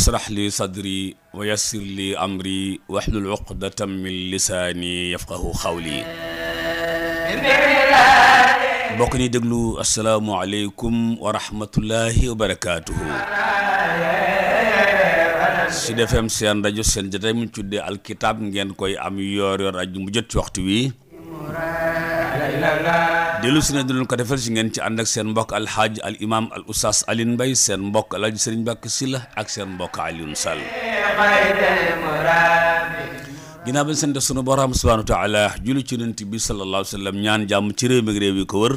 israh li sadri wa yassir li amri wahlul uqdatan min lisaani yafqahu qawli mbokk ñi déglu asalaamualeykum wa rahmatullahi wa barakaatuhu Sud FM seen rajo seen jotaay mu tuddee alkitab ngeen koy am yoor yoor aju mu jot ci waxtu wi dellu si na dinañ ko defal si ngeen ci ànd ak seen mbokk alxaaj al imam al oustaz Alioune Mbaye seen mbokk alaaji Sëriñ Mbàkke Sylla ak seen mbokk Alioune Sall ginnaaw bañ sant sunu borom subhanahu wa taala julli ci yonent bi sallallahu alayhi wa sallam ñaan jàmm ci réew mi réew yi ko wër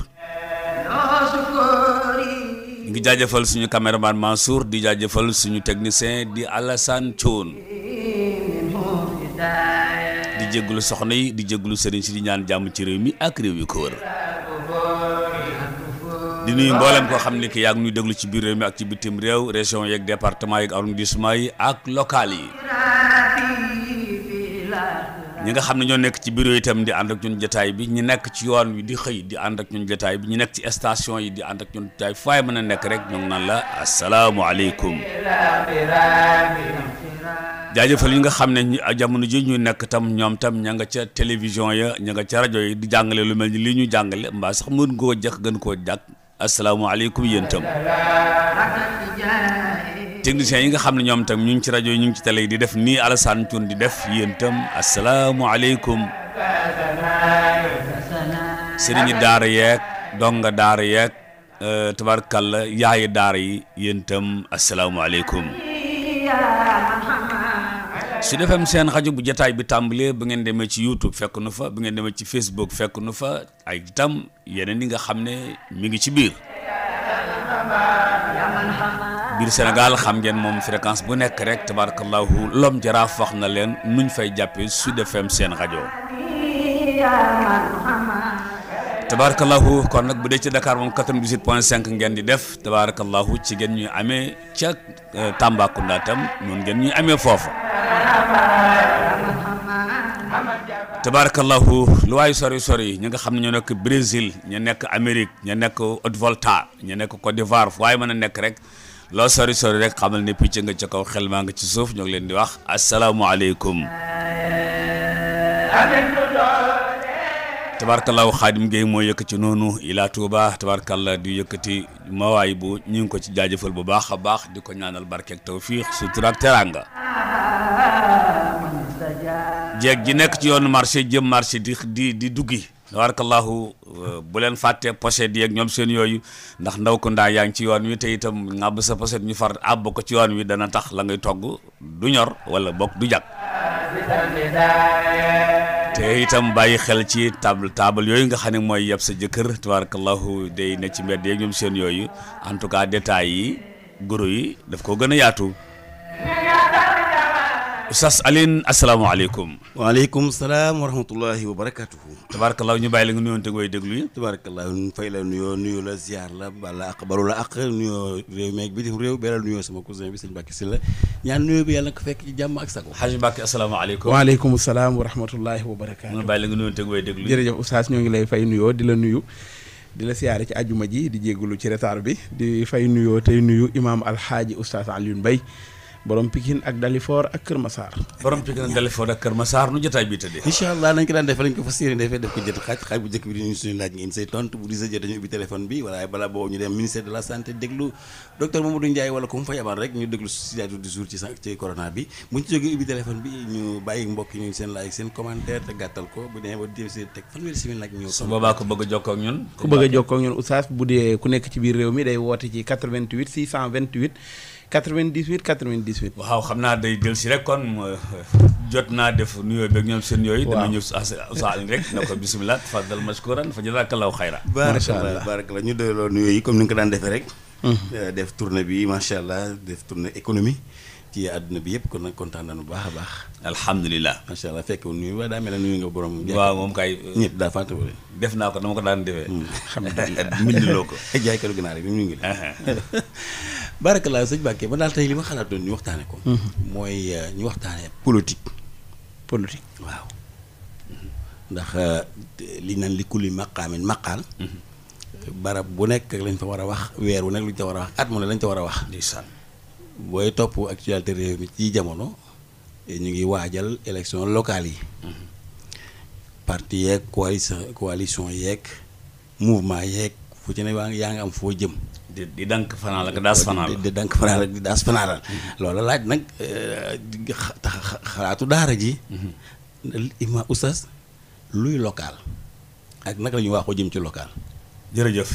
ngi jaajëfal suñu caméraman Mansour di jaajëfal suñu technicien di Alassane Thion jéggulu soxna yi di jéggulu sëriñ si di ñaan jàmm ci réew mi ak réew yu ko wër di nuyu mboolem koo xam ne que yaa ngi ñuy déglu ci biir réew mi ak ci bitim réew région yeeg département yeeg arrondissement yi ak local yi ñi nga xam ne ñoo nekk ci bureau itam di ànd ak ñun jotaay bi ñi nekk ci yoon wi di xëy di ànd ak ñun jotaay bi ñu nekk ci station yi di ànd ak ñun jotaay fay mën a nekk rek ñu ngi naan la asalaamualeykum jaajëfal yi nga xam ne jamono ji ñu nekk tam ñoom tam ña nga ca télévision ya ña nga ca rajo yi di jàngale lu mel ni li ñu jàngale mbaa sax mën ngoo jëkk gën koo jàkk asalaamaaleykum yéen itam techniciens yi nga xam ne ñoom tam ñu ngi ci rajo ñu ngi ci télé yi di def nii Alassane Thioune di def yéen itam asalaamaaleykum sëriñi daara yeeg donga daara yeeg e, tabarkalla yaayi daara yi yéen itam asalaamaaleykum su defem seen rajo bu jataay bi tàmbalee bu ngeen demee ci youtube fekk nu fa bu ngeen demee ci facebook fekk nu fa ay itam yeneen yi nga xam ne mi ngi ci biir biir sénégal xam ngeen moom fréquence bu nekk rek tabarakallahu lom jaraa wax na leen nuñ fay jàppee su defem seen rajo tabaarakallahu kon nag bu dee ci Dakar moom 98.5 ngeen di def tabaarakallahu ci geen ñuy amee ca euh, Tambacounda tam noonu ngeen ñuy amee foofu tabaarakallahu lu waaye sori sori ñu nga xam ne ñoo nekk Brésil ñu nekk Amérique ñu nekk Haute-Volta ñu nekk Côte d'Ivoire fu waaye mën a nekk rek loo sori sori rek xamal ne picc nga ca kaw xel maa nga ci suuf ñoo leen di wax asalaamualeykum. tabaarkallaahu xaadim moo yëkk ci noonu ilaa Touba tabaarkalla di yëkkati mawaay bu ñu ngi ko ci jaajëfal bu baax a baax di ko ñaanal barkeeg tawfiix sutura ak teraanga jeeg ji nekk ci yoonu marché jëm marché di di di duggi tabaarkallaahu euh, bu leen fàtte pochette yeeg ñoom seen yooyu ndax ndaw ko ndaa yaa ngi ci yoon wi te itam ngàbb sa pochette ñu far àbb ko ci yoon wi dana tax la ngay togg du ñor wala bokk du jag te itam bàyyi xel ci table table yooyu nga xam ne mooy yeb sa jëkkër tabarakallahu day ne ci mbedd yeeg ñoom seen yooyu en tout cas détails yi guru yi daf koo gën a yaatu Oustaz Alioune asalaamaaleykum. waaleykum salaam wa rahmatullahi wa barakatuhu. tabaarakallaahu ñu bàyyi la nga nuyoonte ngay déglu yi. tabaarakallaahu ñu fay la nuyoo nuyu la ziar la bala ak balu la ak nuyoo réew meeg bitim réew beral nuyoo sama cousin bi sëñ Mbacke Sylla ñaan nuyoo bi yàlla na ko fekk ci jàmm ak sago. Xaaji Mbacke asalaamaaleykum. waaleykum salaam wa rahmatullahi wa barakatuhu. ñu bàyyi la nga nuyoonte ngay déglu. jërëjëf Oustaz ñoo ngi lay fay nuyoo di la nuyu. di la siyaare ci àjjuma ji di jégalu ci retard bi di fay nuyoo tey nuyu imaam alxaaji Oustaz Alioune Mbaye borom Pikine ak Dalifor ak Kër Massar. borom Pikine ak Dalifor ak Kër Massar nu jotaay bi tëddee. incha allah nañ ko daan defee nañ ko fas yéene defee def ko jël xaaj bu njëkk bi di ñu suñu laaj nga indi sa jot dañu ubbi téléphone bi wala balaa boobu mu fa yabal rek ñu déglu situation du jour ci ci corona bi bu ñu ci jógee ubbi bi ñu bàyyi mbokk ñu seen laaj seen commentaire te gàttal ko bu demee ba déglu seen teg fanweeri semaine nag ñëw. su boobaa ku nekk ci biir réew mi day 98 98. waaw xam naa day del si rek kon euh, jot naa def nuyoo beeg ñoom seen yooyu. waaw dama ñëw sa Alioune rek na ko bisimilah. fadal mashkuran fa jazakallahu xayra. macha allah baarakallah baarakallah ñu yi comme ko daan defee rek. Hmm. Euh, def tournée bi macha allah def tournée économie. ci àdduna bi yëpp kon nag kontaan nañu bu baax a baax. alhamdulilah. macha allah fekk nuyu waaye daa mel ne nuyu nga borom. Euh, def naa ko dama ko daan defee. Hmm. alhamdulilah mbindiloo ko. jaay kër ginaar yi bi mu ngi. barakalaa sëñ Mbacke ba daal tey li ma xalaat doon ñu waxtaane ko mhm. mooy euh, ñu waxtaanee politique politique waaw ndax euh, li naan li kulli maqaamin maqaal mhm. barab bu nekk lañ fa war a wax weer wu nekk luñ fa war a wax at mu ne lañ fa war a wax ndeysaan booy topp actualité réew mi ci jamono ñu ngi waajal élection locale yi mhm. parti yeeg coalition coalition yeeg mouvement yeeg fu ci ne yaa ngi am foo jëm di di dank fanaan ak daas fanaan di fanaan ak daas fanaan loolu laaj nag eh, xalaatu daara ji mm-hmm. ima oustaz luy local ak naka la ñuy waxoo jëm ci local jërëjëf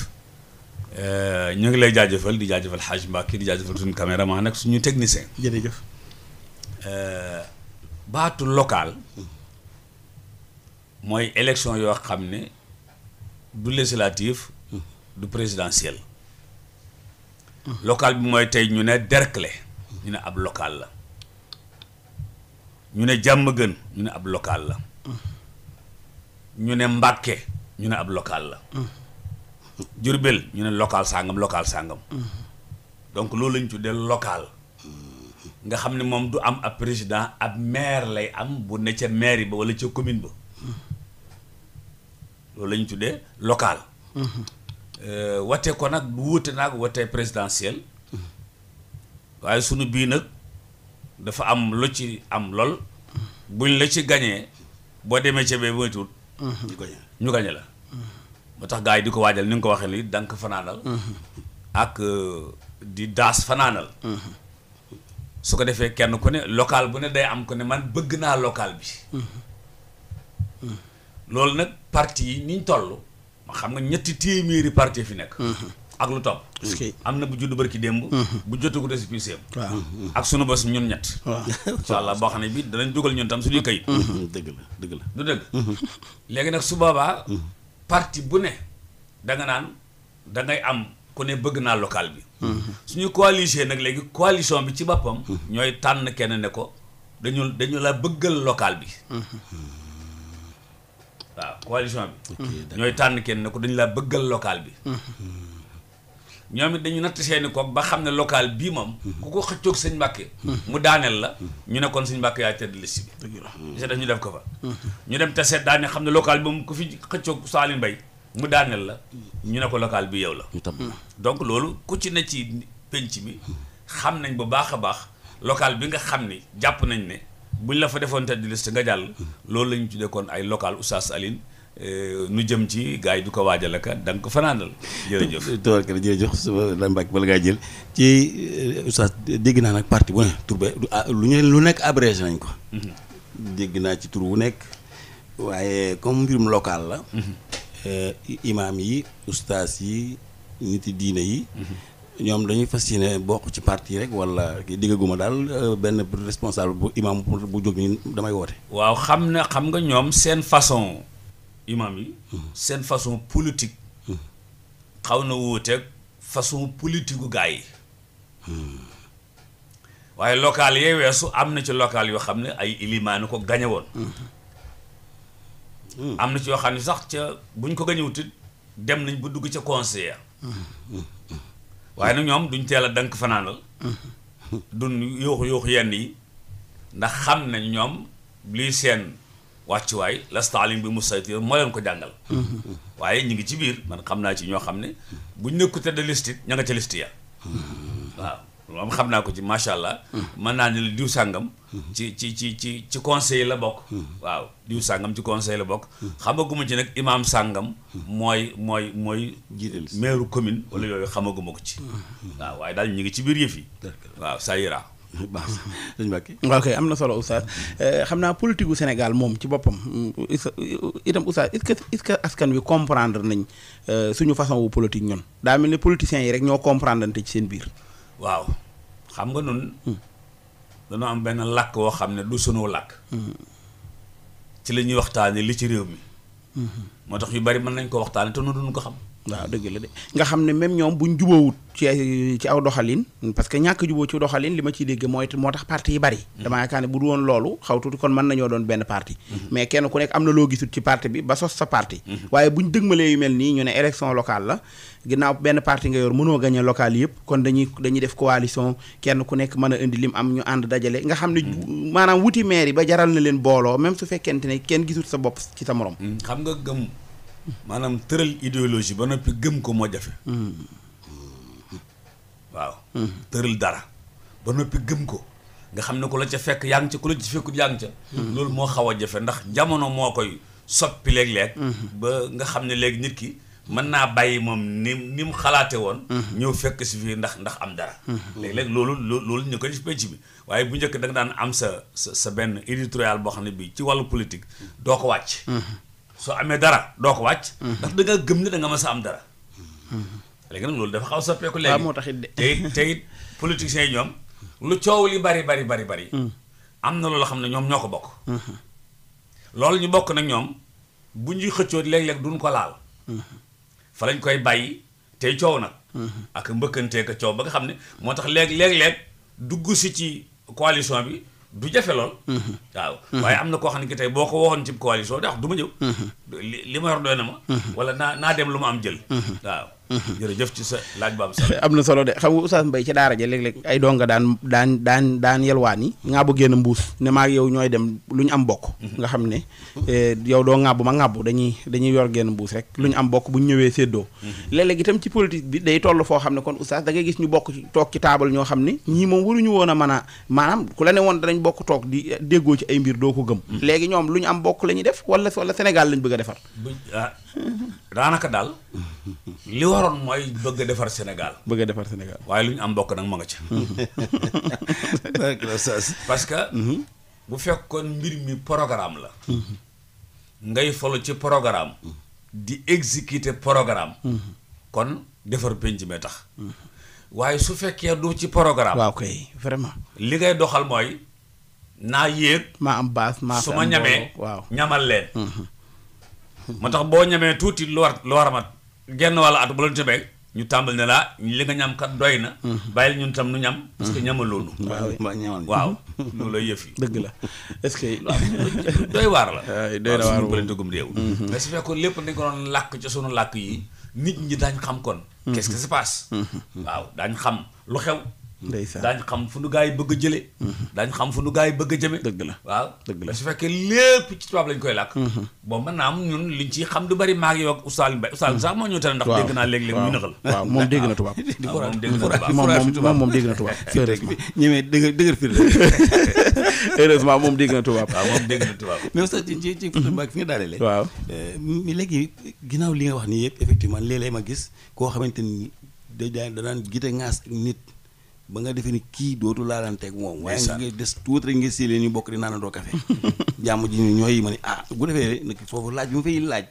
eh, ñoo ngi lay jaajëfal di jaajëfal xaaj Mbàkke di jaajëfal suñu caméraman nag suñu technicien jërëjëf eh, baatu local mooy élection yoo xam ne du législatif mm. du présidentiel local bi mooy tey ñu ne Derklé ñu ne ab local la ñu ne Diamaguène ñu ne ab local la ñu ne Mbacké ñu ne ab local la Diourbel ñu ne local sàngam local sàngam donc loolu lañ tuddee local nga xam ne moom du am ab président ab maire lay am bu ne ca yi ba walla ca commune ba loolu lañ tuddee local Euh, wate ko nag du wuute naag wate présidentielle waaye sunu bii nag dafa am lu ci am lool buñ la ci gañee boo demee ca bee mooy tuut ñu gañe la moo tax gaa yi di ko waajal ni nga ko waxee ni ko fanaanal ak euh, di daas fanaanal su ko defee kenn ku ne local bu ne day am ko ne man bëgg naa local bi mm-hmm. Mm-hmm. loolu nag parti yi niñ toll xam nga ñetti téeméeri parti fi nekk. Mhm. ak lu topp. am na bu juddu barki démb. Mhm. bu jotagu récépissé am. waaw ak sunu bos ñun ñett. waaw incha allah boo xam ne bii danañ dugal ñun tam suñuy kayit. Mhm. dëgg la dëgg la du léegi nag su boobaa. parti bu ne da naan da am ku ne bëgg naa local bi. suñu coalition nag léegi coalition bi ci boppam. ñooy tànn kenn ne ko dañu dañu la bëggal local bi. waaw coalition bi. ñooy tànn kenn ne ko dañu laa bëggal local bi. Hmm. ñoom dañu natt seeni kook ba xam ne local bii moom. ku ko xëccoog sëñ Mbàkke. mu daaneel la. ñu ne kon sëñ yaa tëdd liste bi. def ko hmm. ñu dem te seet daane xam ne local bi moom fi xëccoog Saalum Mbaye mu daaneel la ñu ne ko local bi yow la. Hmm. donc loolu ku ci ne ci penc mi xam nañ bu baax a baax local bi nga xam ni jàpp nañ ne. buñ la fa defoon tête de liste nga jàll loolu lañu ñu tuddee kon ay local Oustaz Alioune euh, nu jëm ci gars yi du ko waajal aka danga ko fanaanal jërëjëf tubaarkala jërëjëf suba la mbàkk bala ngaa jël ci euh, Oustaz dégg naa nag parti bu ne tur be ah, lu ñu lu nekk abrégé nañ ko mhm. dégg naa ci tur bu nekk waaye comme mbirum local la mhm. euh, imaam yi ustaas yi niti diine yi mhm. ñoom dañuy fas yéene bokk ci parti rek walla diggaguma daal euh, benn responsable bu imam bu jóg nii damay woote. waaw xam ne xam nga ñoom seen façon imam yi. Hmm. seen façon politique. Hmm. xaw na wuuteeg façon politique gu gars yi. Hmm. waaye local yee weesu am na ci local yoo xam ne ay ilimaanu ko gañe woon. am na ci yoo xam ne sax ca buñ ko gañewutit dem nañ bu dugg ca conseiller. waaye nag ñoom duñ teel a dank fanaanal duñ yuuxu yuuxu yenn yi ndax xam nañ ñoom lii seen la lastaalim bi mu musaytir moo leen ko jàngal waaye ñu ngi ci biir man xam naa ci ñoo xam ne buñ nekkute de liste ña nga ca liste ya waaw moom xam naa ko ci macha allah mën naa ne la diw sàngam ci ci ci ci ci conseil la bokk hmm. waaw diw sàngam ci conseil la bokk hmm. xamaguma ci nag imaam sàngam hmm. mooy mooy mooy maire commune wala yooyu xamaguma ko ci waaw waaye daal ñu ngi ci biir yëf yi waaw ça ira baax sëñ Mbacke waaw kay am na solo oustaz eh, xam naa politique gu Sénégal moom ci boppam itam oustaz est-ce ce que askan wi comprendre nañ eh, suñu façon wu politique ñun daa mel ni politiciens yi rek ñoo comprendre te ci seen biir waaw xam nga noonu dana am benn làkk woo xam ne du sunu làkk ci la ñuy waxtaane li ci réew mi mm-hmm. moo tax yu bari mën nañ ko waxtaane te nu duñ ko xam waaw dëgg la de nga xam ne même ñoom bu ñu ci ci aw doxalin parce que ñàkk jubóo ci doxalin li ma ciy dégg mooy moo tax parti yi bari mm-hmm. dama yaakaar ne bu du woon loolu xaw tuuti kon mën nañoo doon benn parti mm-hmm. mais kenn ku nekk am na loo gisut ci parti bi ba sos sa parti mm-hmm. waaye buñ dëgmalee yu mel nii ñu ne élection local la ginnaaw benn parti nga yor mënoo gagné local yëpp kon dañuy dañuy def coalition kenn ku nekk mën a indi lim am ñu ànd dajale nga xam ne maanaam wuti maire yi ba jaral na leen booloo même su fekkente ne kenn gisut sa bopp ci sa morom xam nga gëm maanaam tëral idéologie ba noppi gëm ko moo jafe waaw tëral dara ba noppi gëm ko nga xam ne ko la ca fekk yaa ngi ca ko la ci fekkut yaa ca loolu moo xaw a jafe ndax jamono moo koy soppi léeg-léeg ba nga xam ne léegi nit ki mën naa bàyyi moom ni ni mu xalaate woon ñëw fekk si fii ndax ndax am dara léeg-léeg loolu loolu ñu ko def pénc bi waaye bu njëkk da daan am sa sa sa benn éditorial boo xam ne bii ci wàllu politique doo ko wàcc soo amee dara doo ko wàcc. Mm-hmm. ndax da gëm ne danga ma sa am dara. Mm-hmm. léegi nag loolu dafa xaw a soppeeku léegi. waaw moo taxit de tey tey politiciens yi ñoom lu coow li bari bari bari bari. Mm. am na loolu xam ne ñoom ñoo ko bokk. Mm-hmm. loolu ñu bokk nag ñoom bu ñuy xëccoo léeg-léeg duñ ko laal. fa lañ koy bàyyi tey coow nag. ak mbëkkantee ka coow ba nga xam ne moo tax léeg léeg léeg dugg si ci coalition bi. du jafe lool. Mm-hmm. waaw mm-hmm. waaye am na koo xam ne ki tey boo ko waxoon ci coalition bi wax du ma ñëw. Mm-hmm. li ma yor doy na ma. wala naa naa dem lu ma am jël. waaw. jërëjëf ci sa laaj ba am solo na solo de xam nga Oustaz Mbaye ci daara ja léeg-léeg ay donga daan daan daan daan yelwaan yi ŋàbbu génn mbuus ne maa yow ñooy dem lu ñu am bokk mhm. nga xam ne eh, yow doo ŋàbbu ma ŋàbbu dañuy dañuy yor génn mbuus rek lu ñu am bokk bu ñu ñëwee séddoo mhm. léeg-léeg ci politique bi day toll foo xam ne kon Oustaz da ngay gis ñu bokk toog ci taabal ñoo xam ne ñii moom waruñu woon a mën a maanaam ku la woon danañ bokk toog di déggoo ci ay mbir doo ko gëm mhm. léegi ñoom lu ñu am bokk la ñuy def wala wala Sénégal lañ bëgg a defar ah, ñoroon mooy bëgg defar Sénégal. bëgg a defar Sénégal waaye lu ñu am bokk nag ma nga ca. parce que. Mhm. bu fekkoon mbir mi programme la. ngay folo ci programme. di exécuter programme. kon defar penc mi tax. waaye su fekkee du ci programme. waaw li ngay doxal mooy. naa yéeg. maa am baas maa su ma ñamee. ñamal leen. moo mhm. tax boo ñamee tuuti lu war lu war genn wàllu at bu la tëbee ñu tàmbal ne laa li nga ñam kat doy na. Mm-hmm. bàyyil ñun tam lu ñam. parce que mm-hmm. ñamaloonu. Mm-hmm. waaw waaw loolu lay yëf yi. dëgg la est-ce que. doy waar la. doy na waar moom suñu réew. mais su fekkoon lépp dañ ko doon làkk ci sunu làkk yi nit ñi daañ xam kon. qu'est-ce qui se passe. waaw daañ xam lu xew. ndeysaan daañ xam fu nu gars yi bëgg a jëlee mhm. daañ xam fu nu gars yi bëgg a jëme dëgg la waaw dëgg la su fekkee lépp ci tubaab lañ koy làkk mhm. bon man naa am ñun liñ ci xam du bari maag yow ak Oustaz Mbaye Oustaz mhm. sax moo ñu tere ndax dégg naa léeg-léeg mu moom dégg na tubaab moom moom dégg na tubaab moom dégg na tubaab waaw moom dégg na tubaab mais Oustaz ci ci ci foto mbaa fi nga daanele waaw euh, mi léegi ginnaaw li nga wax nii yëpp effectivement léeg-léeg ma gis koo xamante ni da daan gite ŋaas ak nit ba nga defee ni kii dootu laalanteeg moom. waaye nga des tuuti rek nga séeréer ñu bokk di naanandoo café. jàmm ji ni ñooy ma ni ah bu defee nag foofu laaj bi ma fay laaj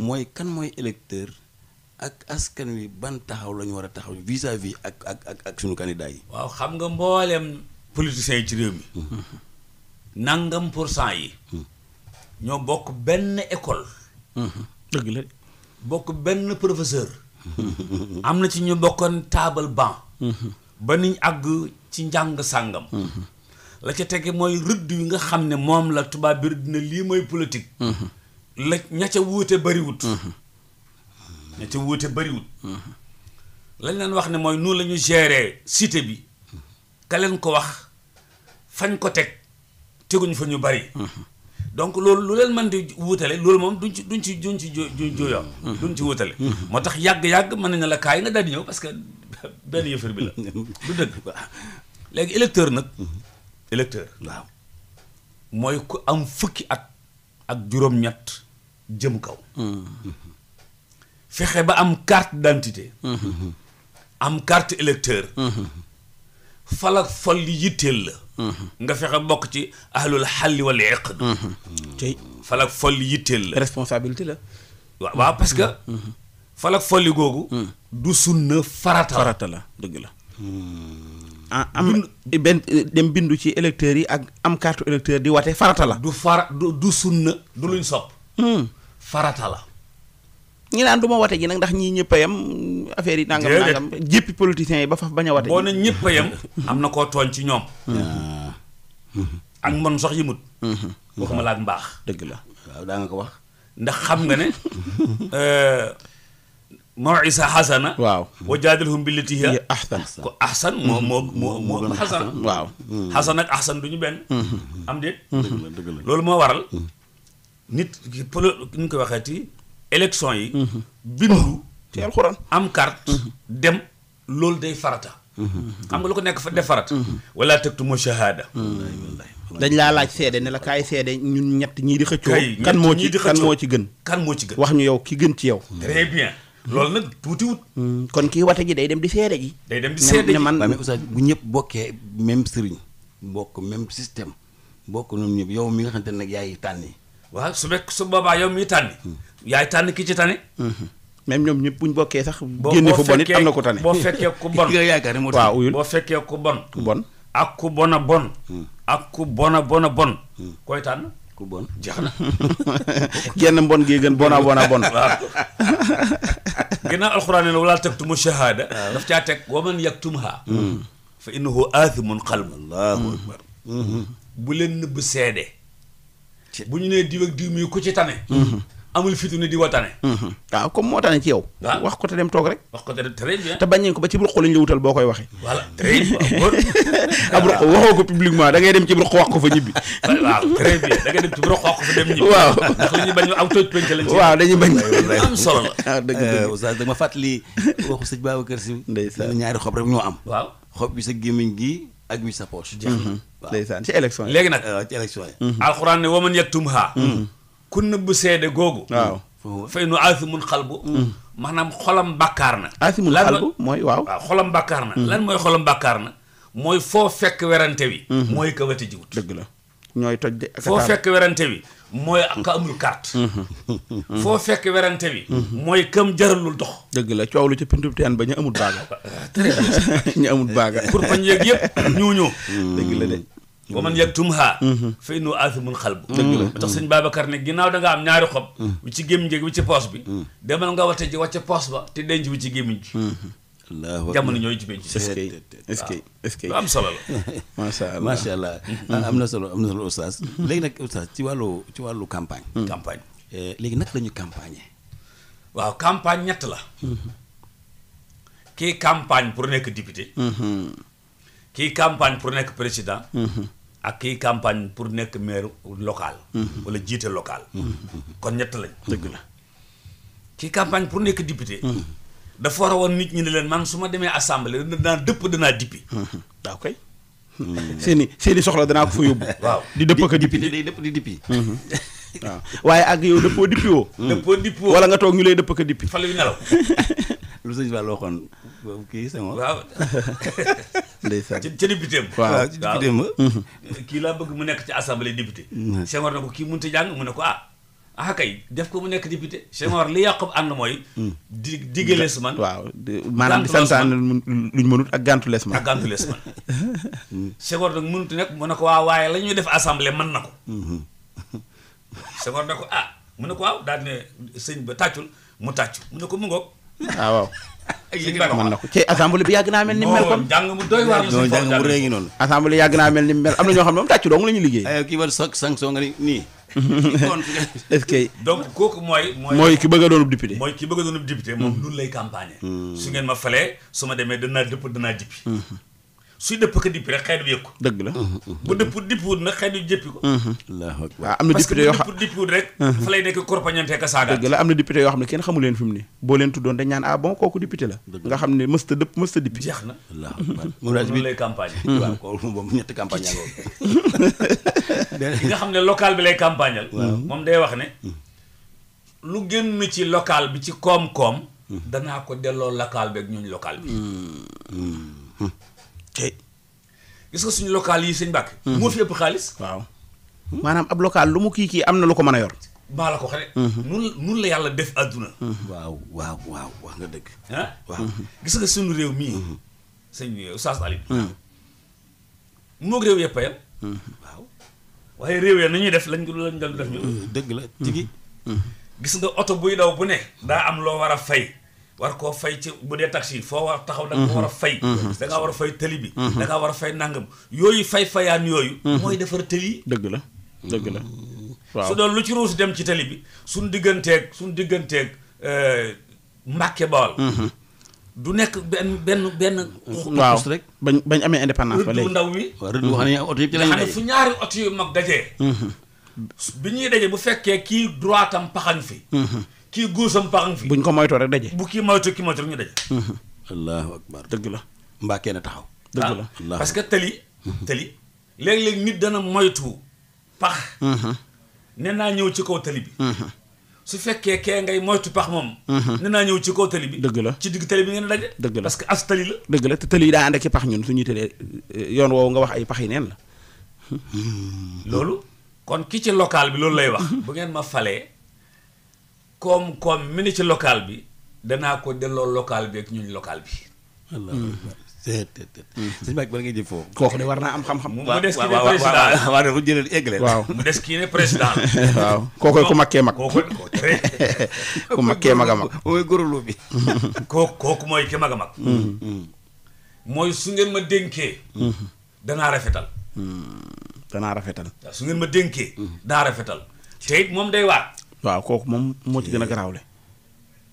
mooy kan mooy électeur ak askan wi ban taxaw lañu war a taxaw vis à vis ak ak ak ak suñu candidat yi. waaw xam nga mboolem politiciens yi ci réew mi. Hmm. nangam pour cent yi. Hmm. ñoo bokk benn école. Hmm. bokk benn professeur. am na ci ñu bokkoon table banc. ba niñ àgg ci njàng sàngam la ca tege mooy rëdd yi nga xam ne moom la tubaab bi dina lii mooy politique la ña ca wuute bariwut ña ca wuute bariwut lañ leen wax ne mooy noonu la ñu gérer cité bi ka leen ko wax fañ ko teg teguñ fa ñu bari donc loolu lu leen mën di wutale loolu moom duñ ci duñ ci duñ ci ju ju juyoo duñ ci wutale mm-hmm. moo tax yàgg-yàgg mën na nañ la kaay nga daal di ñëw parce que benn yëfër bi la du dëgg waaw léegi électeur nag mhm. électeur waaw mooy ku am fukki at ak juróom-ñett jëm kaw mhm. fexe ba am carte d'identité mhm. am carte électeur fal ak fol li yitteel la nga fexe bokk ci ahlul xalli wala eqd tey fal ak fol li yitteel la responsabilité la waaw waaw parce folli googu du sunna farata farata la dëgg la. Ah, am benn dem bindu ci électeurs yi ak am carte électeur di wate farata la. du fara du du sunna du luñ sopp. Hmm. farata la. ñi naan du ma wate ji nag ndax ñii ñëpp a yem affaire yi. nangam nangam jéppi politiciens yi ba faf bañ a wate. boo ne ñëpp a yem. am na koo tooñ ci ñoom. Hmm. ak man sax yëmut. Hmm. waxuma la ak mbaax. dëgg la waaw daa nga ko wax. ndax xam nga ne. mawisa xasana waaw wa jaadilhum billati hiya ahsan ko ahsan moo moo mm-hmm. moo moo xasana waaw xasan mm-hmm. ak ahsan du ñu benn mm-hmm. am déet loolu moo waral nit polo ni ñu koy waxeeti élection yi bindu oh, ci alxuraan am carte dem loolu day farata xam nga lu ko nekk fa def farata wala taktumu shahada dañ laa laaj seede ne la kaay seede ñun ñett ñii di xëccoo kan moo ci kan moo ci gën kan moo ci gën wax ñu yow ki gën ci yow très bien loolu nag tuutiwut. Hmm, kon kii wate ji day dem di seede ji. day dem di seede ji man oustaz bu ñëpp bokkee même sëriñ bokk même système bokk ñoom ñëpp yow mi nga xamante ne nag yaay tànni. waaw su fekk su boobaa yow miy tànni. Hmm. yaay tànn ki ci tane. Hmm. même ñoom ñëpp buñ bokkee sax. génne fu bon am na ko tane boo fekkee ku bon nga yaakaar ne moo tax waaw boo fekkee ku bon. ku bon ak ku bon a bon. ak ku bon a bon a bon. koy tànn. ku bon jeex na genn mbon gii gën bona bona bon waaw ginnaaw alxuraan ne wala taktumu shahaada daf caa teg waman yaktumha fa innahu aathimun qalbu allahu akbar bu leen nëbb seede bu ñu nee diw ak diw mii ku ci tane amul fitu ni di watane mhm. waaw comme moo tane ci yow wax ko te dem toog rek te bañ nañ ko ba ci burqo lañ la wutal boo koy waxee voilà très waxoo ko publiquement da ngay dem ci burqo wax ko fa ñibbi waaw très bien da ngay dem ci burqo wax ko fa dem ñibbi waaw ndax li ñuy bañ aw tooj penc lañ ci waaw dañuy am solo la waaw ah, eh, da ma fàttali waxu sëñ Babacar Si ndeysaan ñaari xob rek ñoo am waaw xob bi sa gémmiñ gi ak bi sa poche mhm. ndeysaan ci élection yi léegi nag eh, ci élection yi mhm. alxuraan ne waman ku nëbb seede googu. waaw fay nu aasimun xalbu. Mm. maanaam xolam bàkkaar na. aasimun xalbu mooy waaw. waaw xolam bàkkaar na. Mm. lan mooy xolam bàkkaar na. mooy foo fekk werante wi. Mm. mooy ka wati jiwut. la ñooy toj foo fekk werante wi. mooy ka amul carte. Mm-hmm. foo fekk werante bi. Mm-hmm. mooy kam jaralul dox. dëgg la coow lu ci ca pintub teen ba ñu amul baaga. ñu amul baaga. pour bañ yëg yëpp ñooñu. dëgg la de. wa man yaktumha fa innahu aathimun qalbuh ba tax sëñ Babacar ne ginnaaw da nga am ñaari xob wi ci gémmiñ gi wi ci poos bi mm. demal nga wate ji wàcce poos ba te denc wi ci gémmiñ gi waaw mm-hmm. jamono ñooy jubee ci. est-ce que am solo la. macha allah mm-hmm. ah, am na solo am na solo oustaz. léegi nag oustaz ci wàllu ci wàllu campagne. Mm. campagne eh, léegi nag la ñu campagne. waaw campagne ñett la. Mm-hmm. kii campagne pour nekk député. kii campagne pour nekk président. ak kii campagne pour nekk maire local. Mm-hmm. wala jiite local. Mm-hmm. kon ñett lañ. dëgg la kii campagne pour nekk député. Mm-hmm. dafa war a woon nit ñi ne leen man su ma demee assemblée danaa dëpp danaa dippi. daa koy. seeni seeni soxla danaa ko fa yóbbu. waaw di dëpp ak a dippi di dëpp di dippi. waaw waaye ak yow dëppoo dippi woo. dëppoo dippi woo nga toog ñu lay dëpp ak a dippi. fa la nelaw. lu sëñ Fall waxoon kii sama waaw ndeysaan ca député am waaw ca député am mm-hmm. kii laa bëgg mu nekk ci assemblée député Senghor na ko kii mënut a jàng mu ne ko ah ah kay def ko mu nekk député Senghor li yàqu ànd mooy mm. di digalees man waaw maanaam di santaan luñ mënut ak gàntu lees man ak gàntu lees man mm. Senghor nag mënut nekk mu ne ko waaw waaye la ñuy def assemblée mën na ko mm-hmm. Senghor na ko ah mu ne ko waaw daal ne sëñ ba tàccul mu tàccu mu ne ko mu ngoog ah waaw. mën na ko ci assemblée bi yàgg naa mel ni mel kon jàng mu doy waar la jàng mu rëy ngi noonu assemblée yàgg naa mel ni mel am na ñoo xam ne moom tàcc dong la liggéey mooy ki bëgg a doonub député mooy bëgg a doonub moom loolu mm. lay campagne mm. su ngeen ma falee su ma demee danaa dëpp danaa jippi mm-hmm. su dëppkat dippi rek xeet bi yëg ko dëgg la bu dëpp dippiwut nag xeet bi jëppi ko allahu ah, am na député yoo xam parce que bu dëpp dippiwut rek am na député yoo xam ne kenn leen fi mu ne boo ah ne mësta dëpp mësta dippi jeex na allahu akbar moom daal bi lay campagne moom boobu nga xam ne local bi lay campagnal moom day wax ne lu génn ci local bi ci koom-koom danaa ko delloo local bi ak ñu local bi te gis nga suñu local yi sëñ Mbacke. Mhm. moo fi ëpp xaalis. waaw maanaam ab local lu mu kii kii am na lu ko mën a yor. maa la ko xale. Mhm. nun nun la yàlla def àdduna. Mhm. waaw waaw waaw wax nga dëgg. Ah? nga suñu réew mii. sëñ euh, Oustaz Aliou. réew yëpp a yem. nañuy def lañ lañ def ñu. dëgg la tigi. gis nga oto buy daw bu ne. daa am loo war a fay. war koo fay ci bu dee taxi foo war taxaw da nga war a fay mhm. Mhm. da ngaa war a fay tëli bi mhm. da ngaa war a fay nangam yooyu fay fayaan yooyu mooy defar tëli dëgg la dëgg la waaw su lu ci ruus dem ci tëli bi suñ digganteeg suñ digganteeg euh, Mbàkke Bawol du nekk benn benn benn. waaw rek bañ bañ amee indépendance ba léegi ndaw wi. waaw rëdd wax nañu oto yëpp ci lañu daje fu ñaari oto yu mag dajee. bi ñuy daje bu fekkee kii droitam paxañ fi. kii góosam paxang fi buñ ko moytoo rek daje bu kii moytoo kii moytoo rek ñu daje allahu akbar dëgg la mbaa kenn taxaw dëgg la parce que tali tali léeg-léeg nit dana moytu pax mm-hmm. neen naa ñëw ci kaw tali bi mm-hmm. su fekkee kee ngay moytu pax moom mm-hmm. ne naa ñëw ci kaw bi dëgg la ci digg tali bi ngeen daje dëgg la parce que as tali la dëgg la te tali yi daa ànd ak i pax ñun suñuy tëlee yoon woowu nga wax ay pax yi neen la loolu kon ki ci local bi loolu lay wax bu ngeen ma falee koom-koom mi ni ci local bi danaa ko delloo local bi ak ñuñ local bi. Mm-hmm. Mm-hmm. sëñ Mbacke bala ngay jëf foofu. kooku de war naa am xam-xam. mu des kii ne président waaw waaw kii ne président. waaw kooku ku makkee mag. kooku ku mooy kooku mooy ki mag mm-hmm. su ngeen ma dénkee. danaa rafetal. danaa rafetal. su ngeen ma dénkee. danaa rafetal. te it moom day waat. waaw kooku moom moo ci gën a garaawle.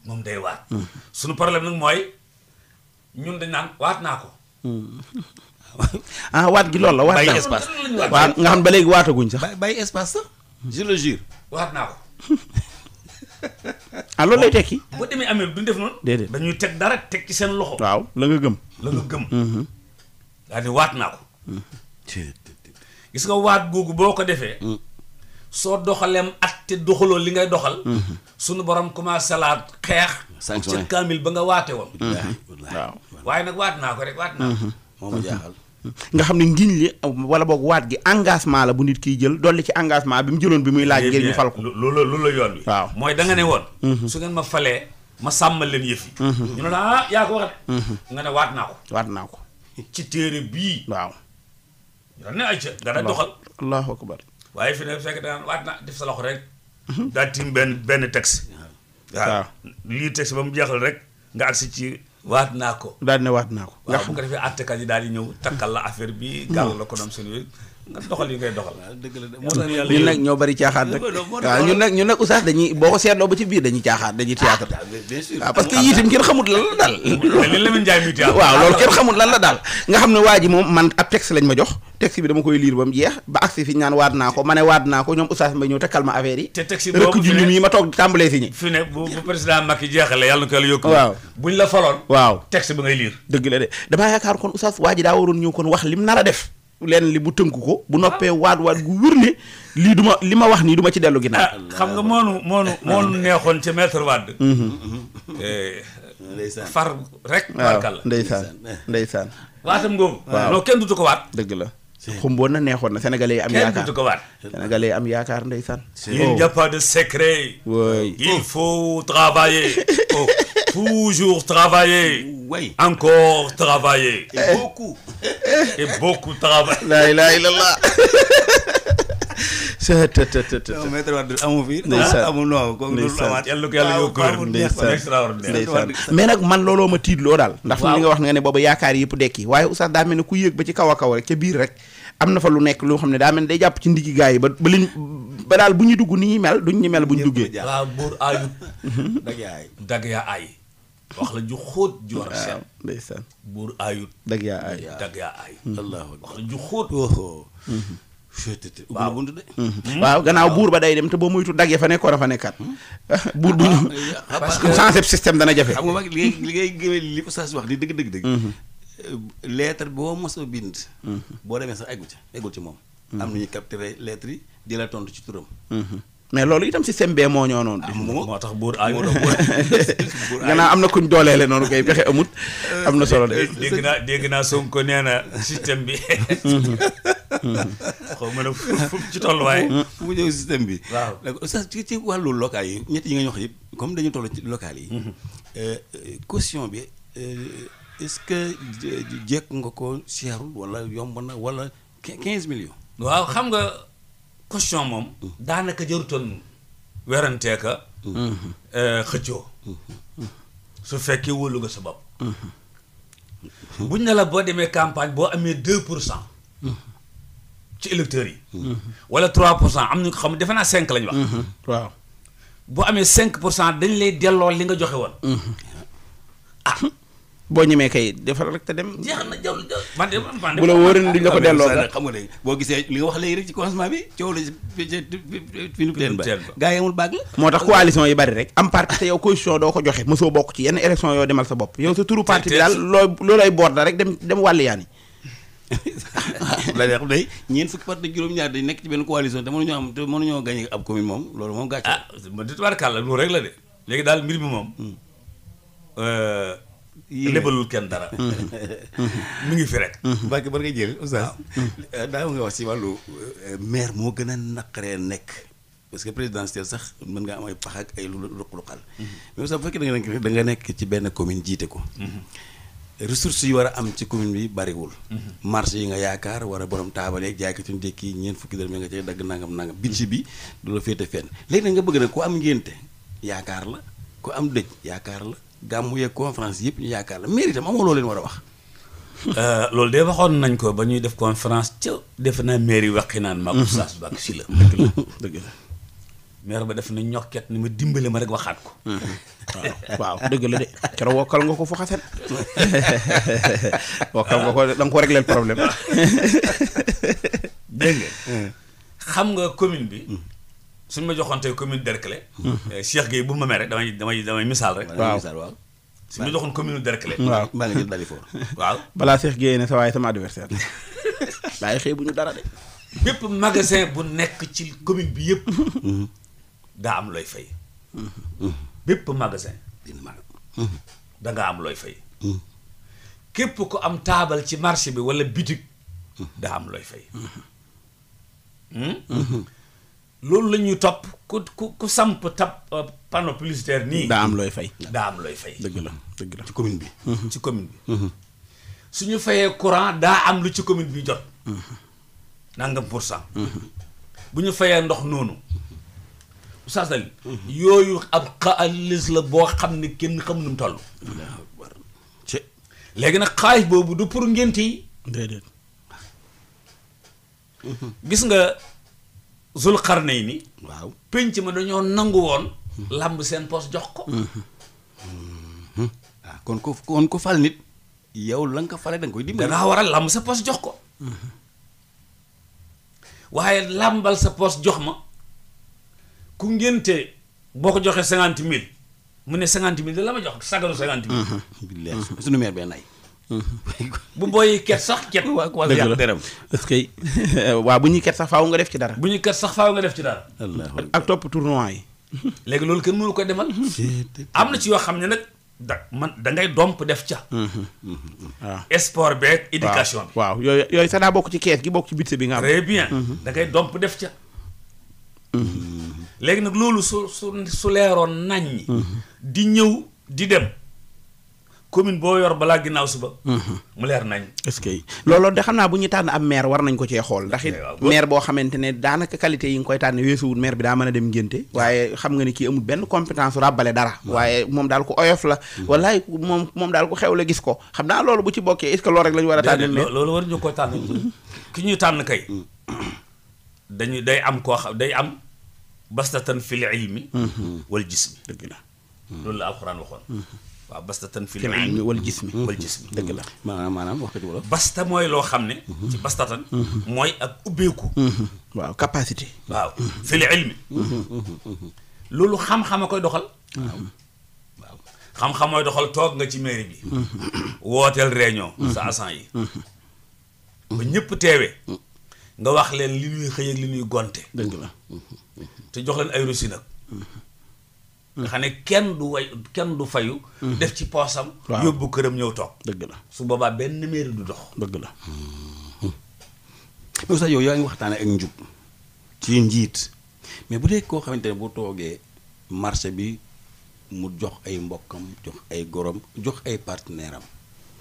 moom day waat. Mm. suñu problème nag mooy ñun dañ naan waat naa ko. Mm. ah waat gi loolu la. waat naa ko bàyyi espace waaw nga xam ba léegi waataguñ sax. bàyyi bàyyi espace sax. je le jure. waat naa ko. ah loolu lay tekki. boo demee amee duñ def noonu. déedéet dañuy teg dara teg ci seen loxo. waaw la nga gëm. la nga gëm. Mm-hmm. daal di waat naa ko. Mm-hmm. gis nga waat googu boo ko defee. Mm. soo doxaleem at te doxaloo li ngay doxal mhm. suñu borom commencé laa xeex ca kaamil ba nga waate woon mhm. waaw waaye nag waat naa ko rek waat mhm. nga xam ne ngiñ li wala boog waat gi engagement la bu nit kiy jël dolli ci engagement bi mu jëloon bi muy laaj eh, ngir la yoon waaw mooy da nga ne woon su ngeen ma falee ma sàmmal leen yëf yi ñu ne la ah, ne waat naa ko waat naa ko ci téere bii waaw ñu ne ay ca nga doxal allahu akbar waaye fi ne fekk daan waat na def sa loxo rek. daa tiim benn benn texte. waaw lii texte ba mu jeexal rek nga agsi ci. waat naa ko. daal ne waat naa ko. nga xam ko defee àttekat yi daal di ñëw takkal la affaire bi. gàll la ko doon seen nga doxal yi ngay doxal. dëgg la moo tax yàlla ñoo bari caaxaan rek. waaw ñun nag ñun nag oustaz dañuy boo ko seetloo ba ci biir dañuy caaxaan dañuy théâtre. Ah, bien sûr waaw ah, parce que ah, yii itam kenn xamut lan la daal. li Lamine Ndiaye muy théâtre. la daal. nga xam ne waa ji moom man ab ma jox texte bi dama koy liir ba mu jeex ba agsi na ko la faloon. waaw texte bi ngay liir. dëgg la de damaa yaakaar kon oustaz waa daa waroon ñëw kon wax lim nar a def lenn li bu tënk ko bu noppee waat waat gu wër ne lii du ma li ma wax nii duma ci dellu gi ginnaaw. Ah, xam nga moonu moonu moonu neexoon ci maître waat ndeysaan mhm. eh, far rek. waaw ndeysaan ndeysaan waatam googu. waaw non kenn dutu ko waat. dëgg la. xumboon na neexoon na sénégalais am am yaakaar n'y a pas de secret oui il faut travailler oh. toujours travailler oui. encore travailler et beaucoup et beaucoup nag man looloo ma tiitloo daal ndax li nga wax nga ne booba yaakaar yëpp dekki waaye oustaz daa mel ne ku yëg ba ci kaw a kaw rek ca biir rek am na fa lu nekk loo xam ne daa mel day jàpp ci ndigi gaa yi ba ba liñ ba daal bu ñu dugg ni ñuy mel duñ ñu mel bu ñu duggee. waaw buur dag yaa la ju xóot ju ay dag ay. wallaahu wax la ju xóot. Mhm. waaw mhm. waaw gannaaw buur ba day dem te boo moytu dag fa nekkoon a fa nekkaat. Mhm. buur bu ñu. Ah, ah, ah, parce que sensé système dana jafe. xam nga li ngay li ngay li Oustaz di dëgg dëgg dëgg. lettre boo mos bind. Mhm. boo demee sax eggul ci moom. Mhm. am na ñu capturé lettre yi dina tontu ci turam. Mhm. mais loolu itam système bee moo ñoo noonu. Ah, moo tax buur ah, ay gannaaw am na kuñ dooleele noonu kay pexe amut. Euh, am na solo de. Euh, dégg naa dégg naa Sonko nee na système bi. xaw ma ne fu ci tolluwaay. fu mu bi. waaw d'accord sax ci ci wàllu local yi ñett yi nga ñu wax yëpp comme dañu toll ci local yi. Euh, caution bi. est-ce que jekk nga ko seerul wala yomb na wala quinze millions waaw xam nga question moom daanaka jarutoon weranteeka euh, xëccoo su fekkee wóolu nga sa bopp buñ ne la boo demee campagne boo amee deux pour cent ci électeurs yi wala trois pour cent am na xam defe naa cinq lañu wax waaw boo amee cinq pour cent dañ lay delloo li nga joxe woon mm-hmm. ah, boo ñemee kay defal rek te dem. jeex na jaww man bu la wóoree ni duñ la ko delloo xam nga léegi boo gisee li wax léegi rek ci commencement bi coow la fi nu teen ba gaa baag moo tax coalition yi bari rek am parti te yow coalition doo ko joxe mosoo bokk ci yenn élection yoo demal sa bopp yow sa turu parti bi daal loo loolay boor la rek dem dem wàll yaani la ñeent fukki parti juróom-ñaar dañ nekk ci benn coalition te mënuñoo am te mënuñoo gagné ab commune moom loolu moom gàcce ah ma di tubaarkàlla loolu rek la de léegi daal mbir mi moom lébalul kenn dara. mu ngi fi rek. Mbacke ba nga jël oustaz. daaw euh, nga wax ci wàllu euh, maire moo gën a naqaree nekk. parce que présidentielle sax mën nga am ay pax ak ay lu luq-luqal. Mhm. mais oustaz bu fekkee da nga da nga nekk ci benn commune jiite ko. Mhm. ressources yi war a am ci commune bi bariwul. Mhm. marché yi nga yaakaar war a borom taabalee yeeg jaaykatu njëkk yi ñeent fukki dërëm nga cay dagg nangam nangam. budget bi du la féete fenn léegi nag nga bëgg nag ku am ngénte yaakaar la ku am dëj yaakaar la. gàmmu yeeg conférence yëpp ñu yaakaar la mairie tam amoo loo leen war a wax. Euh, loolu de waxoon nañ ko ba ñuy def conférence ca defe naa mairie waxi naan maa ko saas bak si la. dëgg maire ba def na ñokket ni ma dimbale ma rek waxaat ko. waaw waaw dëgg la de keroog wokkal nga ko fu xaset ko da ko réglé problème. dégg nga. Hmm. xam nga commune bi. Hmm. suñ ma joxoon tey commune Derklé mm-hmm. eh, Cheikh Gueye bu ma mere damay damay damay misaal rek waaw waaw ma joxoon commune Derklé waaw mbaa nga waaw balaa Cheikh Gueye ne sa waaye sama adversaire waaye xëy bu ñu dara de bépp magasin bu nekk ci commune bi yëpp mm-hmm. daa am looy fay mm-hmm. am looy fay képp ku am taabal ci marché bi wala bitig daa am looy fay hmm? loolu la ñuy topp ku ku ku samp tab euh, panneau nii. daa am looy fay. daa am looy fay. dëgg la dëgg la ci commune bi. Mhm. ci commune bi. Mhm. su ñu fayee courant daa am lu ci commune bi jot. Mhm. nangam pour cent. bu ñu fayee ndox noonu. oustaz Ali yooyu ab xaalis la boo xam ne kenn xam nu mu léegi nag xaalis boobu du pour ngénte yi. gis nga. zul xarnay ni waaw penc ma dañoo nangu woon làmb seen poos jox ko mhm. Mhm. Ah, kon ko kon ko fal nit yow la ko fale da koy dimbali dangaa war a làmb sa poos jox ko mhm. waaye làmbal sa poos jox ma ku ngénte boo ko joxee cinquante mille mu ne cinquante mille da la ma jox sagalu cinquante mille billahi sunu bee nay bu booy ket sax ket wala yàq deram parce que waaw bu ñuy ket sax faaw nga def ci dara bu ñuy ket sax faaw nga def ci dara ak topp tournoi yi léegi loolu kenn mënu ko demal am na ci yoo xam ne nag da man da ngay domp def ca waaw mhm. mhm. ah. sport beeg éducation bi waaw yooyu yooyu sax daa bokk ci kees gi bokk ci budget bi nga am très bien mhm. da domp def ca léegi nag loolu su su su leeroon nañ di ñëw di dem commune boo yor balaa ginnaaw suba. Mhm. mu leer nañ. est-ce looloo de xam naa bu ñu tànn am maire war nañ ko cee xool ndax it maire boo xamante ne daanaka qualité yi nga koy tànn weesuwul maire bi daa mën a dem ngénte waaye xam nga ne kii amul benn compétence ràbbale dara waaye moom daal ko oyof la mhm. wallaay moom daal ko xew la gis ko xam naa loolu bu ci bokkee est-ce loolu la a tànn maire loolu war ñu ko tànn ki ñuy tànn kay mm. dañu day am koo xam day am bastatan fil ilmi mhm. wal jismi dëgg la la alxuraan waxoon waaw basta tan fil ilmi wal jismi wal jismi dëgg la maanaam maanaam wax ko ci basta mooy loo xam ne mhm. ci basta tan mhm. mooy ak ubbeeku mhm. waaw capacité waaw fil ilmi loolu xam-xam a koy doxal waaw xam-xam mooy doxal toog nga ci mairie bi wooteel réunion sa agent yi ba ñëpp teewee nga wax leen li ñuy xëy ak li ñuy gonte dëgg la te jox leen ay rosi nag nga xam ne kenn du way kenn du fayu mm-hmm. def ci poosam yóbbu këram ñëw toog dëgg la su boobaa benn mairie du dox dëgg la mm-hmm. mais sax yow yaa ngi waxtaane ak njub ci njiit mais bu dee koo xamante ne bu toogee marché bi mu jox ay mbokkam jox ay gorom jox ay partenaire am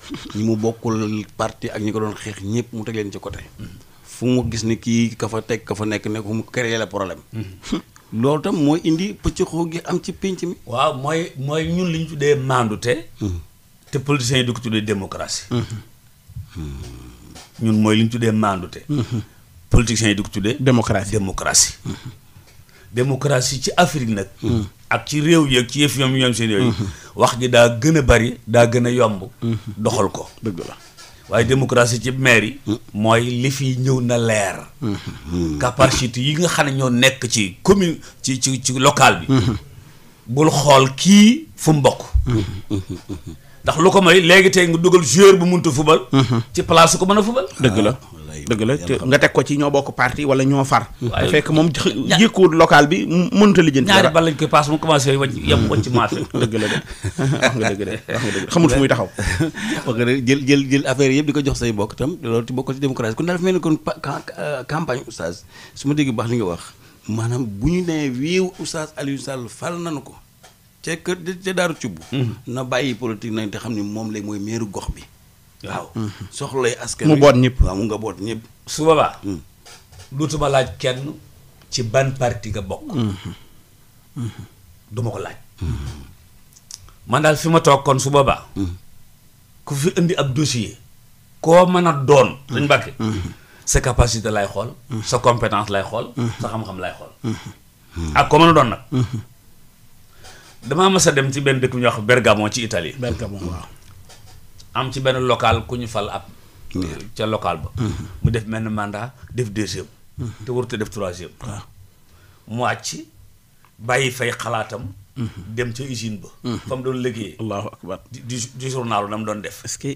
ñi mu bokkul parti ak ñi ko doon xeex ñëpp mu teg leen ci côté mm-hmm. fu mu gis ni kii ka fa teg ka fa nekk nekk fu mu créer la problème loolu tam mooy indi pëccëxoo gi am ci pénc mi. waaw mooy mooy ñun li ñu tuddee maandute. Hmm. te politiciens yi du ko tuddee démocratie. Hmm. ñun mooy li ñu tuddee maandute. Hmm. politiciens yi du ko tuddee. démocratie démocratie. démocratie ci Afrique nag. ak ci réew yeeg ci yëf yom yom seen yooyu. wax gi daa gën a bari daa gën a yomb. doxal ko waaye démocratie ci maire yi. Mm. mooy li fi ñëw na leer. Mm-hmm. capacité yi nga xam ne ñoo nekk ci commune ci ci ci local bi. Mm-hmm. bul xool kii fu mbokk mm-hmm. ndax lu ko may léegi tey nga dugal joueur bu mënta fubal. ci place ko mën a fubal. dëgg la. Ah, dëgg la nga teg ko ci ñoo bokk parti wala ñoo far te fekk moom jikkuwut local bi mënta lijjanti ñaari bal lañ koy paas mu commencé wañ yem wañ ci marché dëgg la de wax nga dëgg de wax nga dëgg xamul fu muy taxaw wax nga jël jël jël affaire yëpp di ko jox say bokk itam loolu ci bokkal ci démocratie kon daal dafa mel ni kon campagne oustaz su ma dégg baax li nga wax maanaam bu ñu nee wéew oustaz Aliou Sall fal nañu ko ca kër ca daaru cubb hmm. na bàyyi politique nañ te xam ne moom lay mooy meeru gox bi waaw mhm. soxlay askan mu boot ñëpp waaw mu nga boot ñëpp su boobaa hmm. dootuma laaj kenn ci ban parti nga bokk mhm. Mhm. duma ko laaj hmm. man daal fi ma toog kon su boobaa hmm. ku fi indi ab dossier koo mën a doon dañ bàkke sa capacité lay xool sa compétence lay xool sa xam-xam lay xool ak koo mën a doon nag damaa mas a dem ci benn dëkk bu ñuy wax Bergamo ci Italie Bergamo waaw am ci benn local ku ñu fal ab euh, ca local ba mm-hmm. mu def benn mandat def deuxième mm-hmm. te war a def troisième waaw mu wàcc bàyyi fay xalaatam mm-hmm. dem ca usine ba fa mu doon liggéeyee allahu akbar di di journaalu na doon def est-ce que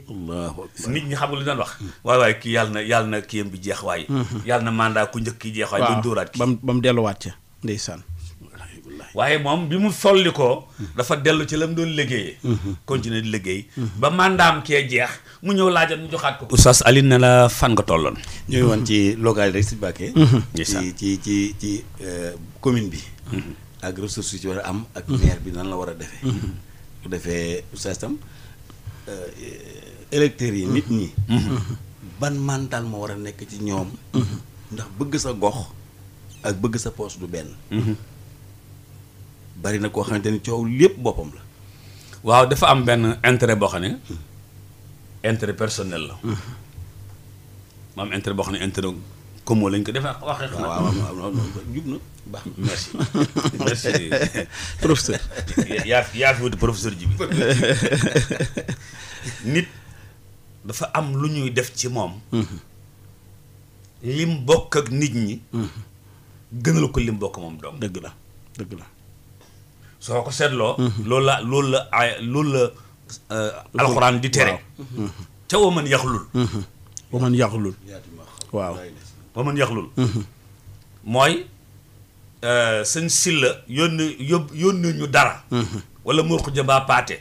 nit ñi xam nga lu doon wax waaye waaye kii yàlla na yàlla na kiyam bi jeex waaye yàlla na màndaa ku njëkk ki jeex waaye ba mu dóoraat mu delluwaat ca ndeysaan waaye moom bi mu solli ko dafa dellu ci la mu doon liggéeyee mhm. continuer di liggéey mhm. ba mandaam kee jeex mu ñëw laajan mu joxaat ko oustaz alin na la fan nga tolloon ñuy woon ci mhm. local rek si Bakke ci ci ci ci euh, commune bi ak ressources ci war a am ak maire bi nan la war a defee bu defee oustaz tam euh, électeurs yi nit ñi ban mandaal moo war a nekk ci ñoom ndax bëgg sa gox ak bëgg sa poche du benn bari na koo xamante ni coow lépp boppam la. waaw dafa am benn intérêt boo xam ne intérêt personnel la. Hmm. ma am intérêt boo xam ne intérêt commun lañ ko defee waxee. waaw waaw waaw jub ji nit dafa am lu ñuy def ci moom. Hmm. lim bokk ak nit ñi. Hmm. gënal ko lim bokk moom doom dëgg la dëgg la. soo ko seetloo. loolu la loolu la ay loolu la euh, alxuraan di tere. ca waman yaxlul. waman yaxlul. man waman yaxlul. mooy euh, sëñ Silla yónni yób yónni ñu dara. wala murku jëmbaa paate.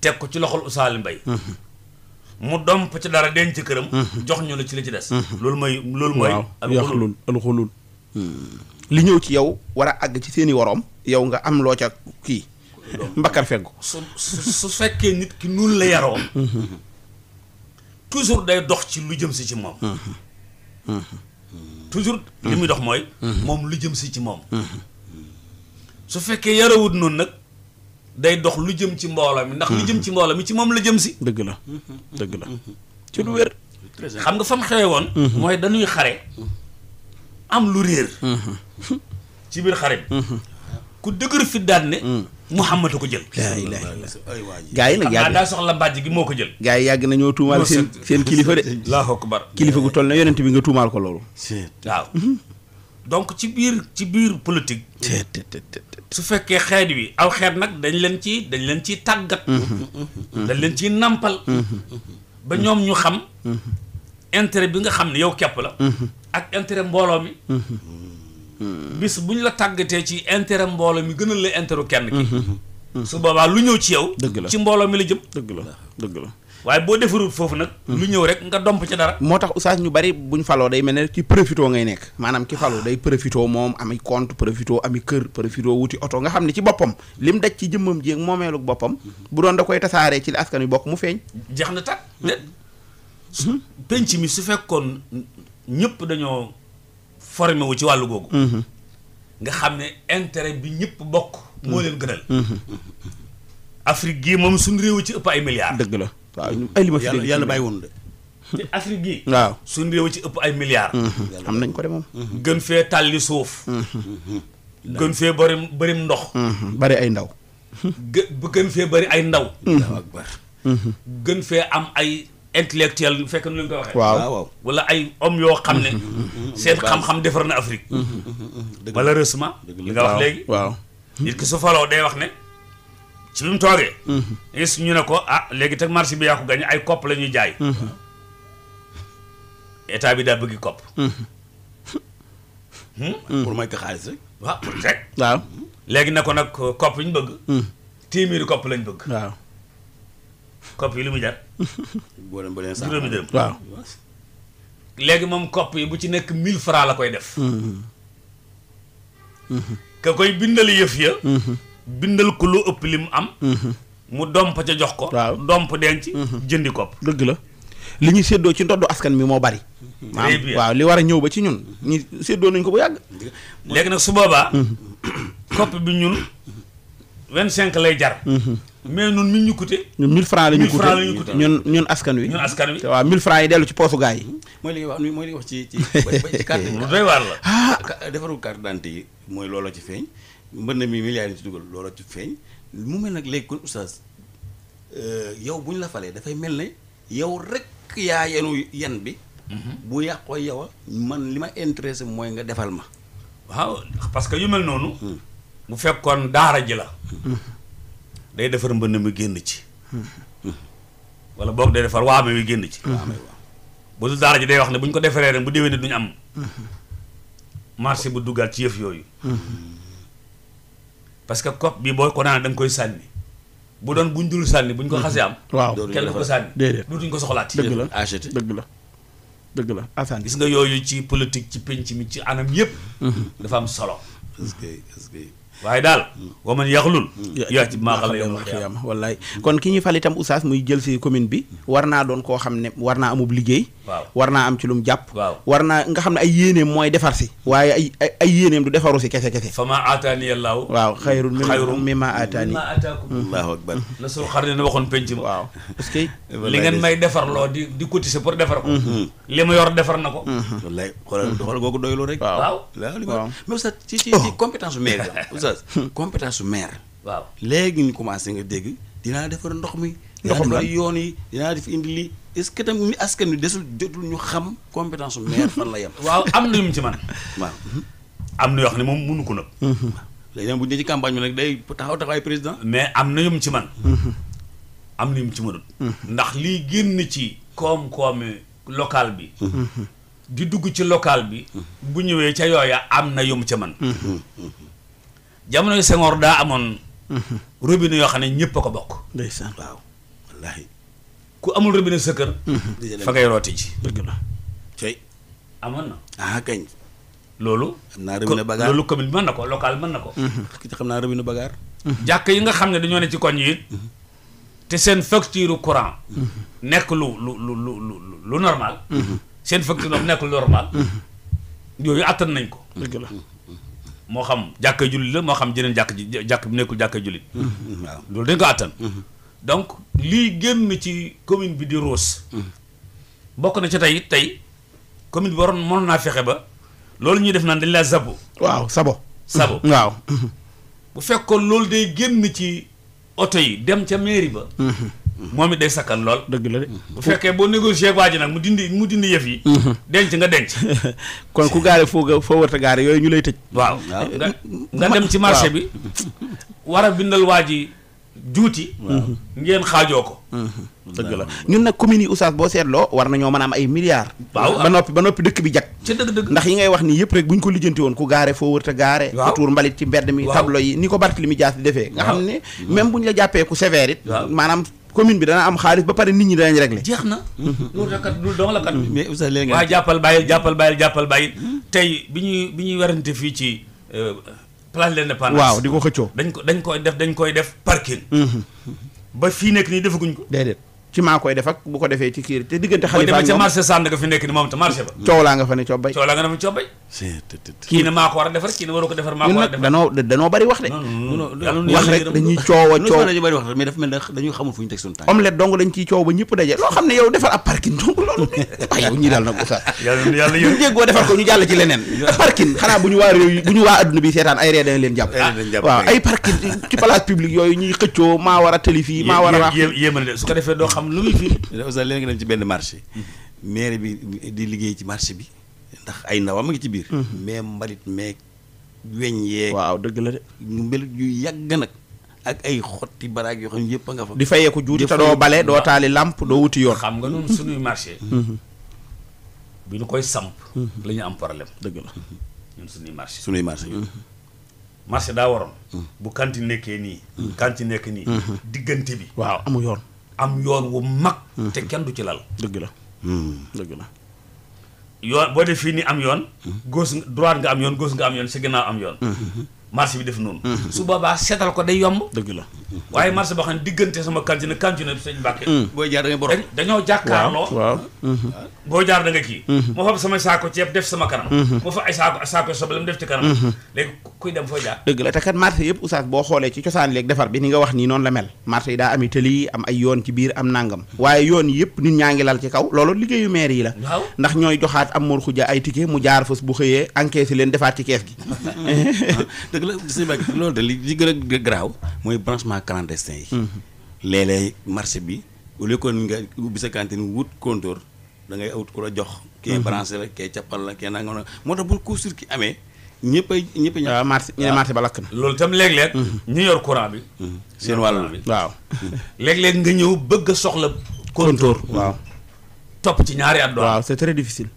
teg ko ci loxol Usaali Mbay mu domp ci dara denc këram. jox ñu la ci li ci des. loolu mooy loolu mooy. alxulul yaxlul alxulul. li ñëw ci yow war a àgg ci seeni woroom. yow nga am loo ca kii mbakkar feggu su su fekkee nit ki nun la yaroo toujours day dox ci lu jëm si ci moom toujours li muy dox mooy moom lu jëm si ci moom su fekkee yarawut noonu nag day dox lu jëm ci mbooloo mi ndax lu jëm ci mbooloo mi ci moom la jëm si dëgg la dëgg la ci lu wér xam nga fa mu xewe woon mooy dañuy xare am lu réer mhm. ci biir xare ku dëgër fi daan ne. Hmm. Muhammad a ko jël. laa gaa yi nag yàgg daa soxla bàjj gi moo ko jël. gaa yi yàgg nañoo tuumaal seen seen kilifa de. Allaahu akbar kilifa gu toll na yonent bi nga tuumaal ko loolu. waaw. donc ci biir ci biir politique. su fekkee xeet wi aw xeet nag dañ leen ci dañ leen ci tàggat. Hmm. Hmm, dañ leen ciy nampal. ba ñoom ñu xam. intérêt bi nga xam ne yow kepp la. ak intérêt mbooloo mi. bis bu ñu la tàggatee ci intérêt mbooloo mi gënal la intérêt kenn ki su boobaa lu ñëw ci yow dëgg la ci mbooloo mi la jëm dëgg la dëgg la waaye boo defarul foofu nag lu ñëw rek nga domp ci dara moo tax oustaz ñu bari bu buñ faloo day mel ne ci profito ngay nekk maanaam ci faloo day profito moom ami compte profito ami kër profito wuti oto nga xam ne ci boppam lim daj ci jëmmam jéeg moomeeluk boppam bu doon da koy tasaaree ci li askan wi bokk mu feeñ jeex na tag penc mi su fekkoon ñëpp dañoo formé wu ci wàllu googu. Mhm. nga xam ne intérêt bi ñëpp bokk. moo leen gënal. Mhm. Mhm. Afrique gii moom suñu réew ci ëpp ay milliards. dëgg la waaw ay li ma fi dégg yàlla bàyyi woon de. Afrique gii. waaw suñu réew ci ëpp ay milliards. am nañ ko de moom. gën fee tàlli suuf. gën fee bëri bërim ndox. bari ay ndaw. gë gën fee bëri ay ndaw. gën fee am ay. intellectuel bu fekkee nu ñu ko waxee. waaw wala ay om yoo xam ne. seen xam-xam defar na Afrique. Mm-hmm. Mm-hmm. malheureusement. li nga wax léegi waaw. nit ki su faloo day wax ne ci bi mu toogee. Mm-hmm. gis ñu ne ko ah léegi teg marché bi yaa ko gañe ay kopp la ñuy jaay. état bi daal bëgg kopp. Hmm? pour may ko xaalis rek. léegi ne ko nag kopp yi ñu bëgg. téeméeri kopp lañ bëgg. kopp yi li muy jar. boo leen boo leen sax waaw. léegi moom kopp yi bu ci nekk 1000 francs la koy def. Mm-hmm. Mm-hmm. ka koy bindal yëf ya. Mm-hmm. bindal ko lu ëpp li mu am. mu domp ca jox ko. waaw domp denc. jëndi kopp dëgg la. li ñu séddoo ci ndoddu askan mi moo bari. waaw li war a ñëw ba ci ñun ñu séddoo nañ ko bu yàgg. léegi nag su boobaa. kopp bi ñun wint cinq lay jar. mais noonu mu ñu coûté. ñun 1000 francs la ñun ñun askan wi. ñun askan wi te waaw 1000 francs yi dellu ci poosu gaay yi. mooy li ñuy wax mooy li ñuy wax ci ci ci carte lu ah, yi mooy looloo ci feeñ mbënd mi milliards yi ci dugal looloo ci feeñ mu mel nag léegi kon oustaz euh, yow bu ñu la falee dafay mel ne yow rek yaa yenu yan bi. Mhm. bu yàqoo yow a man li ma intéressé mooy nga defal ma. waaw parce que yu mel noonu. Hmm. bu fekkoon daara ji la. Hmm. day defar mbënd mi génn ci wala boog day defar waame wi génn ci waame waaw bu dul daara ji day wax ne bu ñu ko defaree ren bu déwénee duñu am marché bu duggaat ci yëf yooyu parce que COP bi boo ko naan da nga koy sànni bu doon buñ dul sànni buñ ko xasee am waaw kenn du ko sànni déedéet dutuñ ko soxlaati dëgg la acheté dëgg la dëgg la asaan gis nga yooyu ci politique ci ci mi ci anam yëpp mm-hmm. dafa am solo waaye daal wa man yaxlul mm. yaa ci maaxal la yomal xiyaama wallaay kon ki ñuy fal itam oustaz muy jël si commune bi war naa doon koo xam ne war naa amub liggéey waaw war naa am ci lu mu jàpp waaw war naa nga xam ne ay yéeneem mooy defar si waaye ay ay yéeneem du defaru si kese kese fa maa aataani yàllaahu waaw xayrun xayrun mimma aataani mm. allahu akbar la soo xar ne na waxoon penc ma parce que li ngeen may defar loo di di cotiser pour defar ko mm-hmm. li ma yor defar na ko mm-hmm. wallaay xoolal xoolal googu doylu rek ci ci ci oh. compétence bu maire oustaz compétence su maire. waaw léegi ñu commencé nga dégg dinaa defar ndox mi ndox mi yoon yi dinaa def indi lii est-ce que tam askan wi desul jotul ñu xam compétence su maire fan la yem waaw am na lu mu ci man waaw am na yoo xam ne moom mënu ko nag léegi nag bu ñu ci campagne bi nag day taxaw taxawaay président mais am na yu mu ci man mhm. am na mu ci mënut mhm. ndax lii génn ci koom-koomi local bi mhm. di dugg ci local bi bu ñëwee ca yooya am na yu ci man jamonoy Senghor daa amoon. Mhm. robinet yoo xam ne ñëpp a ko bokk. ndeysaan waaw wallaahi. ku amul robinet sa kër. Mhm. fa ngay rooti ji. dëgg la tey. amoon na. Ah, loolu. xam naa robinet bagaar loolu commune mën na ko local mën na ko. Mhm. xam naa robinet bagaar. jàkk yi nga xam ne dañoo ne ci koñ yi. te seen facture courant. nekk lu lu lu lu lu normal. seen facture nekk lu normal. yooyu attan nañ ko. dëgg la. moo xam jàkka jullit la moo xam jeneen jàkk jàkk bu nekkul jàkka jullit mm-hmm. Mm-hmm. waaw loolu dañ ko àttan mm-hmm. donc lii génn ci commune bi di Ross bokk na ci tey tey commune bi waroon moom naa fexe ba loolu ñuy def naan dañ laa sabo waaw sabo sabo waaw bu fekkoon loolu day génn ci oto yi dem ca mairie ba moom it day sakkan lool. dëgg la de bu fekkee boo négocier ak nag mu dindi mu dindi yëf yi. Mhm. denc nga denc. kon ku gaare foo ga gaare yooyu ñu lay tëj. waaw nga nga dem ci marché bi. war bindal waa ji juuti. ngeen xaajoo ko. Mhm. dëgg la ñun nag communes boo seetloo war nañoo mën a am waaw ba ba noppi dëkk bi jag. ci dëgg-dëgg ndax yi ngay wax nii yëpp rek buñ ko lijjanti woon ku gaare foo wërta gaare. waaw tuur mbalit ci mbedd mi. tablo yi ni ko Barthélémy Dias di defee. nga xam ne même ñu la jàppee ku sévère it. maanaam commune bi dana am xaalis ba pare nit ñi danañ régler. jeex na. Mhm. loolu la kat loolu dong la kat. Mhm. mais oustaz léegi nga. waaw jàppal bàyyil jàppal bàyyil jàppal mhm. bàyyil. tey bi ñuy bi ñuy werante fii ci euh, place de l'Indépendance. waaw di ko xëccoo dañ ko dañ koy def dañ koy def parking. ba fii nekk nii defaguñ ko. déedéet. ci maa koy def ak bu ko defee ci kii te diggante xalifa ak moom marché Sandaga fi nekk ni moom te marché ba coow laa nga fa ne cobbay coow laa nga fa cobbay kii ne maa ko war a defar kii ne waru ko defar maa ko war a defar danoo danoo bari wax de wax rek dañuy coow a coow dañu bari wax mais dafa mel ne dañu xamul fu ñu teg suñu tànk omelette dong dañ ciy coow ba ñëpp daje loo xam ne yow defar ab parking dong loolu waaye ah, yow ñii daal nag oustaz yàlla ñu jéggoo defar ko ñu jàll ci leneen parking xanaa bu ñu waa réew yi bu ñu waa adduna bi seetaan ay ree dañ ah, leen jàpp waaw ay parking ci place publique yooyu ñuy xëccoo maa war a tëli fii maa war a wax yéemal su ko defee doo xam xam lu muy firi. Oustaz léegi nga dem ci benn marché. maire bi di liggéey ci marché bi ndax ay ndawam a ngi ci biir. Mm-hmm. mais mbalit meeg weñ yee waaw dëgg la de. mbalit yu yàgg nag. ak ay xotti baraag yoo xam yëpp nga fa. di fayee ko juuti te doo bale doo taali làmp doo yoon. xam nga noonu suñuy marché. Mm-hmm. bi ñu koy samp. Mm-hmm. lañu am problème. dëgg la ñun suñuy marché. suñuy marché yooyu. marché daa waroon. bu kanti nekkee nii. kanti nekk nii. diggante bi. waaw amu yoon. am yoon wu mag hmm. te kenn du ci lal dëgg la hmm. dëgg la yoon boo def fii ni am yoon hmm. gauche droite nga am yoon góos nga am yoon si naa am yoon marché bi def noonu. Mm-hmm. su boobaa seetal ko day yomb. dëgg la waaye marché boo xam ne diggante sama kantina kantina bi sëñ Mbàkke. Mm. booy jaar da ngay borom dañoo jàkkaarloo. waaw mm-hmm. ah, boo jaar da nga kii. Mm-hmm. moo fab sama ceeb def sama kanam. moo ay saako saako soble mu def ci kanam. kuy dem foo jaar. la te kat marché yëpp oustaz boo xoolee ci cosaan léegi defar bi ni nga wax nii noonu la mel. marché yi daa am i tëli am ay yoon ci biir am nangam. waaye yoon yëpp nit ñaa ngi lal ci kaw loolu liggéeyu maire yi la. waaw ndax ñooy joxaat am mor xuja ay ticket mu jaar fas bu xëyee encaissé leen defaat ci kees gi dëgg la loolu de li gën mooy branchement clandestin yi. Mm-hmm. léeg-léeg marché bi au lieu que nga ubbi sa cantine wut compteur da ngay wut ku la jox. kee mm-hmm. branché la kee cappal la kee nangam moo tax bu court circuit amee. ñëpp a ñëpp a ñëpp waaw ah, marché ñu ne marché ba lakk na. loolu itam léeg-léeg. Mm-hmm. ñu yor courant bi. seen wàll bi waaw. léeg-léeg nga ñëw bëgg a soxla. compteur waaw. topp ci ñaari at. waaw c'est très difficile.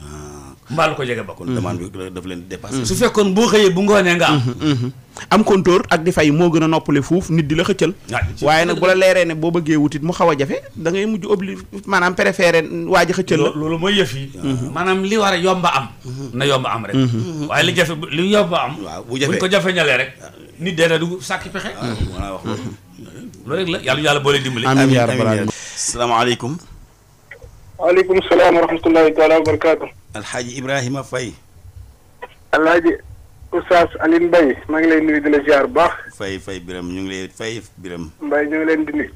Ah. mbaa lu ko jege bokkul. Mm-hmm. demande bi daf leen dépassé. Mm-hmm. su fekkoon boo xëyee bu ngoonee nga am. Mm-hmm. am compteur ak di fay moo gën a noppale fuuf nit di la xëccal. Ah, waaye nag bu la leeree ne boo bëggee wutit mu xaw a jafe da ngay mujj obli maanaam préféré waaj a xëccal la. loolu mooy yëf yi. maanaam li war a yomba am. na yomba am rek. waaye li jafe li yomba am. waaw bu jafe ko jafe ñalee rek. Ah. nit dee la du sàkki pexe. Ah, waaw wax loolu rek la yàlla yàlla boole dimbali. amiin amiin amiin salaamaaleykum. waaleykum alxaaji Ibrahima Faye. alxaaji Oustaz Alioune Mbaye maa ngi lay nuyu di la ziar bu baax. fay fay Birame ñu ngi lay fay biram mbay ñu leen di nuyu.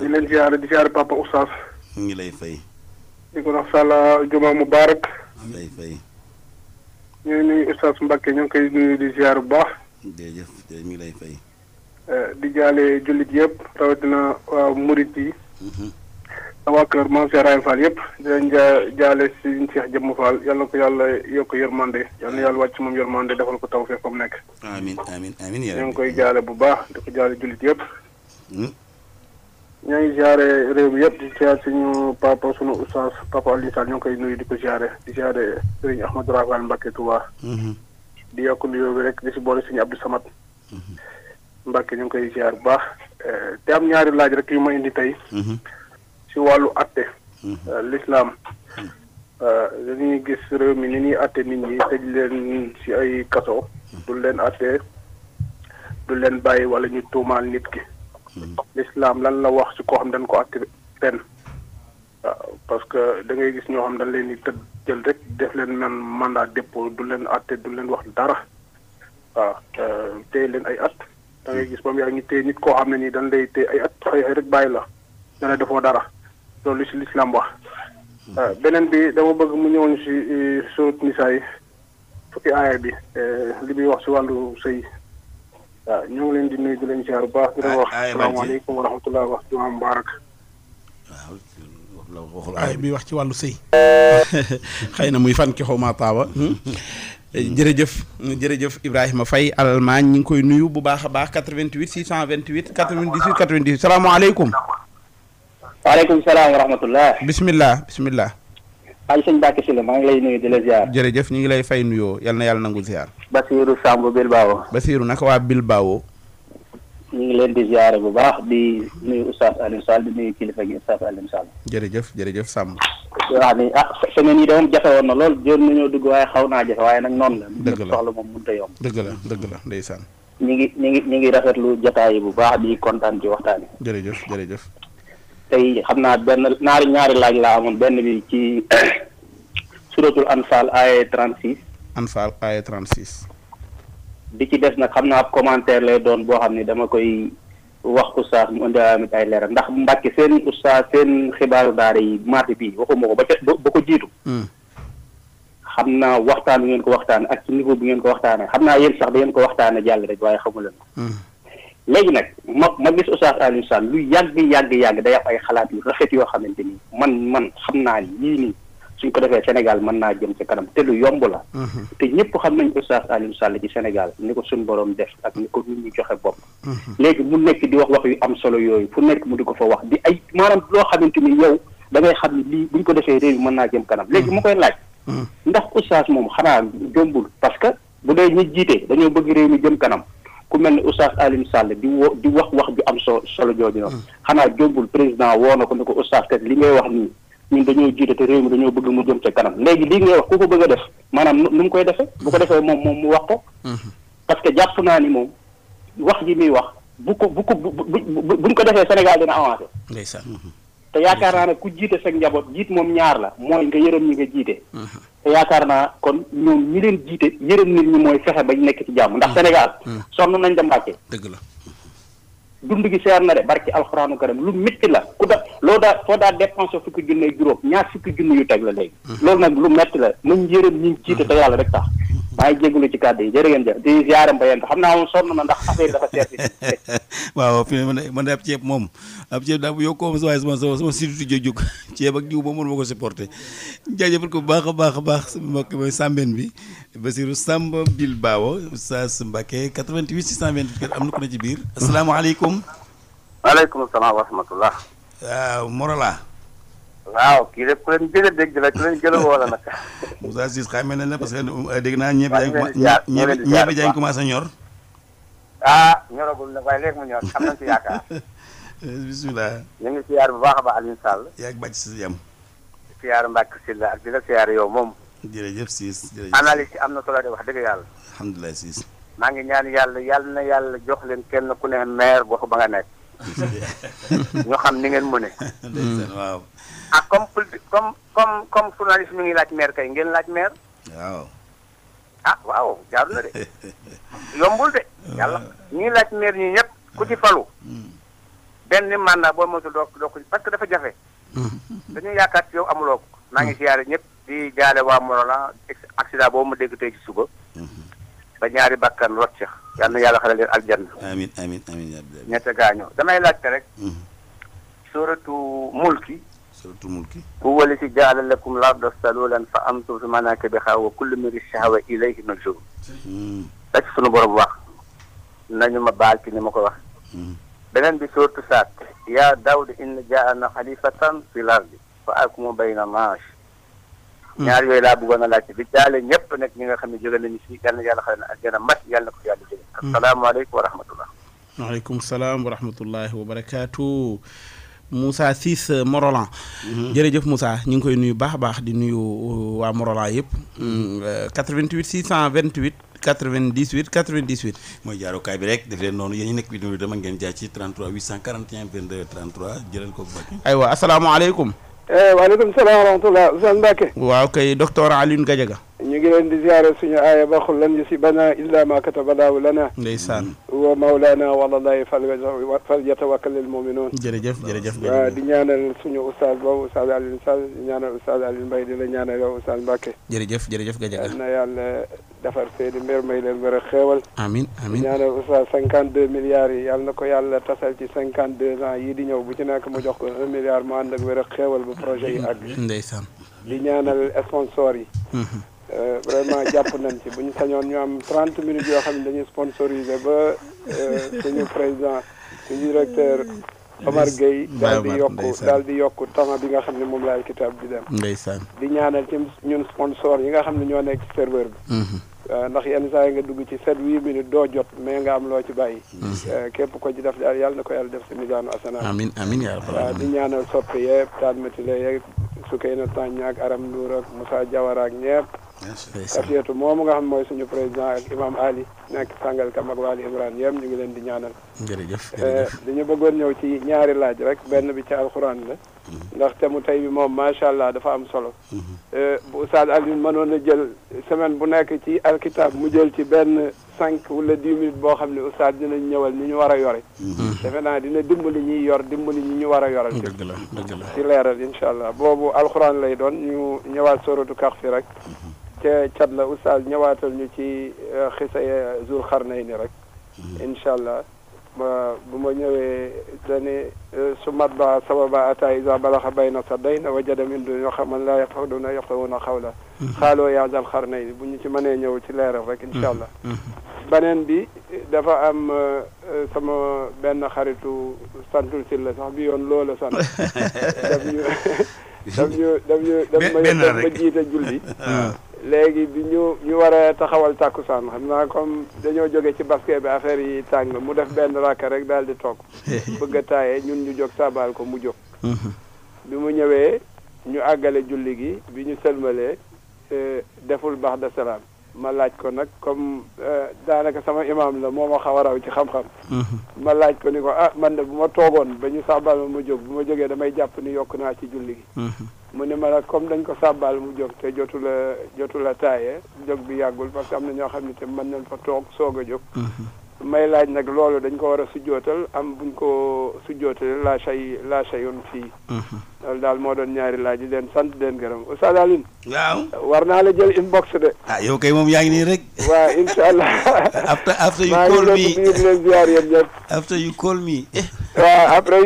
leen ziar di ziar papa Oustaz. ñu ngi lay fay. di ko wax sala juma mubarak. fay ñu ngi koy nuyu di bu baax. jërëjëf jërëjëf ñu lay fay. Eh, di jaale jullit yëpp rawatina waa murit yi. Mhm. waa kër maam Cheikh Ibrahima Fall yëpp di leen jaa jaale Serigne Cheikh Jëmm Fall yal na ko yàlla yokk yërmande yal na yàlla wàcc moom yërmande defal ko taw fee fa mu nekk. amiin amiin amiin ñu ngi koy jaale bu baax di ko jaale jullit yëpp. Hmm? ñoo ngi ziare réew mi yëpp di ziare suñu papa suñu oustaz papa Alioune Sall ñoo ngi koy nuyu di ko ziare di ziare Serigne Ahmadou Rafaal Mbacke Touba. Hmm. di yokk nuyoo bi rek di si boole suñu Abdou Samad. Hmm. Mbacke ñu ngi koy ziare bu baax. Eh, te am ñaari laaj rek yu tey. ci wàllu atte mhm. euh, l'islam euh, dañuy gis réew mi ni ñuy atte nit ñi tëj leen ci ay kaso du leen atte du leen bàyyi wala ñu tuumaal nit ki mhm. lislaam lan la wax ci koo xam dañ ko atte pen parce que da ngay gis ñoo xam dañ leen di tëdd jël rek def leen man mandat dépôt du leen atte du leen wax dara waaw euh, téye leen ay at da ngay gis ba mu yàgg ñu téye nit koo xam ne nii dañ lay téye ay at xëy xëy rek bàyyi la ne defoo dara loolu li si lislaam wax euh, beneen bi dama bëgg mu ñëwoon si euh, surat nisaa yi fukki aaya bi euh, li muy wax si wàllu sëy waaw ngi leen di nuyu di leen ziar bu baax di leen wax wax jumaa mubaarak aaya bi wax ci wàllu sëy xëy na muy fan ki xaw ma taaba hmm? jërëjëf jërëjëf Ibrahima Faye Allemagne ñu ngi koy nuyu bu baax a baax 88 628 98 98 salaamaaleykum waaleykum salaam wa rahmatullah. bisimilah bisimilah. ay sëñ Mbacke Sylla maa ngi lay nuyu di la ziar. jërëjëf ñu ngi lay fay nuyoo yal na yàlla nangu ziar. Basirou Samb Bilbao. Basirou naka waa Bilbao. ñu ngi leen di ziare bu baax di nuyu Oustaz Alioune Sall di nuyu kilifa gi Oustaz Alioune Sall. jërëjëf jërëjëf Samb. wax ni ah semaine yi de moom jafe woon na lool jot nañoo dugg waaye xaw naa jafe waaye nag noonu la. dëgg la moom mënut a yomb. dëgg la dëgg la ndeysaan. ñu ngi ñu ngi ñu ngi rafetlu jotaay bu baax di kontaan ci waxtaan yi. jërëjëf jërëjëf. tey xam naa benn ñaari ñaari laaj laa amoon benn bi ci suratul anfal aya 36. anfal aya 36. bi ci des nag xam naa ab commentaire lay doon boo xam ne dama koy wax oustaz mu indiwaat ay leeral ndax Mbàkke seen oustaz seen xibaaru baar yi mardi bii waxuma ko ba ca ba ko jiitu. Hmm. xam naa waxtaan bi ngeen ko waxtaanee ak ci niveau bi ngeen ko waxtaanee xam naa yéen sax da ngeen ko waxtaanee jàll rek waaye xamu leen léegi nag ma ma gis Oustaz Alioune Sall lu yàgg yàgg yàgg day am ay xalaat yu rafet yoo xamante ni man man xam naa ni yii nii suñ ko defee Sénégal mën naa jëm ci kanam te lu yomb la. Mhm. te ñëpp xam nañ Oustaz Alioune Sall ci Sénégal ni ko suñ borom def ak ni ko nit ñi joxe bopp. Mhm. léegi mu nekk di wax wax yu am solo yooyu fu nekk mu di ko fa wax di ay maanaam loo xamante ni yow dangay xam ni lii buñ ko defee réew mi mën naa jëm kanam léegi mu koy laaj. Mhm. ndax Oustaz moom xanaa jombul parce que bu dee ñi jiite dañoo bëgg réew mi jëm kanam. ku mel ni oustaz Alioune Sall di wo di wax wax ju am so solo jooju noonu. Mm. xanaa jógul président woo na ko ni ko oustaz kat li ngay wax nii ñun dañoo jiite te réew mi dañoo bëgg mu jëm ca kanam léegi lii ngay wax ku ko bëgg a def maanaam nu mu koy defee bu ko defee moom moom mu wax ko. Mm-hmm. parce que jàpp naa ni moom wax ji muy wax bu ko bu ko bu buñ ko defee Sénégal dina avancé. ndeysaan. Mm-hmm. te yaakaar naa ne ku jiite sa njaboot jiit moom ñaar la mooy nga yërëm ñi nga jiite. te yaakaar naa kon ñoom ñi leen jiite yërëm nit ñi mooy fexe bañ nekk ci jàmm ndax mm. Sénégal. Mm. sonn nañ dem Mbàkke. dëgg la. dund gi seer na de barki alxuraanu karim lu métti la ku da loo daa foo daa dépensé fukki junne juróom ñaar fukki junne yu teg la léegi mm-hmm. loolu nag lu métti la nañ yërëm ñi jiite te rek tax mm-hmm. maa ngi jégalu ci kàddu yi jërë ngeen jëf na ndax affaire dafa seer waaw fi man man ab ceeb moom ab ceeb daa bu yokkoo sama waaye sama sama sama surtout jóg ceeb ak jiw boo ko supporté jaajëfal ko bu baax a baax a baax sama mbokk mooy sàmbeen bi Basirou Samba Bilbao Oustaz Mbacké 88 624 am na ko na ci biir asalaamaaleykum salaam. waaleykum salaam wa rahmatullah. waaw Morola. waaw kii de ku leen gëj a dégg la ku leen gën a woo la nag. Moussa Cissé xamee na la parce que euh, dégg naa ñebe ñebe jaañ commencé ñor. ah ñoragul nag waaye léegi mu ñor am nañ ci yaakaar. bisimilah. ñu ngi siyaar bu baax a baax Alioune Sall. yaa ngi bàcc si jàmm. siyaar Mbacke Sylla ak di la siyaar yow moom. jërëjëf Cissé am na solo de wax dëgg yàlla. alhamdulilah Cissé. maa ngi ñaar yàlla yàlla na yàlla jox leen kenn ku ne maire gox ba nga nekk. ñoo xam ni ngeen mëne. Hmm. waaw. ah comme comme comme comme journaliste mi ngi laaj maire kay ngeen laaj maire. waaw. ah waaw jaaru na de yombul de. yàlla ñii laaj maire ñi ñëpp ku ci falu. Hmm. benn mandat boo moytu doo doo ko parce que dafa jafe. Hmm. dañuy yaakaar ci yow amuloo ko. maa ngi si siyaare ñëpp di jaale waa Morolan accident boobu mu dégg tey ci suba. ba ñaari bakkan rot ci yal na yàlla xale leen aljanna. amiin amiin amiin ñett gaañoo damay laajte rek. Mm-hmm. suuratu mulki. suuratu mulki. huwa lazi jaala lakum l-arda zalulan fa amsuu fi manaakibihaa wa kullu mri'in sha'wa ilayhi nushur. Mm-hmm. rek sunu borom wax nañu ma baal ci ni ma ko wax. Mm-hmm. beneen bi suuratu saat. yaa Daawuda inna ja'alnaaka xalifatan fil ardi fa ahkum bayna naas Hmm. ñaar yooyu laa bëggoon a laajte di jaale ñëpp nekk ñi nga xam ne jóge nañu si yal na yàlla xale na ak gën a mat yàlla na ko yàlla jóge hmm. asalaamaaleykum wa rahmatullah waaleykum salaam wa rahmatullahi wa barakaatu Moussa hmm. jërëjëf Moussa ñu ngi koy nuyu baax a di nuyu uh, waa Morolan yëpp 88 628 98 98 mooy jaarukaay bi rek def leen noonu yéen ñi nekk bi nuyu dama ngeen jaay ci 33 841 22 33 jëlal ko bu aywa Eh, waaleykum salaam wa rahmatulah Oustaz Mbacke. waaw kay docteur Alioune Gadiaga. ñu ngi leen di ziare suñu aaya ba xul lan yusibanaa illa ma kataballaahu lanaa. ndeysaan. wa mawlaanaa wa alaa llaahi falyatawakkalil mu'minuun. jërëjëf jërëjëf waaw di ñaanal suñu oustaz boobu oustaz Alioune Sall di ñaanal oustaz Alioune Mbaye di la ñaanal yow oustaz Mbacke. jërëjëf jërëjëf Gadiaga na yàlla defar seeni mbir may leen war a xéewal. amiin amiin di ñaanal oustaz cinquante deux milliards yi yàlla na ko yàlla tasal ci cinquante deux ans yii di ñëw bu ci nekk mu jox ko un milliard mu ànd ak war a xéewal bu projet yi àgg. ndeysaan yi mm-hmm. Euh, vraiment jàpp nañ ci bu ñu sañoon ñu am 30 minutes yoo xam ne dañuy sponsorisé ba euh, suñu président suñu directeur Omar Gueye daal di yokku daal di yokk tama bi nga xam ne moom laay kitaab di dem ndeysaan di ñaanal ci ñun sponsor yi nga xam ne ñoo nekk ci serveur bi mm-hmm. euh, ndax yenn saa yi nga dugg ci sept huit minutes doo jot mais nga am loo ci bàyyi. Mm-hmm. képp ko ci def daal yàlla na ko yàlla def si misaanu asana. amiin amiin yaa rabbal di ñaanal soppi yeeg Tade Mathilé yeeg Soukeyna Tandja ak Aram Ndour ak Moussa Diawara ak kafiyatu moomu nga xam mooy suñu président ak imam ali nekk sàngal kam ak waali imran yem ñu ngi leen di ñaanal eh, jërëjëf dañu bëggoon ñëw ci ñaari laaj rek benn bi ci alxuraan la ndax thème mu tey moom macha allah dafa am solo. Mhm. Eh, bu Oustaz Alioune mënoon a jël semaine bu nekk ci alkitab mu jël ci benn cinq wala dix minutes boo xam ne Oustaz dinañ ñëwal ni ñu war a yore. Mhm. defe naa dina dimbali ñuy yor dimbali ñi ñu war a yoral. dëgg la dëgg la ci leeral incha allah boobu alxuraan lay doon ñu ñëwaat soratu kax fi rek. te mhm. cat la Oustaz ñëwaatal ñu ci eh, xisa Zul Xarnayni rek. incha allah. ba bu ma ñëwee dani euh, su mat ba sababa ata isa balaxa bayna sa day na la min duniya xaman laa yafqahuuna yafqahuuna xawla mm-hmm. xaaloo yaa zal xarnayni bu ñu ci mënee ñëw ci leeral rek incha mm-hmm. Mm-hmm. beneen bi dafa am euh, sama benn xaritu santu si la sax bi yoon loola sant daf ñu daf ñu daf ñu daf ma jiite julli ah. léegi bi ñu ñu waree taxawal tàkkusaan xam naa comme dañoo jóge ci basket bi affaire yi tàng mu def benn rakk rek daal di toog bëgg taaye ñun ñu jóg saabal ko mu jóg mhm. bi mu ñëwee ñu àggale julli gi bi ñu sëlmalee euh, deful baax de salaam ma laaj ko nag comme euh, daanaka sama imaam la moo ma xaw ci xam-xam. Mhm. ma laaj ko ni ko ah man de bu ma toogoon ba ñu sàbbaal ma mu jóg bu ma jógee damay jàpp ni yokk naa ci julli gi. Mhm. mu ne ma nag comme dañ ko sàbbaal mu jóg te jotu la jotu la taaye jóg bi yàggul parce am na ñoo xam ne te mën nañ fa toog soog a jóg. Mhm. may laaj nag loolu dañ ko war a sujjootal am buñ ko sujjootalee laa say laa sayoon fii. Mhm. loolu daal moo doon ñaari laaj di leen sant di leen gërëm Oustaz Alioune. waaw war naa la jël inbox de. ah yow kay moom yaa nii rek. waaw incha allah. after after you call me maa ngi leen di leen call me. waaw après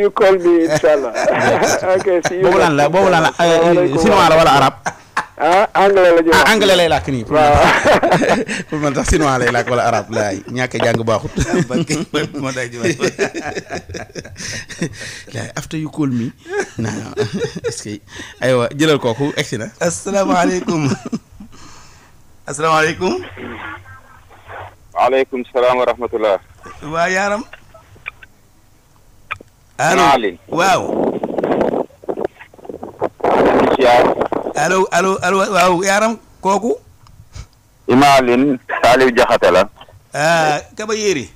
lan la boobu lan la chinois wala arab ah anglais la ñuy wax ah nii. waaw pour man sax chinois wala arabe laay ñàkk a jàng baaxut. ma day ji after you call me. non non est-ce kooku egsi na. asalaamaaleykum. asalaamaaleykum. waaleykum waa yaaram. waaw. allo alo alo waaw yaaram kooku. Imaalin Saliou Diakhaté la. ah Kaba Yéeri.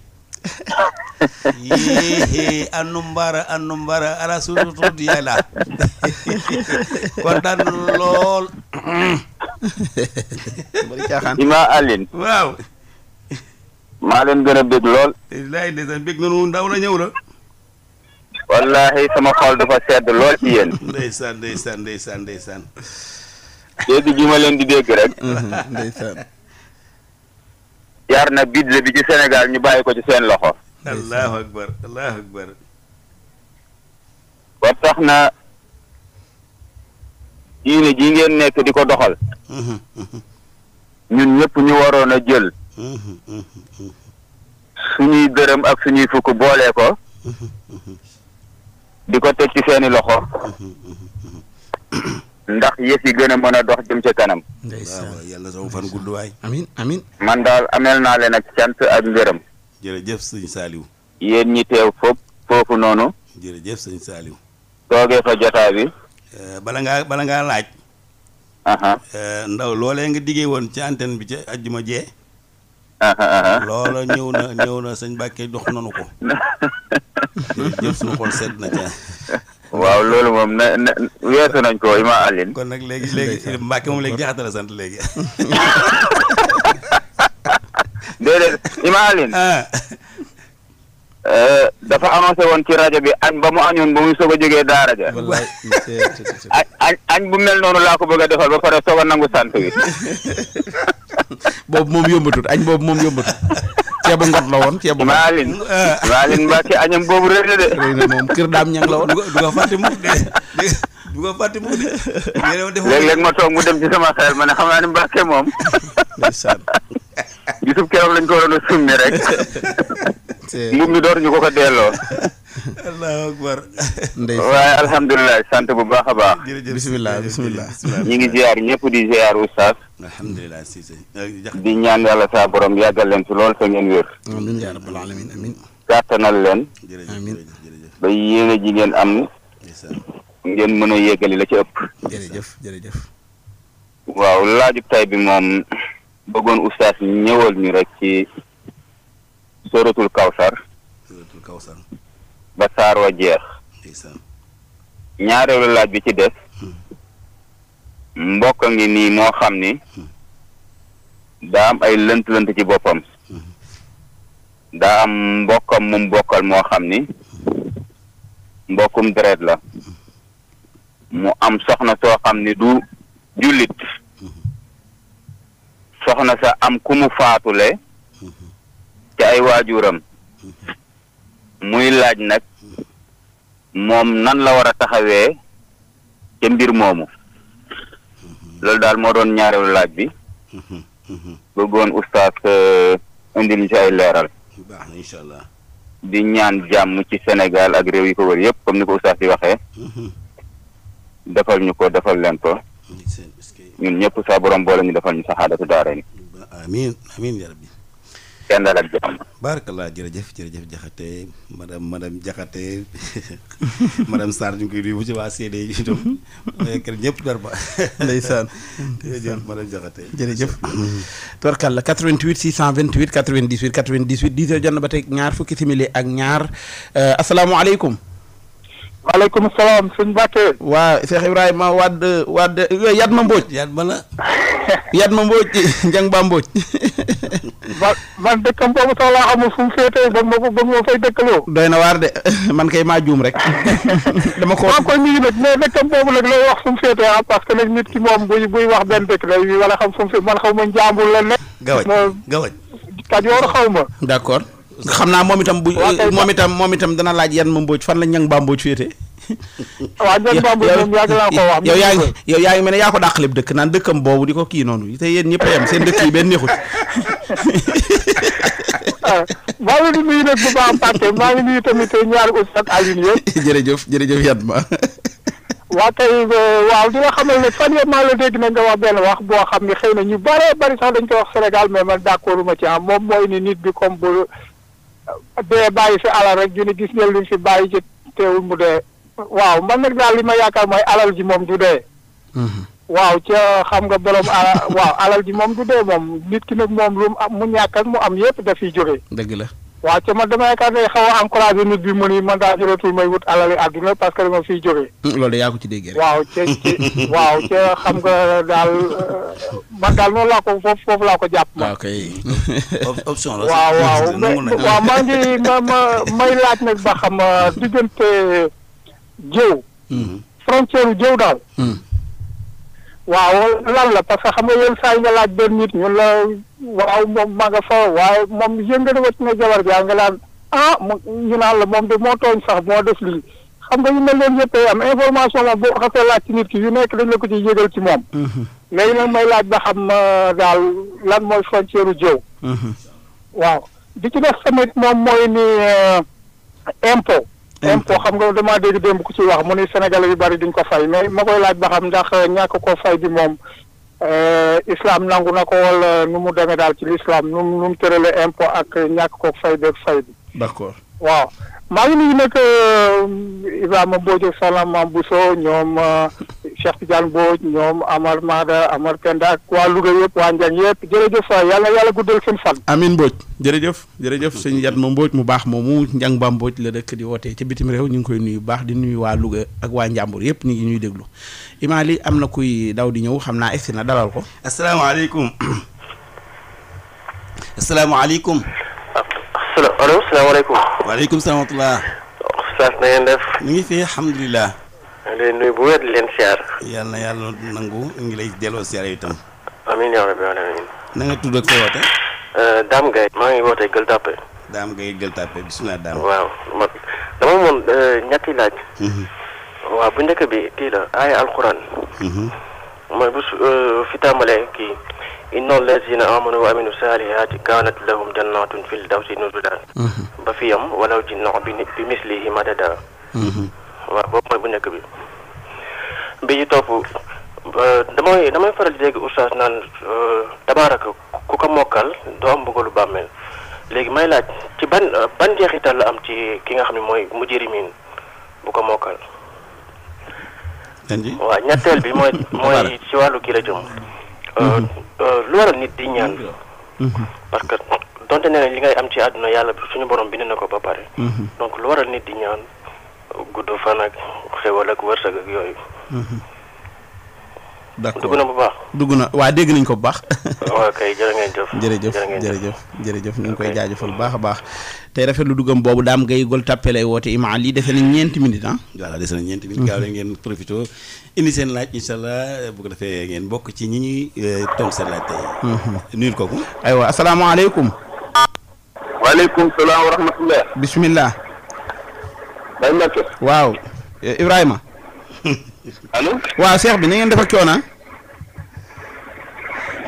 yéé annu mbara annu mbara ala suñu tuuti yaay laa kontaan lool. bari caaxaan waaw. maa gën a bég lool. laay ndeysaan bég nanu ndaw la ñëw la. wallahi sama xool dafa sedd lool ci yéen. ndeysaan ndeysaan ndeysaan ndeysaan. dégg ji ma leen di dégg rek. Mhm, ndeysaan. yar na budget bi ci Sénégal ñu bàyyi ko ci seen loxo. allahu akbar allahu akbar. na diine ji ngeen nekk di ko doxal. Mhm, mhm. ñun ñëpp ñu waroon a jël. suñuy dërëm ak suñuy fukk boole ko. di ko teg ci seeni loxo. ndax yëf yi gën a mën a dox jëm ca kanam. ndeysaan waaw yàlla sama fan gudd waay. amiin man daal ameel naa leen ak cant ak ngërëm. jërëjëf sëñ saaliw yéen ñi teew foofu foofu noonu. jëf sëñ Saliou. toogee fa jotaa bi. Eh, bala ngaa bala ngaa laaj. Eh, ndaw loolee nga diggee woon ci antenne bi ca ajjuma jee. loola ñëw na ñëw na sëñ Bakke jox nanu ko. jërëjëf suñu xol sedd na ca. waaw loolu moom na na weesu nañ ko Imaam Alioune. kon nag léegi léegi Mbacke moom léegi jaxate la sant léegi. déedéet Imaam Alioune. Ah. Euh, dafa annoncé woon ci rajo bi añ ba mu añoon ba muy soog a jógee daara añ añ bu mel noonu laa ko bëgg a defal ba pare soog a nangu sant bi. boobu moom yombatut añ boobu moom yombatut ceebu ngot la woon ceebu maalin maalin Mbàkke añam boobu rëy na de rëy na moom kër daam ñang la woon du nga fàtte de du nga fàtte mukk de léeg-léeg ma toog mu dem ci sama xel ma ne xam naa ne Mbàkke moom ndeysaan gisub lañ ko waroon a summi rek mbubb mi door ñu ko ko delloo allahu akbar waaye alhamdulilah sant bu baax a baax. jërëjëf bisimilah bisimilah. ñi ngi ziar ñëpp di ziar oustaz. alhamdulilah Cissé. di ñaan yàlla saa borom yàggal leen fi lool sa ngeen wér. amiin yaa rabbal alamin amiin. kàttanal leen. amiin ba yéene ji ngeen am. ngeen mën a yeggali la ci ëpp. jërëjëf jërëjëf. waaw laajub tay bi moom bëggoon oustaz ñëwal ñu rek ci sóoratul kawsar. sóoratul kawsar. ba wa jeex ñaareelu laaj bi ci des hmm. mbokk ngi nii moo xam ni hmm. daa am ay lënt-lënt ci boppam hmm. daa am mbokkam mum bokkal moo xam ni mbokkum deret la mu am soxna soo xam ni du jullit soxna sa am ku mu faatule ci ay waajuram muy laaj nag moom nan la war a taxawee ca mbir moomu loolu daal moo doon ñaareelu laaj bi bëggoon ustaas euh, indil ci ay leeral baax na incha allah di ñaan jàmm ci Sénégal ak réew yi ko war yëpp comme ni ko ustaas yi waxee mhm. defal ñu ko defal leen ko ñun ñëpp saa borom boole ñu defal ñu saxaadatu daara ni amiin amiin kenn dal ak jàmm. baarakalaa jërëjëf jërëjëf Diakhaté madame madame Diakhaté madame Sarr ñu ngi koy nuyu bu ci waa CD yi itam. kër ñëpp dar ba. ndeysaan. jërëjëf madame Diakhaté. jërëjëf. tubarkalla 88 628 98 98 10 heures jot na ba tey ñaar fukki simili ak ñaar euh, asalaamaaleykum. waaleykum salaam sëñ Bakke. waa Cheikh Ibrahima wadd wadd eh, Yatma Mbodj. Yatma yat ma Mbodj Njang Ba Mbodj. man man dëkkam boobu sax laa xamul fu mu féetee ba ma ba ma fay dëkkaloo. doy na waar de man kay maa juum rek. dama ko maa ko nuyu nag mais dëkkam wax fu mu féetee ah parce que nag nit ki moom buy buy wax benn dëkk la wala xam fu mu fi man xaw ma njàmbur la nekk. gawaj gawaj. Kajoor xaw ma. d'accord. xam naa moom itam bu moom itam moom itam dana laaj yan ma mbóoj fan la ñang baa mbóoj féete waaw ñang baa mbóoj moom yàgg yaa ngi yow yaa ngi mel ne yaa ko dàqalib dëkk naan dëkkam boobu di ko kii noonu te yéen ñëpp yem seen dëkk yi benn neexut ah, maa ngi leen di bu baax Mbacke euh, ne fan maa la dégg na nga wax benn wax boo xam ne xëy na ñu bare bari sax dañ ko wax Sénégal mais man d'accorduma ci am ah, moom mooy ni nit bi comme bu dee bàyyi fi alal rek ñu ne gis ngeen luñ fi bàyyi ci teewul mu dee waaw man nag daal li ma yaakaar mooy alal ji moom du dee mhm. waaw ca xam nga borom alal waaw alal ji moom du dee moom nit ki nag moom lu mu am mu ñàkk mu am yépp dafiy jóge dëgg la waaw ca man dama yaakaar ne a encouragé nit bi mu ni man daa jëlatul may wut alali àdduna parce que dama fiy jógee. Hmm, loolu de yaa ko ci déggee waaw ca xam nga daal euh, man daal noonu laa ko foofu laa ko jàpp. waaw ah, kay option la. waaw waaw waaw maa ngi may laaj nag ba xam euh, diggante jëw. Euh, hmm. frontière jëw daal. Hmm. waaw lan la parce que xam nga yenn saa yi nga laaj benn nit ñun la waaw moom ma nga fa waaye moom yëngatuwaat na jabar jaa nga laan ah ñu naan la moom de moo tooñ sax moo def lii xam nga yu mel noonu yëpp am information moom boo xasee laaj ci nit ki yu nekk dañ la ko ci yëgal ci moom. Mhm. léegi nag may laaj ba xam euh, daal lan mooy frontière u jëw. Mhm. waaw di ci def tamit moom mooy ni euh, impôt. impôt xam nga damaa dégg démb ku ci wax mu ni sénégalais yu bari duñ ko fay mais ma koy laaj ba xam ndax ñàkk ko fay bi moom euh, islam nangu na ko wala nu mu demee daal ci l'islam nu mu nu mu tëralee impôt ak ñàkk ko fay beeg fay bi. d'accord waaw maa ngi nuyu nag euh, Ibrahima Mbodj Salam Mambousso ñoom. Euh, Cheikh Tidiane Mbodj ñoom Amar Maada Amar Penda waa Louga yëpp waa Njaañ yëpp jërëjëf waay yàlla yàlla guddal seen fan. amiin Mbodj jërëjëf jërëjëf sëñ Yatma Mbodj mu baax moomu Njang Ba Mbodj la dëkk di wootee ci bitim réew ñu ngi koy nuyu baax di nuyu waa Louga ak waa Njàmbur yëpp ñu ngi ñuy déglu Imaali am na kuy daw di ñëw xam naa egsi na dalal ko. asalaamaaleykum. asalaamaaleykum. allo salaamaaleykum. waaleykum salaam wa rahmatulah. Oustaz na ngeen def. ñu ngi fi alhamdulilah. maa ngi lay nuyu bu wér di leen siyaar. yàlla yàlla nangu ngi lay delloo siyaar yi itam. amiin yaa rabbi alamin. na nga tudd ak sa woote. Euh, Dame Gueye. maa ngi wootee Gueule Tapée. Dame Gueye Gueule Tapée bisimilah Dame. waaw man dama moom euh, ñetti laaj. Mhm. waaw bu njëkk bi kii la aaya alquran. Mhm. mooy bu euh, fi tàmbalee kii. inna allazina amanu aminu saalihaati kaanat lahum jannatun fil dawsi nuzula mhm. ba fi yam walaw jinna bi mislihi madada waaw boobu mooy bu nekk bi bi ñu topp euh, damay damay faral di dégg oustaz naan euh, tabaaraka ku ko mokkal doo am bëggalu bàmmeel léegi may laaj ci ban ban jeexital la am ci ki nga xam ne mooy mujjirimiin bu ko mokkal. waaw ñetteel bi mooy mooy ci wàllu kii la jëm. Euh, mhm. lu waral nit di ñaan. Mhm. parce que donte nee nañ li ngay am ci àdduna yàlla suñu borom bind na ko ba pare. Mhm. donc lu waral nit di ñaan. gudd fan ak xéwal ak wërsëg ak yooyu. Mhm. d'accord dugg na bu baax. dugg na waa dégg nañ ko bu baax. waaw kay jërë ngeen jëf. jërëjëf jërëjëf jërëjëf ñu ngi koy jaajëfal bu baax a baax. te rafet lu duggam boobu daam ngay gol tàppe lay woote Imaam lii defe nañ ñeenti minutes ah. voilà dese nañ ñeenti minutes. Mhm. gaaw leen ngeen profité indi seen laaj incha allah bu ko ngeen bokk ci ñi ñuy euh, tontu seen laaj tey. Mhm. nuyul kooku. aywa asalaamaaleykum. waaleykum salaam wa rahmatulah. bisimilah. Baye Mbacke. waaw Ibrahima. waaw seex bi na ngeen def ak coono ah?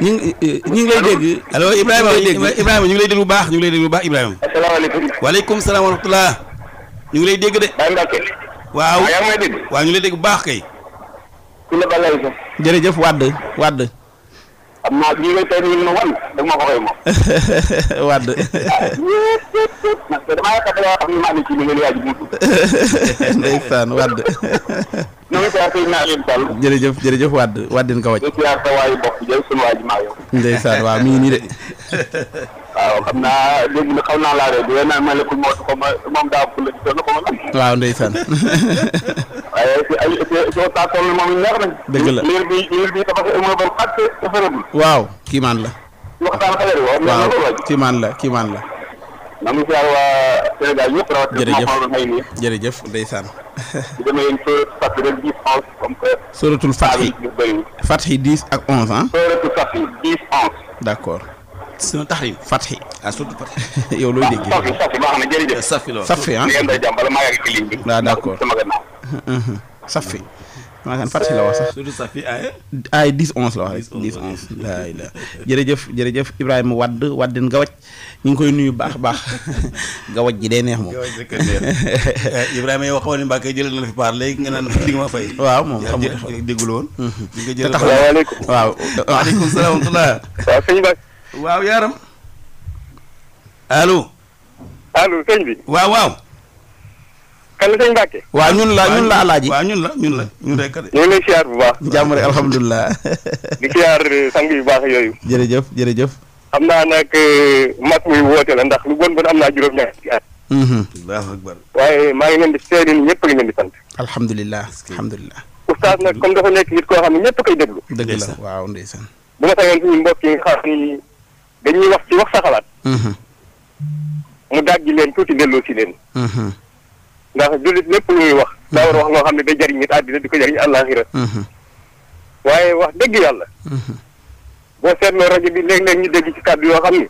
ñu ngi eh, eh, ñu ngi lay dégg. allo Ibrahima Ibrahima ñu lay dégg bu baax ñu ngi lay dégg bu baax Ibrahima. asalaamaaleykum. salaam wa ñu ngi lay dégg de. Baye Mbacke. waaw ah, ñu lay dégg bu baax kay. ku la balay sax. jërëjëf Wade Wade. xam naa lii lay tey nii jërëjëf jërëjëf wàdd wàddin ko wàcc. di siyaar sa waayu de. waaw xam naa léegi nag xaw naa laa rek a melekul moo ko ma moom la ci toll ma dëgg la liir bi liir bi dafa amoo ba pàcc dafa rëbb. waaw kiimaan la. kiimaan la kiimaan la. maa jërëjëf ndeysaan. sóoratul Fath rek dix ak onze ah. d'accord. sunu taxrim fatxi ah surtout fatxi yow looy dégg safi baax na jërëjëf safi lool safi ah waaw ah, d'accord safi mhm. maa kan fatxi la wax safi ay ay dix la wax rek dix onze laa la jërëjëf jërëjëf Ibrahima Wadd Waddin Gawaj ñu ngi koy nuyu baax baax Gawaj ji day neex moom eh, Ibrahima yow xamal ni Mbacke jëlal na fi paar léegi nga naan di nga ma fay waaw moom xam nga déggul mhm. nga jël salaamaaleykum waaw waaleykum salaam waaw yaaram allo. allo sëñ bi. waaw waaw. kan la sëñ Mbacke. waaw ñun la ñun la alaaji. waaw ñun la ñun la ñun rek. ñu ngi lay siyaar bu baax. jàmm rek alhamdulilah. di siyaar euh, sang yu baax yooyu. jërëjëf jërëjëf. xam naa nag euh, mag muy woote la ndax lu bon bon am naa juróom-ñaar ci at. Mm-hmm. allahu akbar. waaye maa ngi leen di seede ni ñëpp a ngi leen di sant. alhamdulilah alhamdulilah. oustaz nag comme dafa nekk nit koo xam ne ñëpp koy déglu. dëgg dañuy wax ci wax sa xalaat. Mhm. mu dajji leen tuuti delloo ci leen. Mhm. ndax jullit lépp lu muy wax. daa war wax mhm. loo xam ne day jariñ nit àddina di ko jariñ àllaaxira waaye wax dëgg yàlla. boo seetloo rajo bi léeg-léeg ñu dégg ci kàddu yoo xam ni.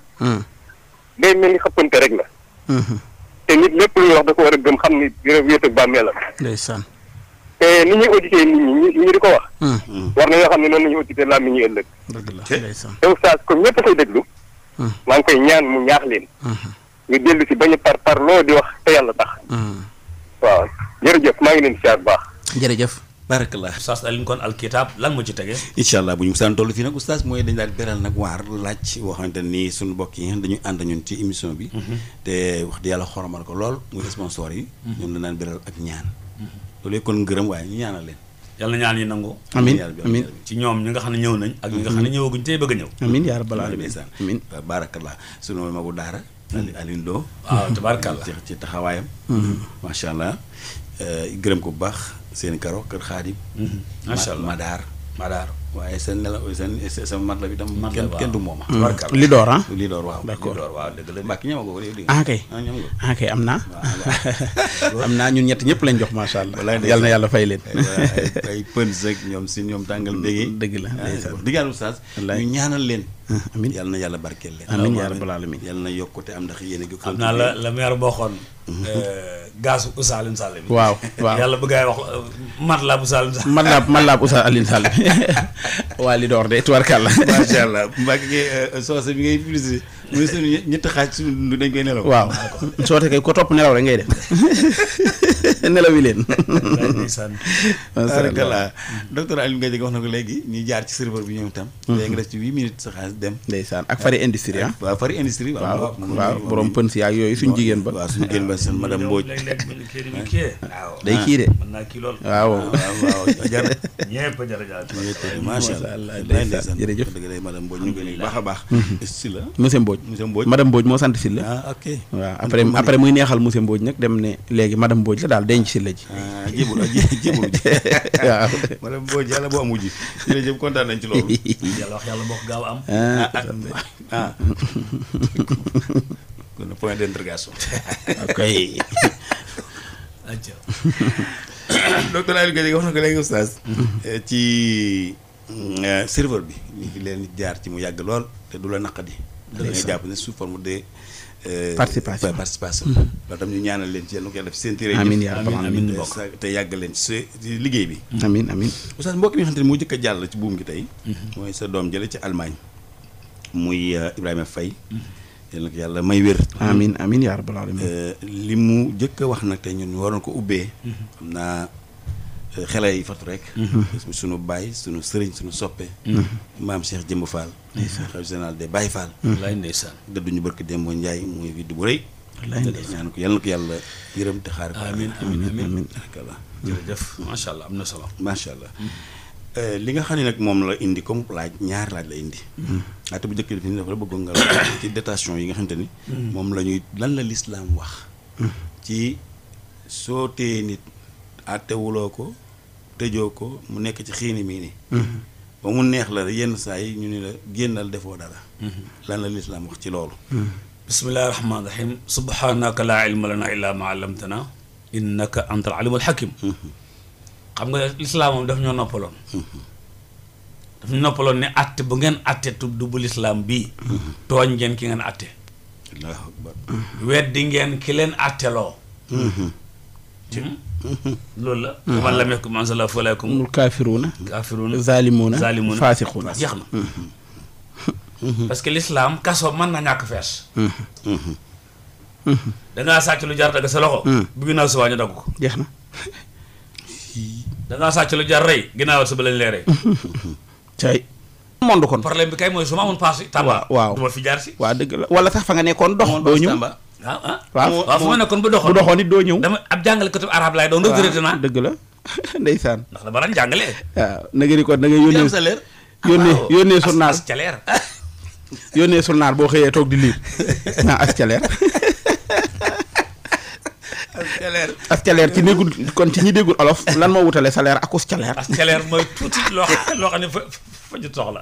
day mel ni xëppante rek la. te nit lépp lu ñuy wax da ko war a gëm xam ni dina wéet ak bàmmeelam. ndeysaan. te ni ñu audité nit ñi ñu di ko wax. war na yoo xam ne noonu la ñuy audité làmmiñ yi ëllëg. dëgg la ndeysaan. te comme ñëpp koy déglu. maa ngi koy ñaan mu ñaax leen. ñu dellu si bañ par par loo di wax te yàlla tax. waaw jërëjëf maa ngi leen si bu baax. jërëjëf. barakallah oustaz Alioune kon alkitab lan moo ci tege incha allah bu ñu musaan toll fii nag oustaz mooy dañ daal beral nag waar laaj woo xamante ni suñu mbokk yi dañuy ànd ñun ci émission bi mhm. te wax di yàlla xoromal ko lool muy sponsor yi ñoom mhm. la naan beral ak ñaan loolu kon ngërëm waaye ñu ñaanal leen yàlla na ñaan yi nangu amiin ci ñoom ñi nga xam ne ñëw nañ ak ñi nga xam ne ñëwaguñ tey bëgg a ñëw amiin yaa rabbal aalamiin amiin baarakallah sunu magu daara Alioune Lo waaw tabaarakallah ci taxawaayam mm-hmm. macha allah eh, gërëm ko bu baax seen karo kër xaadim mm-hmm. macha allah madaar madaar waaye sa nelaw sa sa la bi tam. mat la waaw kenn hmm. li door ah. li door waaw d'accord li door waaw dëgg la Mbacke ñama ah, ah, ko ah kay ah kay am na am naa ñun ñett ñëpp lañ jox macha allah. yal na yàlla fay leen. ay ay pën ñoom si ñoom tàngal. dëgg dëgg la. digaalu saas ñu ñaanal leen. amin yàlla na yàlla barkeel leen. amiin yaa rabbal alamin yàlla na yokkute am ndax yéen a ngi. naa la la maire boo xoon. Mhm. Euh, gaasu Oustaz Alioune bi. waaw yàlla bëgg a wax euh, matlab Oustaz Alioune Sall. matlab matlab Oustaz Alioune Sall bi waa li door de tubarkàlla. macha allah mbaa euh, soose bi ngay publicité. muy seen ñetti xaaj suñu dund dañ koy nelaw. waaw soo tekkee ko topp nelaw rek ngay def nelawi leen. alhamdulilah docteur Alioune Gadjaga wax na ko léegi ñu jaar ci serveur bi ñoom itam. Mhm. léegi nga def ci huit minutes sa xaalis dem. ndeysaan ak fari ah, industrie ah. waaw fari industrie. waaw waaw borom pën si ak yooyu suñu jigéen ba. waaw suñu jigéen ba seen madame Mbodj. Ah, day ah. kii de. waaw waaw waaw jar ñëpp a jar a jaar. macha allah jërëjëf. dëgg la madame Mbodj ñu ngi baax a baax. Mhm. si la monsieur Mbodj. monsieur Mbodj madame Mbodj moo sant Sylla ah ok waaw après après muy neexal monsieur Mbodj nag dem ne léegi madame Mbodj la daal denc Sylla ji ah, jébul ah, jébul waaw madame Mbodj yàlla boo am wujj jërëjëf kontaan nañ ci yàlla wax gaaw am ah, ah kon point d'interrogation ok docteur Aliou Gadjaga eh, ci mm, eh, serveur bi ñu fi leen jaar ci mu yàgg lool te du la naqadi da jàpp ne sous forme de euh, participation participation mm-hmm. loolu tam ñu ñaana leen ci yàlla ko yàlla def seen téere amiin yaa rabbal aalamiin te yàgg leen ci liggéey bi mm-hmm. amiin amiin oustaz mbokk mi nga xam ne moo jëkk a jàll ci buum gi tey mm-hmm. mooy sa doom jële ci Allemagne muy euh, Ibrahima Faye yàlla nag yàlla may wér amiin amiin yaa rabbal aalamiin euh, li mu jëkk wax nag te ñu waroon ko ubbee xam naa xale yi fatu rek. sunu baay sunu sëriñ sunu soppe. maam Cheikh Jëmb Fall. ndeysaan xalifa général de Baye Fall. wallaay ndeysaan dëdduñu barke Demba Ndiaye muy widd bu rëy. ñaan ko yal na ko yàlla yërëm te xaar. amiin amiin amiin am na solo. macha allah euh, li nga xam ne nag moom la indi comme laaj ñaari laaj la indi. laata bu njëkk a def nii dafa la bëggoon nga ci détention yi nga xamante ni. moom la ñuy lan la lislaam wax. Mm. ci soo téye nit àttewuloo ko. tëjoo ko mu nekk ci xiini mii ni mhm. ba mu neex la yenn saa yi ñu ni la génnal defoo dara mhm. lan la lislaam wax ci loolu mhm. bismillahi rahmaani rahim subhanaka laa ilma lana illaa ma allamtana innaka anta al alimul hakim xam nga lislaam moom daf ñoo noppaloon daf ñu noppaloon ne atte bu ngeen atte du bu lislaam bii tooñ ngeen ki ngeen atte allahu akbar weddi ngeen ki leen atteloo hmm? loolu la. man lam yakum anzala falaakum. kaafiruuna. kaafiruuna zaalimuuna. zaalimuuna faasiquuna na. Mm-hmm. Mm-hmm. parce que l'islam kaso man na ñàkk fees. Mm-hmm. dangaa sàcc lu jar dagg sa loxo. Mm. bu ginnaaw subaa ñu dagg ko. jeex na. dangaa sàcc lu jar rey ginnaaw suba lañ lay rey. tey. monde kon problème bi kay mooy su ma amoon paas yi. tàmba waaw du fi jaar si. waa dëgg la wala sax fa nga nekkoon dox. doo ñëw Ah, ah waaw waaw fu ma nekkoon bu doxoon bu doxoon it doo ñëw. dama ab jàngalekatu arab laay doon. regretté naa dëgg la ndeysaan. ndax dama daan jàngale. waaw na nga ni kon da yónnee sa leer. yónnee ah, yónnee surnaal yónnee surnaal boo xëyee toog di liir ah, naa as ca leer as caleer ci néegul kon ci ñi déggul olof lan moo wutale salaire ak us caleer as caleer mooy tuuti loo xam ne fa fa ñu soxla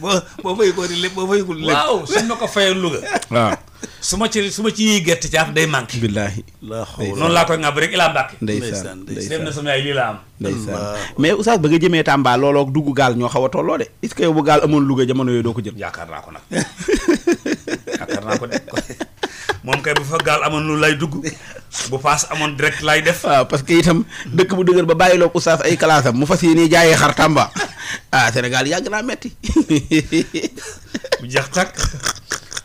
boo boo fay ko di lépp boo fay ko lépp. suñ ma ko fayal Louga. waaw su ma ci su ma ci yii gerte caaf day manqué. billaahi. noonu laa koy ŋàbb rek ilaa mbàkke. ndeysaan ndeysaan dem na sama yaay am. ndeysaan mais oustaz ba nga jëmee Tamba looloo dugg gaal ñoo xaw a tolloo de est que yow bu gaal amoon Louga jamono yooyu doo ko jëm. yaakaar naa ko nag yaakaar naa ko de. moom kay bu fa gaal amoon lu lay dugg bu paas amoon direct lay def. Ah, parce que itam dëkk bu dëgër ba bàyyi bàyyiloo oustaz ay kalaasam mu fas yéenee jaayee xar Tamba ah Sénégal yàgg naa metti bu jeex tàkk.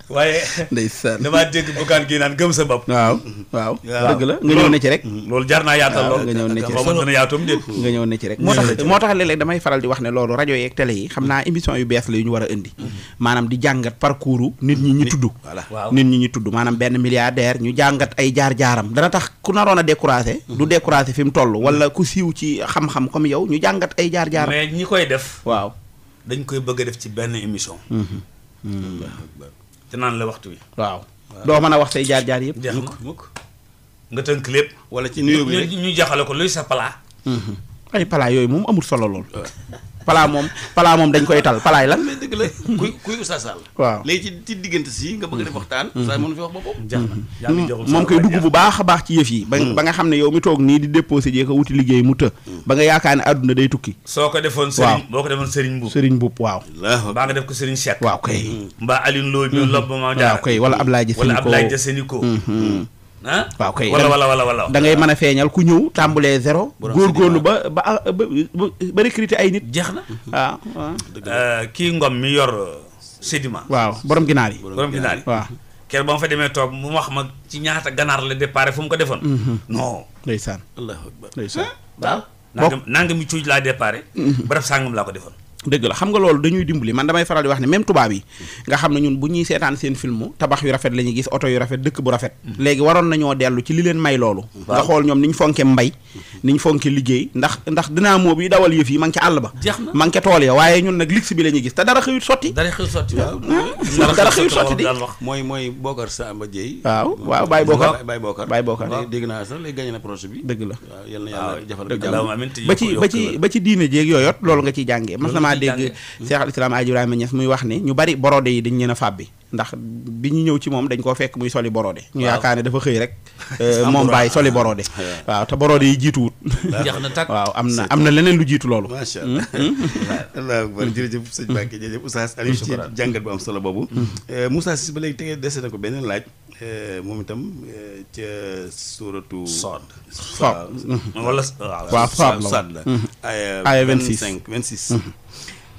waaye. ndeysaan damaa dégg bugaan gi naan gëm sa bopp. waaw waaw. dëgg la nga ñëw ne ci rek. loolu jaar naa yaatal lool. nga ñëw ne ci rek ci rek. moo tax moo tax léeg-léeg damay faral di wax ne loolu rajo yeeg télé yi xam naa émission yu bees la yu ñu war a indi. maanaam di jàngat parcours nit ñi ñu tudd. voilà nit ñi ñu tudd maanaam benn milliardaire ñu jàngat ay jaar-jaaram. dana tax ku naroon a découragé. du mhm. découragé fi mu toll wala ku siiw ci xam-xam comme yow ñu jàngat ay jaar-jaaram. mais ñi koy def. waaw dañ koy bëgg a def ci benn émission. Mhm. Mhm. te naan la waxtu wi. waaw doo mën a wax say jaar jaar yëpp. jeex mukk nga tënk lépp. wala ci nu bi ñu jaxale ko luy sa palaa. ay palaa yooyu moom amul solo lool. palaa moom palaa moom dañ koy tal palaay lan. mais dëgg la kuy kuy Oustaz waaw léegi ci diggante si nga bëgg a def waxtaan. Mm-hmm. Oustaz mënu fi wax boppam. jeex na mm-hmm. moom koy dugg bu baax a baax ci yëf yi. Mm-hmm. ba nga xam ne yow mi toog nii di déposé jee ko wuti liggéey mu të. ba nga yaakaar ne àdduna day tukki. soo ko defoon Serigne boo ko defoon Serigne Mboup. Serigne Mboup waaw. mbaa nga def ko Serigne Cheikh. waaw kay mbaa Alioune Lo. ñu lobb ma jaar waaw kay wala Ablaye Jasseniko wala Ablaye ah waaw kay wala wala wala da ngay mën a feeñal ku ñëw tàmbulee zéro góorgóorlu ba ah, ba ba recruter ay nit jeex na waaw ah, euh, kii ngom mi yor euh, sédiment waaw borom ginaar yi borom ginaar waaw ker ba ma fa demee toog mu wax ma ci ñaata ganaar la déparé fu mu ko defoon mhm. non lay allahu akbar ndeysaan waaw nangam nangami cuuj laa déparé mhm. barab sàngam laa ko defoon dëgg la xam nga loolu dañuy dimbali man damay faral di wax ne même tubaab yi nga xam ne ñun bu ñuy seetaan seen film tabax yu rafet la ñuy gis oto yu rafet dëkk bu rafet mhm. léegi waroon nañoo dellu ci li leen may loolu nga xool ñoom niñ fonke mbay niñ fonke liggéey ndax ndax dinaa moo bi dawal yëf yi man ngi ca àll ba ma ngi ca tool ya waaye ñun nag lix bi la ñuy gis te dara xëyut sotti dara xëyut sotti dara xëyut sotti di mooy mooy Bokar Samba Dieye waaw waaw Baye Bokar Baye Bokar Baye Bokar dégg na projet bi dëgg la yal na yàlla jafal ba ci ba ci ba ci diine jéeg yooyot naa dégg Cheikh al Islam Aji Ibrahima Niass muy wax ni ñu bari borode yi dañ leen a fàbbi ndax bi ñu ñëw ci moom dañ koo fekk muy soli borode ñu yaakaar ne dafa xëy rek euh, moom bàyyi soli borode waaw te borode yi jiituwut jeex na tàkk waaw am na am na leneen lu jiitu loolu macha hmm? allah hmm? allah akbar jërëjëf sëñ Mbacke jërëjëf Oustaz Aliou ci jàngat bu am solo boobu hmm. euh, Moussa Cissé ba léegi tege dese na ko beneen laaj euh, moom itam ca suuratu Saad Saad wala waaw Saad la aaya vingt-six vingt-six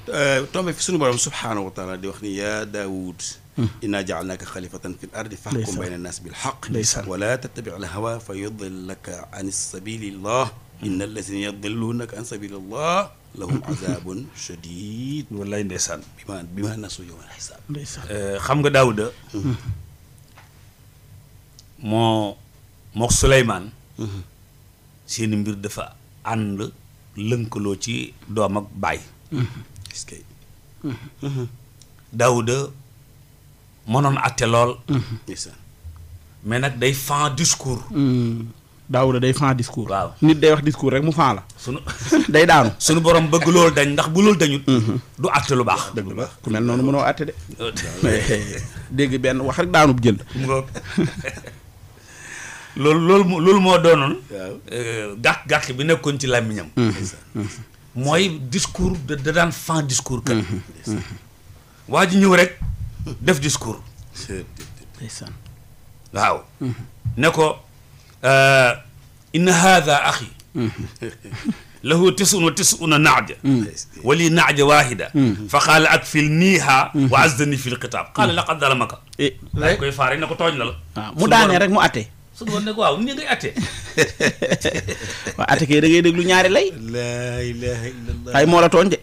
Euh, tombe fi sunu borom subhaanahu wa taala di wax ni yaa daawud hmm. inna jaalnaaka xalifatan fi l ardi faxkum bayna annaas bil xaq wala tattabi al hawa fa yudillaka an sabilillah inna allazina yadillunaka an sabilillah lahum hmm. azabun shadid wallaay ndeysaan bi ma bi ma nasu yowmal xisaab euh, xam nga daawuda hmm. moo moo suleymaan seeni mbir dafa ànd lënkaloo ci doom ak baay fiskay mm-hmm. mm-hmm. daawuda mënoon atte lool mm-hmm. mais nag day fen discours daawuda day fen discours waaw nit day wax discours rek mu fen la sunu day daanu sunu boroom bëgg loolu dañ ndax bu loolu dañut du atte lu baax dëgg lu ku mel noonu mënoo atte de dégg benn wax rek daanub jël loolu loolu moo doonoon euh, gàkk gàkk bi nekkoon ci làmmiñam mooy discours da daan fan discours kat mm-hmm. Mm-hmm. waa ji ñëw rek def discours waaw mm-hmm. ne ko euh, inna haada axi lahu tisun wa tisuna naaja wali naaja waahida fa qaala ak fil niiha wa azdani fil xitaab qaala laqad dalamaka daay eh. eh. koy faar rek ne ko tooñ na la waaw ah, mu daanee rek mu attee suñu woon ne ko waaw nii ngay àttee. waaw àtte kay da ngay déglu ñaari lay. ay moo la tooñ de.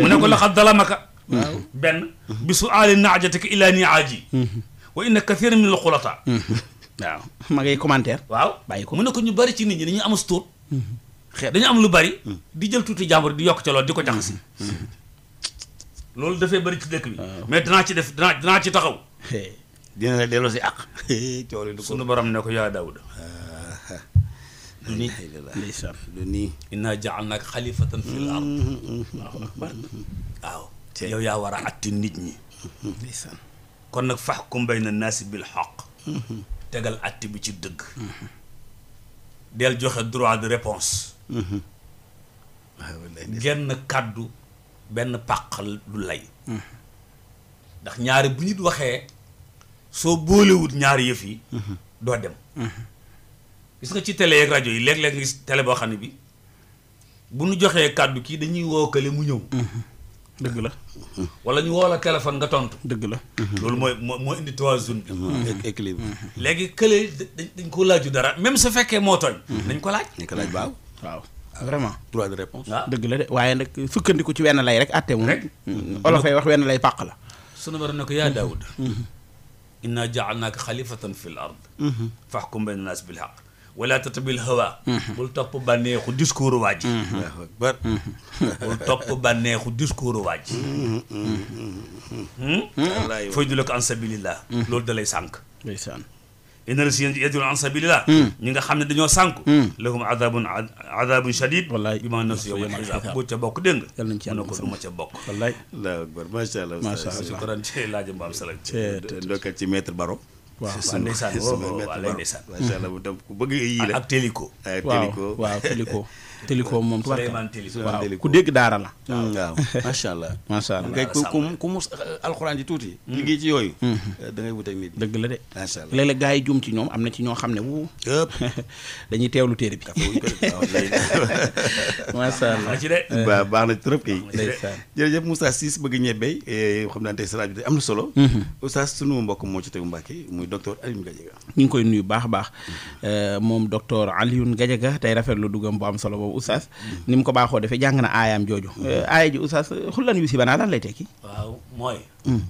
mu ne ko laxad dalamaka. benn. Mm-hmm. bi su aali naajatika ilaa nii aaji. Mm-hmm. wa inna kathiran min al-xulataa. Mm-hmm. waaw ma ngay commentaire. waaw ko mu ne ko ñu bari ci nit ñi dañuy am sutur. xeet dañu am lu bari. di jël tuuti jàmbur di yokk ca loolu di ko jaxasi. loolu dafay bari ci dëkk bi. mais danaa ci def danaa danaa ci taxaw. dina la delloo si àq. ko sunu borom ne ko yaa Daawuda. du nii ndeysaan du nii. inna ja'alnaaka xalifatan fil ard. Mm-hmm. Allahu akbar. waaw. yow yaa war a atti nit ñi. Mm-hmm. kon nag faxkum bayna na bil xaq. Mm-hmm. tegal atti bi ci dëgg. del joxe droit de réponse. genn kàddu benn pàq du lay. ndax ñaari bu nit waxee. soo boolewut ñaari yëf yi. Mhm. doo dem. Mhm. gis nga ci tele ak rajo yi léeg-léeg nga gis télé boo xam ne bi bu nu joxee kàddu kii dañuy woo kële mu ñëw. Mhm. dëgg la. walla ñu woo la téléphone nga tontu. dëgg la. loolu mooy moo indi toisune bi. équilibre. léegi kële dañ ko laaj dara même su fekkee moo tooñ. dañ ko laaj. dañ ko laaj baaw waaw. vraiment droit de réponse ah. dëgg la de waaye nag fukkandiku ci wenn lay rek àtte moom. rek olof ay wax wenn lay pàq la. sunu war ne ko yaa Daawud. inna jaalnaaka xalifatan fi l ard faxkum bayna naas bil xaq wala tatabil hawa bul topp bànneexu discours waaj bul topp bànneexu discours waaj fooy du la ko an sabilillah loolu da lay sànk ndeysaan inna lazina yadillu an sabilillah hmm. ñi nga xam ne dañoo sànku hmm. lahum adabun adabun shadid wallaay bi ma nasu yow bu ca bokk dégg nga yal nañ ci yàlla ko du ma ca bokk wallaay allahu akbar macha allah macha allah sukran ci laaj mbaam salak ndokkal ci maître baro waaw waaw ndeysaan oh, oh, waaw ndeysaan tam ku bëgg yii la ak teliko waaw waaw teliko Téliko moom Souleymane Téliko ku dégg daara la. Mm. waaw macha allah. macha allah kay ku mu alxuraan ji tuuti. liggéey mm. ci yooyu. Mm. Eh, da ngay wut ak nit dëgg la de. macha allah léeg-léeg jum ci ñoom am na ci ñoo xam ne wu. yëpp dañuy teewlu téere bi. Ah, macha allah ci de. waaw baax na trop kay. jërëjëf Moussa Ciss bëgg ñebe eh, xam naa tey saraaj am na solo. Mm-hmm. Oustaz sunu mbokk moo ci tegu Mbàkke muy docteur Alioune ñu ngi koy nuyu baax a baax mm-hmm. eh, moom docteur Alioune Gadiaga tey rafetlu dugam bu am solo boobu oustaz ni mu ko baaxoo defee jàng na aayaam jooju mm. euh, aaya ji oustaz xullan yu si banaa lan lay tekki waaw mooy mm.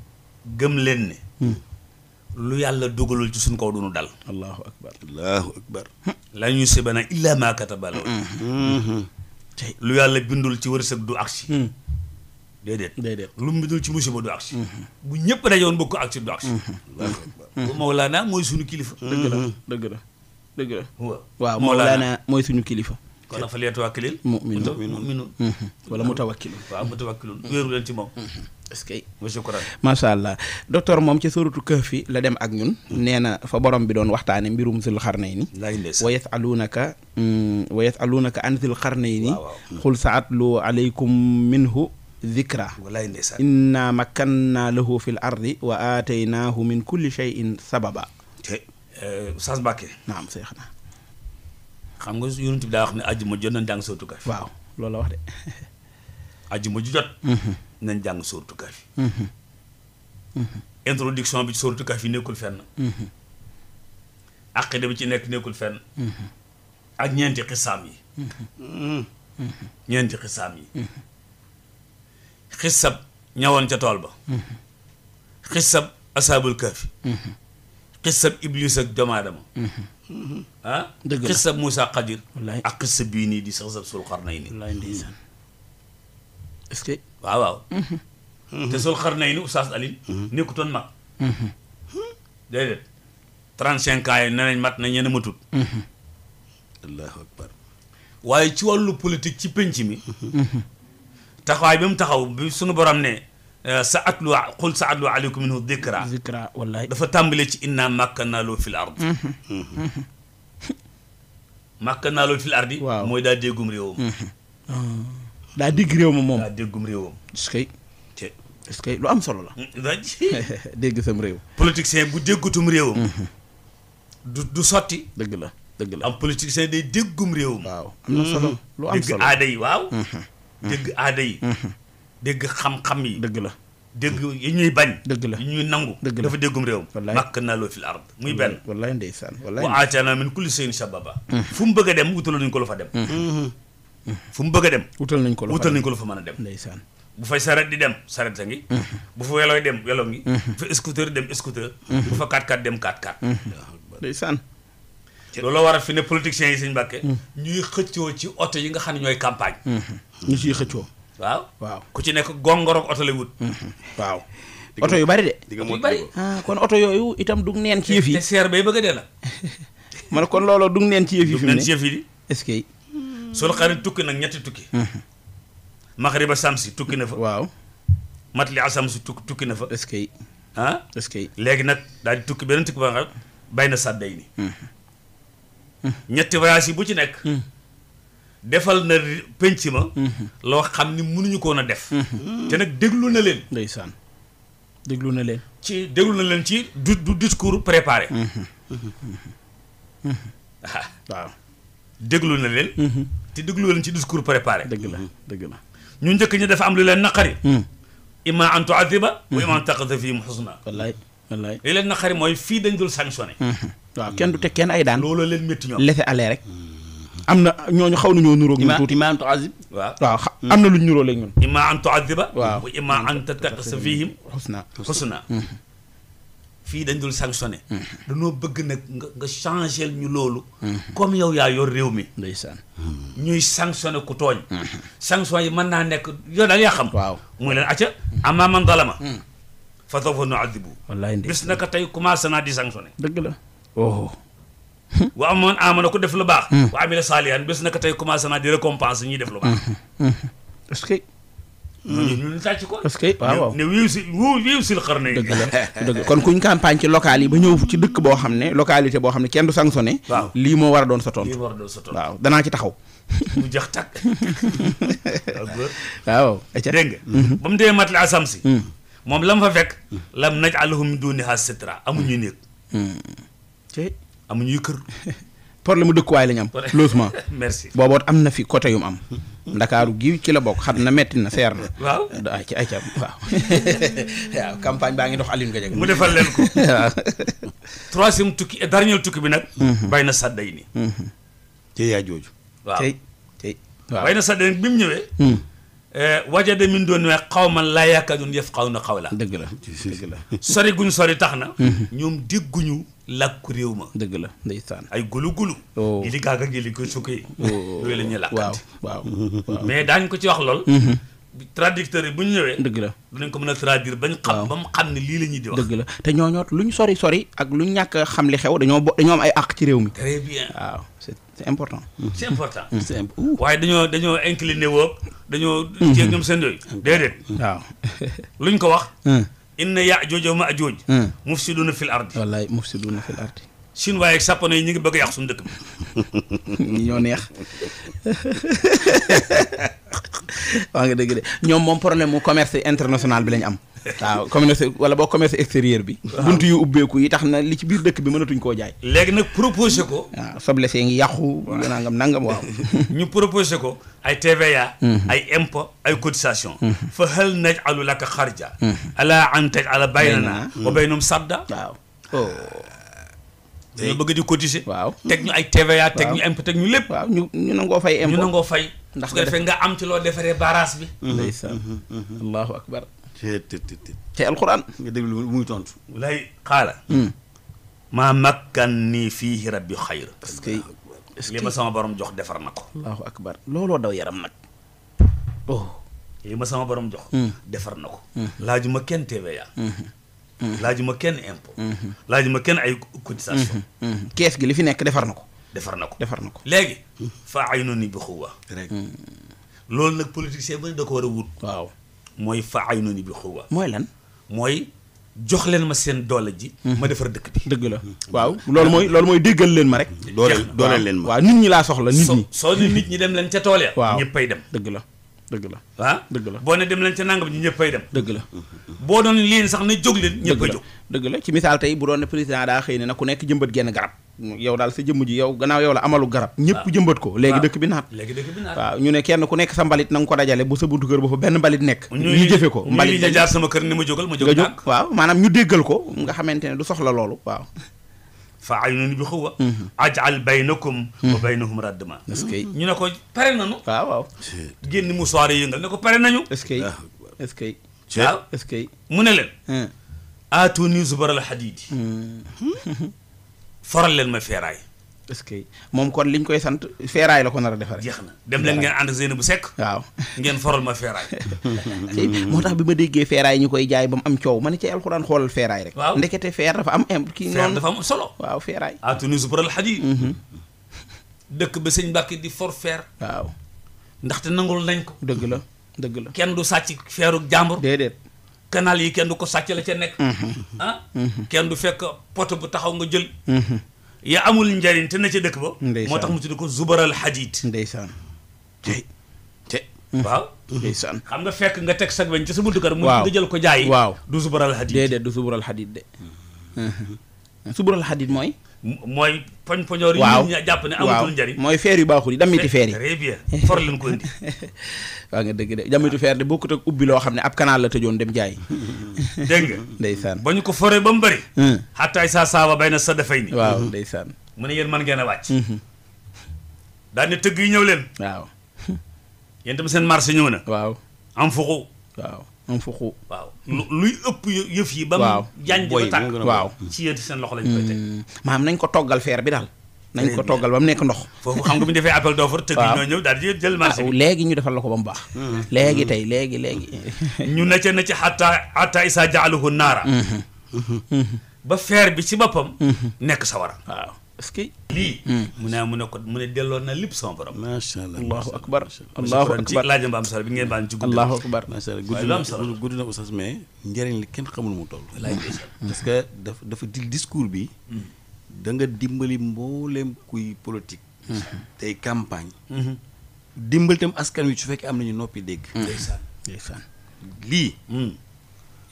gëm leen ne mm. yàlla dugalul ci suñ kaw dunu dal allahu akbar allahu akbar hmm. lan yusibana illa ma kataba mm-hmm. lu yàlla bindul ci mu bindul ci musiba du agsi mm-hmm. mm-hmm. mooy suñu kilifa dëgg la dëgg la dëgg la waaw Mawlaana mooy suñu kilifa kon fa leetu wàkkilil mu'minun mhm. wala mutawakkilun waaw mutawakkilun wéeru leen ci moom mhm. est-ce que monsieur Kourane macha allah docteur moom ci suratu Kahfi la dem ak ñun mhm. nee na fa borom bi doon waxtaane mbirum zul xarnayni wa yasalunaka mm, wa yasalunaka an zul xarnayni xul saatlu aleykum minhu dhikra walaay ndeysaan inna makkanna lahu fi l ardi wa aataynaahu min kulli cheyin sababa eh, sas Mbàkke naam seex na xam nga yonent bi daa wax ne àjjuma jot nañ jàng sóotu kaafi waaw loolu la wax de àjjuma ju mhm. nañ jàng sóotu mhm. mhm. bi sóotu kaafi nekkul fenn aqida bi ci nekk nekkul fenn ak ñeenti xisaam yi ñeenti xisaam yi xisab ñawoon ca tool ba xisab asaabul kaafi xisab iblis ak doomu ah xissa Moussa Khadir ak xissa bii nii di sax sab sul xarnayni est que waaw waaw mhm. te sul xarnayni Oustaz Alioune mhm. nekkutoon mag mhm. déedéet trente cinq ans yi ne nañ mat na ñeneen matut allahu akbar waaye ci wàllu politique ci pénc mi taxawaay bi mu taxaw bi suñu borom ne Eh, sa atlu qul sa atlu aleykum minhu dikra dikra wallaay dafa tàmbale ci inna makkanaa lahu fil ard mhm. makkanaa lahu fil ardi waaw mooy daa déggum réewam mhm. ah. daa dégg réew ma moom daa déggum réewam est-ce que est-ce que lu am solo la mm, dégg sam réew politicien bu déggutum réewam mhm. du du sotti dëgg la dëgg la am politicien day déggum réewam waaw am na solo mm-hmm. lu am solo dégg aada yi waaw dégg aada yi dégg xam-xam yi dëgg la dégg yi ñuy bañ dëgg la ñuy nangu dëgg dafa déggum réewam wallaay màkk naa loo fil ard muy benn wallaay ndeysaan wallaay wa aataana min kulli shay'in sababa mm. fu mu bëgg a dem wutal nañu ko lu fa dem mm-hmm. Mm-hmm. fu mu bëgg a dem wutal nañ ko lu wutal nañ ko lu fa man a dem ndeysaan bu fa saret di dem saret a ngi mm-hmm. bu fa welooy dem welo ngi bu fa scooter dem scooter bu fa 4x4 dem 4x4 ndeysaan loolu war a fi ne politiciens yi sëñ Mbàkke mm. ñuy xëccoo ci oto yi nga xam ne ñooy campagne ñu ciy xëccoo waaw waaw ku ci nekk gongorog oto lay wut. Mhm. waaw. oto yu bari de. bari ah, kon oto yooyu itam dug neen ci yëf yi. te seer bay bëgg a la. ma ne kon looloo dug neen ci yëf yi. fi mu ne dug neen ci yëf yi. xarit tukki nag ñetti tukki. Mhm. maxariba samsi tukki na fa. waaw. mat matli asamsi tukki tukki na fa. est-ce ah est léegi nag daal di tukki beneen tukki ba nga bay na sàddey ni mhm. ñetti voyage yi bu ci nekk. defal na penc ma. Mhm. loo xam ni mënuñu koon a def. Mhm. te nag déglu na leen. ndeysaan déglu na leen. ci déglu na leen ci du du discours préparé. Mhm. Ah. waaw déglu na leen. te déglu leen ci discours préparé. dëgg la dëgg na ñu njëkk ñi dafa am lu leen naqari. imma an tuadiba. wa imma an taqda fihim xusna. wallaay wallaay li leen naqari mooy fii dañ dul sanctionné. waaw kenn du teg kenn ay daan. loolu leen métti ñoom laisser aller am na ñooñu xaw nañoo nuróog ñun tuuti imma an tuazib waaw waaw hmm. am na lu ñu nuróo léegi ñun imma an tuaziba waaw wa imma an tattaqisa fihim xusna xusna hmm. fii dañ dul sanctionné hmm. dañoo bëgg nag nga nga changé ñu loolu comme yow yaa yor réew mi ndeysaan ñuy sanctionné ku tooñ sanction yi mën naa nekk yow daal yaa xam waaw muy leen acca amma man dalama fa sawfa nuadibu wallaay bis naka tey commencé naa di sanctionné dëgg la oh wa amoon amana ko def lu baax. Hmm. wa amila saalihan bés naka tey commencé naa di récompense ñuy def lu baax. Hmm, hmm, est-ce que. ñu ko. est que wiiw si wiiw si xarna yi. dëgg la dëgg kon kuñ ci local yi ba ñëw ci dëkk boo xam ne localité boo xam ne kenn du sanctionné. waaw lii moo war a doon sa tontu. lii moo war a doon sa tontu waaw danaa ci taxaw. mu jax tàkk. waaw. dégg nga. ba mu dee mat la asam si. moom lam fa fekk. lam naj alhum duuniha sitra amuñu néeg. amuñuy kër. problème mu dëkkuwaay la ñu am. logement merci booboo am na fi côté yu am. ndakaaru gii ci la bokk xam na metti na seer na. waaw ay ci waaw. campagne baa ngi dox Alioune Gadiaga. mu defal leen ko. waaw. troisième tukki et eh, dernier tukki bi nag. Mm-hmm. bay na sàdday ni. te mm-hmm. yaa jooju. waaw tey tey. waaw bay na sàdday bi mu ñëwee. Mm. Eh, wajade mu doon xaw man laa yaakaar ñun yëf xaw na xaw la. dëgg la dëgg la. sori guñ sori tax na. Mm-hmm. ñoom dégguñu. làkku réew ma. dëgg la ndeysaan. ay gulu gulu. Oh. ngi li gaaga ngi li ko sukkee. Oh. yooyu la ñuy làkkante waaw waaw. mais daañu ko ci wax lool. Mm-hmm. traducteur yi bu ñu ñëwee. dëgg la dinañ ko mën a ba mu xam ne lii la ñuy di wax. dëgg la te ñooñoot luñ sori sori ak luñ ñàkk xam li xew dañoo bo dañoo ay àq ci réew mi. très bien waaw c' est important. c' est important. Mm-hmm. c' dañoo dañoo incliné woo dañoo. jéeg mm-hmm. ñoom seen ko wax. Mm. inna yaajuuj wa maajuuj hmm. mufsiduuna fil ardi wallaay mufsiduuna fil ardi chinois yeeg sapone yi ñu ngi bëgg a yàq suñu ñoo neex waa nga dëgg de ñoom moom problème mu commerce international bi lañ am. waaw commerce wala boo commerce extérieur bi. bunt yu ubbeeku yi tax na li ci biir dëkk bi mënatuñ koo jaay. léegi nag proposé ko. soble see ngi yàqu. waaw nangam nangam waaw. ñu proposé ko ay TVA. Mhm. ay impôt ay cotisation mhm. fa hal naj'alu laka xarja. Mhm. ala an taj'ala baynana wa baynahum waaw. Oh. dañoo bëgg di cotiser. waaw teg ñu ay TVA teg ñu impôt teg ñu lépp. waaw ñu ñu fay nangoo fay. ndax nga defee nga am ci loo defaree barrage bi. Mm-hmm. ndeysaan mm-hmm. allahu akbar. te te te te alquran. nga déglu muy tontu. walaay xaala. maa mm. makkan nii fiihi rabbi xayr. parce que li ma sama borom jox defar na ko. allahu looloo daw yaram nag. oh li sama borom jox. Mm. defar na ko. Mm. laaju ma kenn TVA. Mm-hmm. Mm-hmm. laajuma kenn impôt. Mm-hmm. laajuma kenn ay cotisation mm-hmm. kees gi li fi nekk defar na ko. defar na ko defar na ko léegi. faa ay noonu bi xuwa rek loolu nag politicien bi da ko war a wut. waaw mooy fa ay noonu bi xuwa mooy lan mooy. jox leen ma seen doole ji. ma defar dëkk bi. dëgg la waaw loolu mooy loolu mooy déggal leen ma rek. dooleel dooleel leen ma waaw nit ñi laa soxla nit ñi. soo nit ñi dem leen ca tool ya. waaw ñëppay dem dëgg la. dëgg la ah dëgg la boo ne dem leen ca nangam ñu ñëppay dem dëgg la boo doon leen sax na jóg leen ñëpp a jóg dëgg la ci misaal tey bu doon ne président daa xëy ne na ku nekk jëmbat genn garab yow daal sa jëmm yow gannaaw yow la amalu garab ah. ñëpp jëmbat ko léegi ah. dëkk bi naat léegi dëkk waaw ñu ne kenn ku nekk sa mbalit na ko dajale bu sa buntu kër ba fa benn mbalit nekk ñu jëfe ko mbalit jaar sama kër ni ma jógal ma jóg waaw maanaam ñu déggal ko nga xamante ne du soxla loolu waaw fa aynu ni bi xuwa ajal baynakum wa baynahum radma est-ce que ñu ne ko pare nañu waaw waaw génn mu soirée yëngal ne ko pare nañu est-ce que est-ce que waaw est-ce que mu ne leen aatuni zubaral hadiidi hmm. foral leen ma feeraay parce que moom kon liñ koy sant feeraay la ko nara a defaree. jeex na dem leen ngeen ànd seen bu sekk. waaw ngeen foral ma feeraay. moo tax bi ma déggee feeraay ñu koy jaay ba mu am coow ma ne ci alxuraan xoolal feeraay rek. waaw ndekete feer dafa am imp kii noonu. dafa am solo. waaw feeraay. ah Tunis Boural mm-hmm. dëkk ba sëñ Mbàkke di for feer. waaw ndaxte nangul nañ ko. dëgg la dëgg la. kenn du sàcc feeru jàmbur. déedéet. canal yi kenn du ko sàcc la ca nekk. Mm-hmm. Ah? Mm-hmm. kenn du fekk poto bu taxaw nga jël. ya amul njariñ te na ca dëkk ba. moo tax mu tudd ko zubaral xadiit. ndeysaan te te. waaw ndeysaan. xam nga fekk nga teg sag weñ ci sa buntu kër. waaw mu jël ko jaay. waaw du zubaral xadiit déedéet du subaral xadiit de. subaral mm-hmm. xadiit mooy. mooy poñ poñoor yi ñu jàpp ne amatul njariñ mooy feer yu baaxul yi dammitu feer yi très leen ko indi waa nga dëgg de dammitu feer de bokkut ak ubbi loo xam ne ab kanaal la tëjoon dem jaay dégg nga ndeysaan ba ñu ko foree ba mu bëri hmm. xattaay saa saaba bay na sa dafay ni waaw ndeysaan mu ne yéen mën ngeen a wàcc hmm. tëgg yi ñëw leen waaw yéen tam seen marché ñëw na waaw am fuxu waaw am fuxu luy ëpp yëf yi ba mu jànj ba tàkk waaw ci yëti seen loxo lañ koy teg hmm. nañ ko toggal feer bi daal nañ ko toggal ba mu nekk ndox foofu xam nga ñu defee appel d'offre tëgg yi ñëw daal di jël marché bi léegi ñu defal la ko ba mu baax hmm. léegi hmm. tey léegi léegi ñu na ca na ca xata xata isa jaaluhu naara ba feer bi ci boppam nekk sawara waaw est-ce que lii. Hmm. mu ne mu ne ko mu ne delloo na lépp sama borom. macha allah akbar allahu akbar laajam akbar macha na gudd mais njëriñ li kenn xamul mu toll. Hmm. parce que dafa dafa di discours bi. Hmm. da nga dimbali mbooleem kuy politique. tey campagne. dimbali itam askan wi su fekkee am nañu noppi dégg. ndeysaan lii.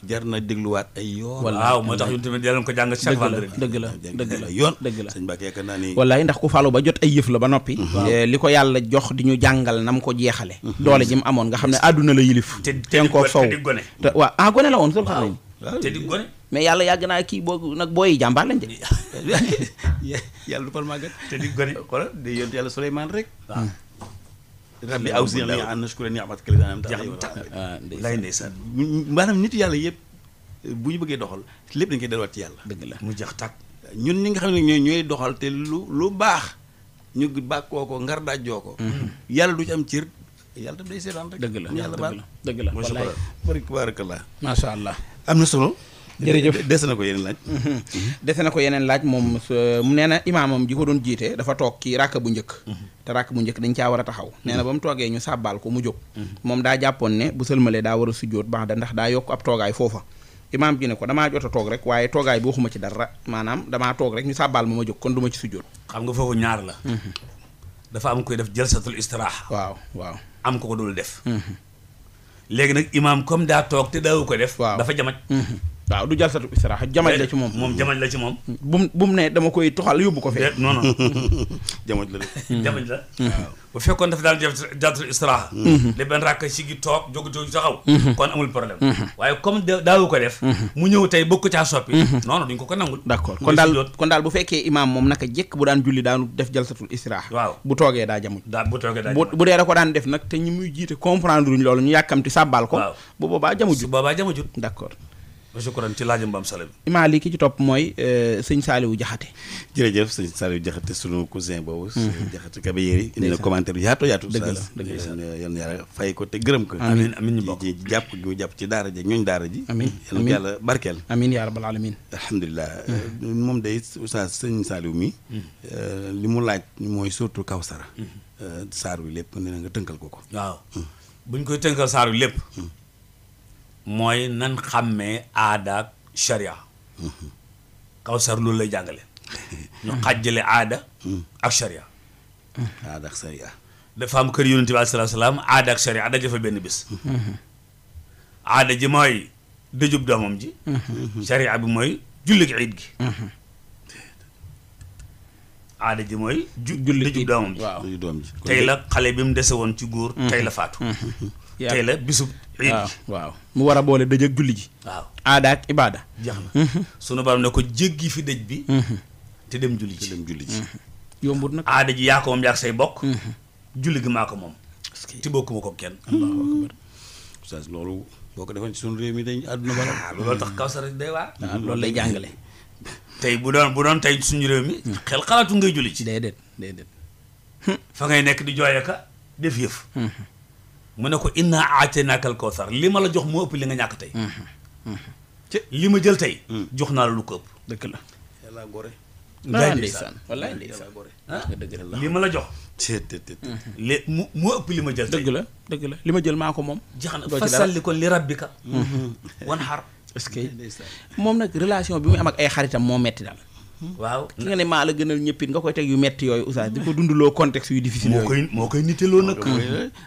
jar na dégluwaat ay yoon. waaw moo tax ñun tamit yàlla ko jàng chaque vendredi. dëgg la dëgg la yoon dëgg la sëñ Mbacke yaakaar naa ni. wallaay ndax ku falu ba jot ay yëf la ba noppi. Eh, li ko yàlla jox di ñu jàngal nam ko jeexale mm-hmm. doole ji mu amoon nga xam ne àdduna la yilif. te di ko te di gone te waaw ah gone la woon. waaw te di gone. mais yàlla yàgg naa kii boo nag booy jàmbaar lañ de. yàlla du fal màggat te di gone xoolal di yont yàlla Souleymane rek. rabbi awzirni an ashkura ni'mataka allati an'amta alayya lay ndeysaan maanaam nit yàlla yëpp bu ñu bëggee doxal lépp dañ koy delluwaat ci yàlla dëgg la mu jax tàkk ñun ñi nga xam ne ñooy ñooy doxal te lu lu baax ñu bàkkoo ko ngar daajoo ko mhm. yàlla du ci am cër yàlla daf day seetaan rek dëgg la yàlla baal dëgg la wallaay bari tabarakallah macha allah am na solo jërëjëf dese na ko yeneen laaj mhm. dese na ko yeneen laaj moom mu nee na imaamam ji ko doon jiite dafa toog ci ràkk bu njëkk mhm. te ràkk bu njëkk dañ caa war a taxaw mhm. nee na ba mu toogee ñu sàbbaal ko mu jóg moom daa jàppoon ne bu sëlmalee daa war a sujjóot baax da ndax daa yokk ab toogaay foofa imaam ji ne ko damaa jot a toog rek waaye toogaay bi waxuma ci dara maanaam damaa toog rek ñu sàbbaal ma ma jóg kon du ma ci sujjóot xam nga foofu ñaar la dafa am koy def jalsatul istiraaxa waaw waaw am ko ko dul def léegi nag imaam comme daa toog te daawu ko def dafa jamaj waaw du jalsatu istiraaxa jamaj la ci moom moom jamaj la ci moom bum bu mu ne dama koy toxal yóbbu ko fee eh, non non la hmm. jamaj la hmm. waaw bu fekkoon dafa daal def jalsatu istiraaxa hmm. li benn rakk si gi toog jóg jóg taxaw kon ko def mu ñëw tey bëgg ko caa soppi non non duñ ko ko nangul d'accord kon daal kon daal bu fekkee imaam moom naka jekk bu daan julli daanu def jalsatul istiraaxa bu toogee daa jamuj daa bu toogee daa bu dee da ko daan def nag te ñi muy jiite comprendre uñ loolu ñu yàkkamti sàbbaal ko bu boobaa jamujut boobaa jamujut d'accord shukran ci laajam ba am sale bi imaam li ki ci topp mooy euh, sëñ Saliou Jaxate jërëjëf sëñ Saliou Jaxate sunu cousin boobu mhm. sëñ Jaxate kabe yéri indi na commentaire yaatu yaatu dëgg la dëgg la yal na yàlla ko te gërëm ko amiin amiin ñu bokk ci jàpp gi jàpp ci daara ji ñooñ daara ji amiin yal na yàlla barkeel amiin yaa rabbal alamin alhamdulilah mhm. moom day oustaz sëñ Saliou mi mhm. euh, li mu laaj mooy surtout kaw Kawsara euh, saar bi lépp ne na nga tënkal ko ko waaw buñ koy tënkal saar wi lépp mooy nan xàmmee aadaak sharia kawsar loolu lay jàngale ñu xàjjale aada ak sharia aada ak sharia dafa am kër yonent bi aleyhi salaatu wa salaam aada ak sharia daje fa benn bis aada ji mooy dëjub doomam ji sharia bi mooy julli gi gi aada ji mooy ju dëjub doomam ji tey la xale bi mu dese woon ci góor mm-hmm. tey la faatu tey la bisub waaw mu war a boole dëj ak julli ji waaw aada ak ibaada na mm-hmm. sunu borom ne ko jéggi fi dëj bi mm-hmm. te dem julli ji te dem julli ji mm-hmm. yombut nag aada ji yaa ko moom yaa say bokk julli gi maa ko moom ti bokkuma ko kenn loolu boo ko defoon ci sunu réew mi dañ àdduna bala ah, loolu tax kaw sara day waa ah, loolu lay jàngale tey bu doon bu doon tey suñu réew mi mm. xel xalaatu ngay julli ci day déedéet fa ngay nekk di jooyaka def yëf mu ne ko inna aataynaaka al kawsar li ma la jox moo ëpp li nga ñàkk tey ci mm-hmm. mm-hmm. li ma jël tey mm. jox naa lu ko ëpp dëgg la yàlla gore wallaay ndeysaan wallaay ndeysaan ah, li ma la jox li mu mu ëpp li ma jël dëgg la dëgg la li ma jël maa ko moom jeex na fasalli kon li rabbika mm-hmm. wan xar est-ce que moom nag relation bi muy am ak ay xaritam moo metti daal waaw ki nga ne maa la gënal ñëppit nga koy teg yu metti yooyu oustaz di ko dundloo contexte yu difficile moo koy moo koy nitteloo nag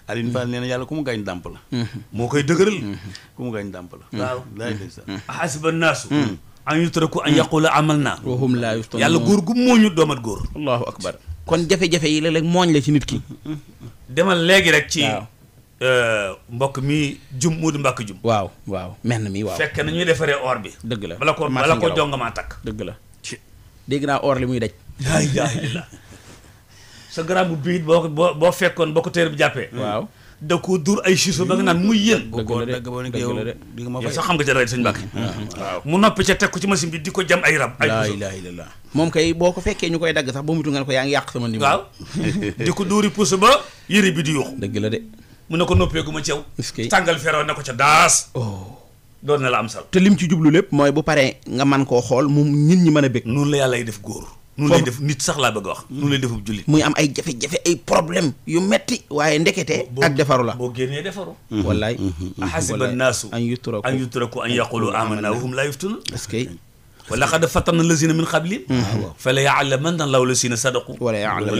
Alioune yàlla ku mu gaañ dàmp la mm-hmm. moo koy dëgëral mm-hmm. ku mu gaañ dàmp la mm-hmm. waaw laa dégg sax ahasiba naasu an yutraku an amal naa wa hum laa yuftanun yàlla góor gu mooñu doomat góor allahu akbar kon jafe-jafe yi léeg-léeg mooñ la ci nit ki demal léegi rek ci euh, mbokk mi jum muudu mbàkk jum waaw waaw na mi waaw fekk nañuy defaree or bi dëgg la bala ko bala ko jongamaa takk dëgg la dégg naa or li muy daj. sa garabu biit boo ko boo boo fekkoon boo ko téere bi jàppee. waaw da ko dur ay chiso ba nga naan muy yéen. dëgg la de yow sax xam nga ca rajo Sëñ Mbàkke. Mm-hmm. waaw mu noppi ca teg ko ci machine bi di ko jam ay rab. ay puso moom kay boo ko fekkee ñu koy dagg sax ba mutu nga ko yaa ngi yàq sama ndimbal. waaw di ko duuri puso ba yëre bi di yuux. dëgg mu ne ko noppeeku ma ceew. tàngal feroo ne ko ca daas. Oh. doon na la am sal te lim ci jublu lépp mooy bu paree nga man koo xool mu nit ñi mën a bëgg noonu la yàlla ay def góor noonu lay def nit sax laa bëgg a wax mm-hmm. noonu lay defub jullit muy am ay jafe-jafe ay problème yu metti waaye ndekete ak defaru la boo génnee defaru mm-hmm. wallaay mm-hmm. ahasiba annaasu an yutraku an yutraku ko yaqulu amanna wa hum laa yuftanun wala xad fatanna lazina min qablihim mhm. ah, fa la yaalamanna law lazina sadaqu wala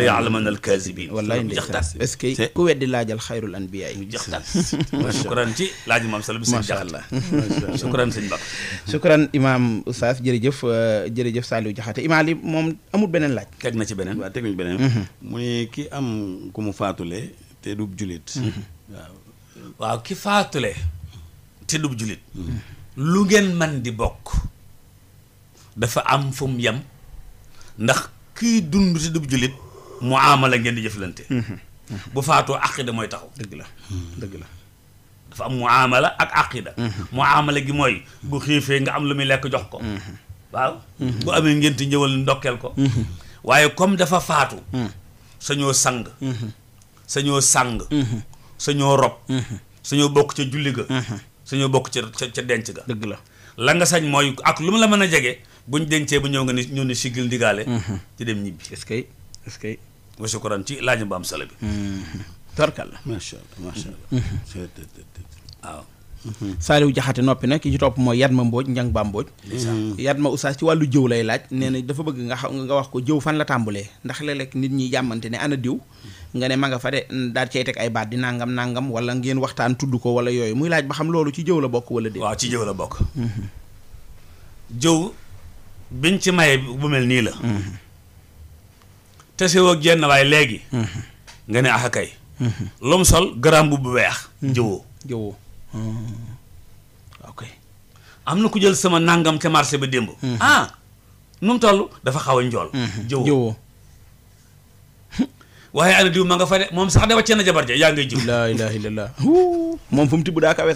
yaalamanna alkazibin wallaay ndeysaan est-ce que ku weddi laajal xayrul anbiya yi jaxtaan sukran ci laaj maam sala bi sëñ jaxala sukran sëñ bak sukran imaam oustaz jërëjëf euh, jërëjëf Saliou Jaxate imaam li moom amul beneen laaj teg na ci beneen waaw teg na ci ki am ku mu faatule te dub julit mhm. waaw ki faatule te dub julit lu man di bokk dafa am fu mu yem ndax kiy dund si dub jullit mu amala ngeen di jëflante mhm. bu faatoo aqida mooy taxaw dëgg la dëgg la dafa am muamala ak aqida mhm. muamala gi mooy bu xiifee nga am lu muy lekk jox ko mhm. waaw bu amee ngénte ñëwal ndokkeel ko waaye comme dafa faatu sañoo sang sañoo sang sañoo rob sañoo bokk ca julli ga sañoo bokk ca ca denc ga dëgg la la nga sañ mooy ak lu ma la mën a jege ñu dencee ba ñëw nga ne ñëw ne sigil ndigaale ci mhm. dem ñibbi est-ce que est-ce que wa shukran ci laaj ba am solo mhm. torkal la ma allah macha allah mhm. Saaliw Jaxate noppi nag ki ci topp mooy ma Mbooj Njang Ba Mbooj ma Oustaz ci wàllu jëw lay laaj nee na dafa bëgg nga xam nga wax ko jëw fan la tàmbulee ndax léeg-léeg nit ñi jàmmante ne ana diw nga ne ma nga fa de daal cay teg ay baat di nangam nangam wala ngeen waxtaan tudd ko wala yooyu muy laaj ba xam loolu ci jëw la bokk wala déet waaw ci jëw la bokk biñ ci maye bu mel nii la tesewoo ak jenn waaye léegi nga ne aka ah kay lum sol garaam bu bu weex jëwoo jëwoo ok am na ku jël sama nàngam ca marché ba démb mm-hmm. ah nu mu toll dafa xaw a njool mm-hmm. jëwoo waaye ana diw ma nga fa moom sax de wàccee na jabar ja yaa ngay jiw laa ilaha illallah moom fu ti tibb daa kawe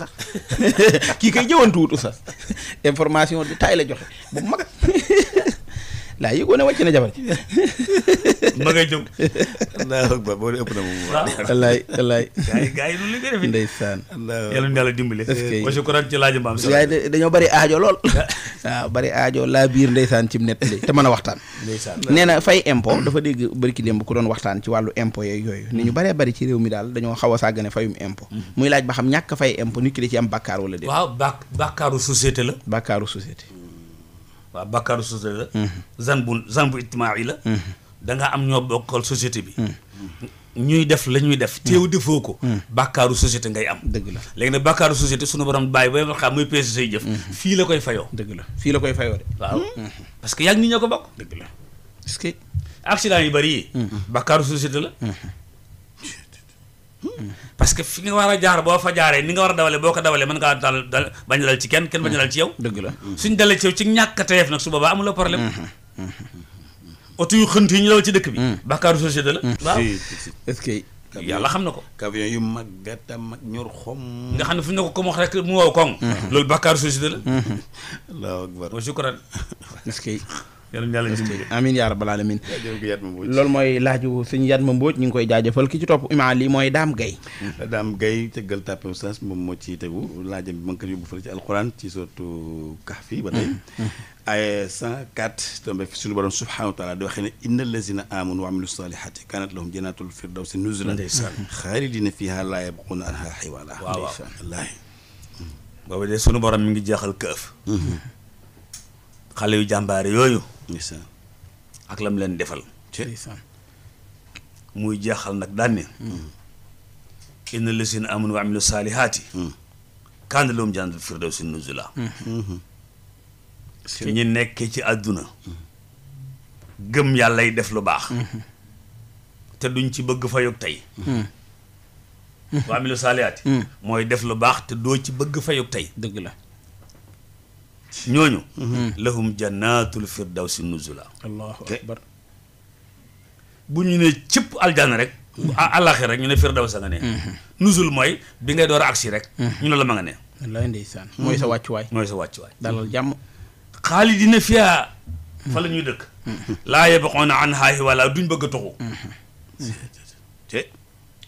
kii kay jëwantuwutu sax information du taay la joxe bu mag laa yëgoo ne wàcc na jabar ci ma ngay jóg allahu akbar boo ëpp na moom yi loolu li koy def ndeysaan yàlla ñu yàlla dimbale parce que ci dañoo bari aajo lool waaw ah, bari aajo laa biir ndeysaan ci net li te man a waxtaan nee na fay impo dafa dégg bari ki démb ku doon waxtaan ci wàllu impôt yooyu ni ñu baree bari ci réew mi daal dañoo xaw a sàggane fayum impo mhm. muy laaj ba xam ñàkk fay impôt nit ki ci am bàkkaar wala déet waaw bàkkaaru société la bàkkaaru société waaw bàkkaaru société la mhm. zan bu zan bu ijtimaa la mhm. da am ñoo bokkal société bi mhm. ñuy def la ñuy def teew defoo ko bàkkaaru société ngay am dëgg la léegi nag bàkkaaru société suñu borom bàyyi ba yema xam muy peese say jëf fii la koy fayoo dëgg la fii la koy fayoo de waaw parce que yàgg nit ñoo ko bokk dëgg la parce que accident yu bari yi bàkkaaru société la parce que fi nga war a jaar boo fa jaaree ni nga war a dawale boo ko dawalee mën ngaa dal dal bañ a dal ci kenn kenn bañ a dal ci yow. la suñ dalee ci yow ci ñàkk teyeef nag su boobaa amuloo problème. Mm-hmm. oto yu xënt yi ñu dawal ci dëkk bi. Mm. bàkkaaru société la. Mm. waaw est yàlla xam na ko. camion yu mag gàtta mag ñor xom. nga xam ne fu ñu ne ko comme rek mu wow koŋ. Mm-hmm. loolu bàkkaaru société la. Mm-hmm. allahu akbar wa shukran. est yàlla na yàlla dimbali amiin yaa rabbal alamin loolu mooy laaju suñu Yatma Mbodj ñu ngi koy jaajëfal ki ci topp imaam lii mooy Dame Gueye Dame Gueye tëggal tàppe oustaz moom moo ci tegu laajam bi ma ngi ko yóbbu fële ci alquran ci sootu Kahfi ba tey mm-hmm. Mm-hmm. ay 104 tombe fi suñu borom subhaanahu wa taala di waxee ne inna allazina amanu wa amilu salihati kanat lahum jannatul firdawsi nuzulan xaalidina fiha laa yabquuna anha xiwaala waaw wallaahi mm-hmm. boobu de suñu borom mi ngi jeexal këf xale yu jàmbaare yooyu ndeysaan ak lam leen defal ndeysaan muy jeexal nag daan ne hmm. inna lazina amanu wa amilu saalihaati hmm. kaana lahum ci hmm. ñu nekkee ci àdduna gëm yàlla def lu baax te duñ ci bëgg fayug tey wa amilu saalihaati mooy def lu baax te doo ci bëgg fayug tey dëgg la ñooñu mm-hmm. lahum jannatul firdawsi nuzula allahu akbar bu ñu ne cëpp aljana rek àllaaxir mm-hmm. rek ñu ne firdaws a nga ne mm-hmm. nuzul mooy bi ngay door aksi rek ñu ne la ma nga ne mooy sa wàccuwaay mooy sa wàccuwaay dalal jàmm xaalidina fiha fa la ñuy dëkk laa yabxoona an haahi wala duñ bëgg a toxu te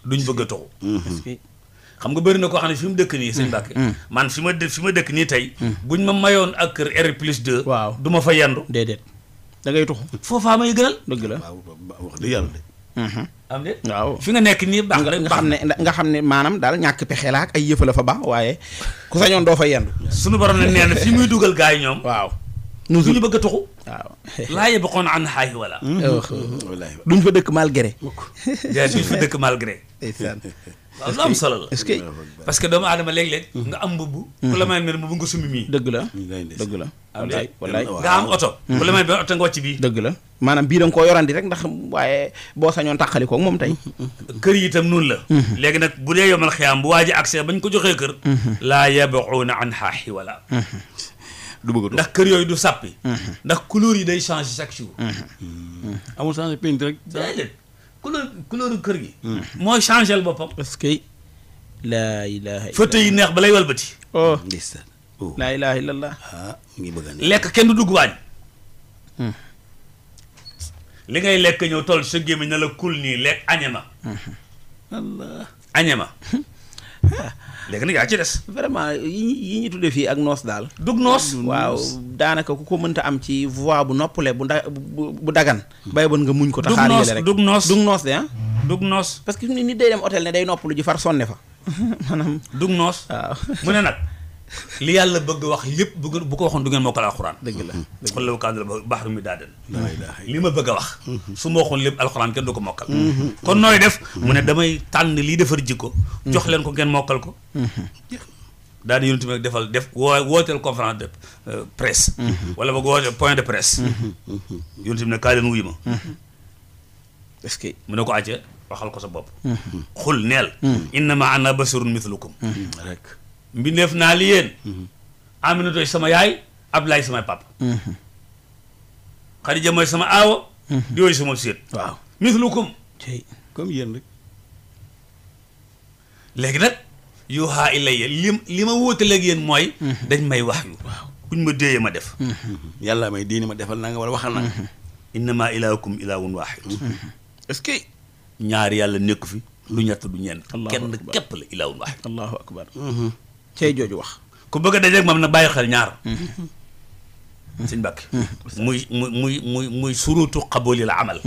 duñ bëgg a toxu xam nga bëri na koo xam ne fi mu dëkk nii sëñ Mbàkke mm. Mm. man fi ma dë fi ma dëkk nii tey mm. buñ ma mayoon ak kër R plus 2 waaw du ma fa yendu déedéet da ngay tux foofaa may gënal dëgg la waaw wax dëgg yàlla de mm-hmm. am de waaw fi nga nekk nii baax nga xam ne nga xam ne maanaam daal ñàkk pexe la ak ay yëfa la fa ba waaye ku sañoon doo fa yendu suñu borom ne nee na fi muy dugal gars yi ñoom waaw su ñu bëgg a tuxu waaw laa yabqoon an xaayi wala mm-hmm. duñ fa dëkk malgré duñ fa dëkk malgré waaw lu am solo la parce que doomu aadama léeg-léeg nga am mbubb ku la may mel mbubb nga summi mii dëgg la dëgg la wallaay wallaay nga am oto mm-hmm. bii dëgg la maanaam bii da nga koo yorandi rek ndax waaye boo sañoon tàqali koog moom tey mm-hmm. kër yi tam noonu la mm-hmm. léegi nag bu dee yomal xiyaam bu waa ji accès bañ ko joxee kër laa yabuuna an xaaxi wala du bëgg ndax kër yooyu du sàppi ndax couleur yi day change chaque jour amul changer peint rek couleur couleur kër gi. Hmm. mooy changé boppam. parce que laa ilaha illallah fëte yi neex ba lay walbati. oh gis oh. laa ilaha illallah. Ah, ngi bëgg a lekk kenn du dugg hmm. li ngay lekk ñëw toll sa gémmiñ na la kul nii lekk añema. Hmm. allah añema. léegi nag yaa ci des. vraiment yi ñu tuddee fii ak noos daal. dug noos waaw daanaka ku ko mënta am ci voix bu noppale bu da bu dagan. bay bon nga muñ ko taxaar yële rek dug noos dug noos de ah. dug noos. parce que nit day dem hôtel ne day noppalu ji far sonne fa maanaam. dug noos waaw mu ne nag. li yàlla bëgg wax lépp bu bu ko waxoon du ngeen moo ko la alxuraan dëgg la xol law kaana baxru li ma bëgg a wax mm-hmm. Mm-hmm. su ma waxoon lépp alxuraan kenn du ko mokkal mm-hmm. kon nooy def mu ne damay tànn li defar jikko jox leen ko ngeen mokkal ko daal di yonent bi defal def woo de euh, presse wala boog wooteel point de presse yonent bi ne kaa leen wuyu ma est mu ne ko acca waxal ko sa bopp xul neel innama ana basirun mithlukum mbindeef naa li yéen mhm. Aminata sama yaay Ablaye sama papa mhm. Xadija mooy sama aawa mhm. di yooyu sama séet waaw mislukum comme yéen rek léegi nag yuuxaa ilayya li li ma wóotaleeg yéen mooy dañ may wax yu waaw kuñ ma déeye ma def yàlla may diini ma defal na nga wala waxal na nga innamaa ilaahukum ilaahun waahid ce que ñaari yàlla nekku fi lu ñett du ñeent kenn képp la ilaahun waahid allahu akbar cey mm-hmm. jooju wax. ku bëgg a dajeeg moom na bàyyi xel ñaar. Mm-hmm. Mm-hmm. sëñ Mbàkke. muy muy muy muy muy surutu xabooli la amal.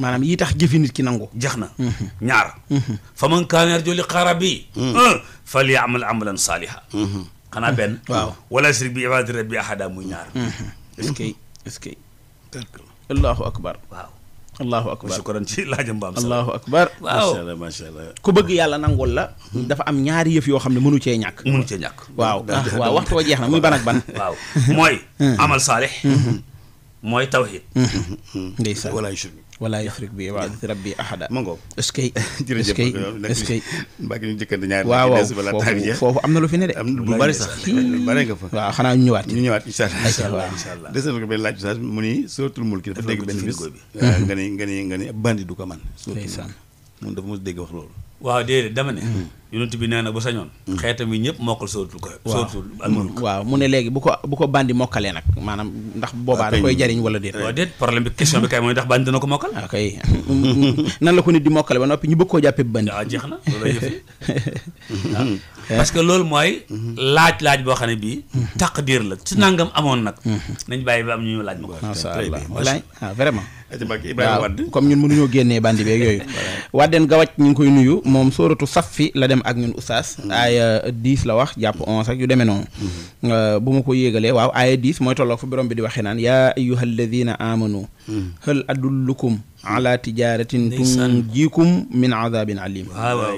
maanaam yi tax jëfi ki nangu. jeex na. ñaar. fa man kaana yarjuu liqaa'a rabbihi. falyamal amalan saalihan. xanaa ben waaw wala yushrik bi ibaadati rabbihi ahadan muy ñaar. est-ce que est allahu akbar allahu akbar shukran ci laajam ba am allahu akbar waaw macha allah macha allah ku bëgg yàlla nangul la dafa am ñaari yëf yoo xam ne mënu cee ñàkk mënu cee ñàkk waaw waaw waxtu wa jeex na muy ban ak ban waaw mooy hmm. amal saalix hmm. mooy tawhid hmm. ndeysaan wala wala yusrik bi ibaadati rabbi ahada ma ngoog est-ce que jërëjëf est-ce que mbàkk ñu jëkkante ñaar waaw waaw foofu am na lu fi ne de bu bari sax lu bari nga fa waaw xanaa ñu ñëwaat ñu ñëwaat incha allah incha allah desal nga benn laaj bi sax mu ni suratul mulki dafa dégg benn bis ah, nga ni nga ni nga ni bandi du ko man suratul mun dafa mos dégg wax loolu waaw déedéet dama ne hmm. yonent bi nee na bu sañoon. xeetam yi ñëpp mokkal sooratul ko. sooratul al mulk mm, waaw mu ne léegi bu ko bu ko bàndi mokkalee nag maanaam ndax boobaa da ah, koy jariñ wala déet. waaw déet problème bi kay mooy ndax bandi dana ko mokkal. ok ah, nan la ko nit di mokkale ba noppi ñu bëgg koo jàppee bandi. waaw ah, jeex na parce que loolu mooy. laaj laaj boo xam ne bii. taq mm-hmm. taqdir la su nangam amoon nag. Mm-hmm. nañ bàyyi ba am ñu laaj ma ko. macha vraiment. Ibrahima Wade comme ñun mënuñoo génnee bandi beeg yooyu Wadeen Gawac la dem ak ñun oustaz aaya mm-hmm. 10 euh, la wax jàpp 11 ak yu demee noonu mm-hmm. euh, bu ma ko yéegalee waaw aaya 10 mooy tolloog fa borom bi di waxee naan yaa ayyuha alladina amanu mm-hmm. hal adullukum ala tijaratin tunjiikum min azabin alim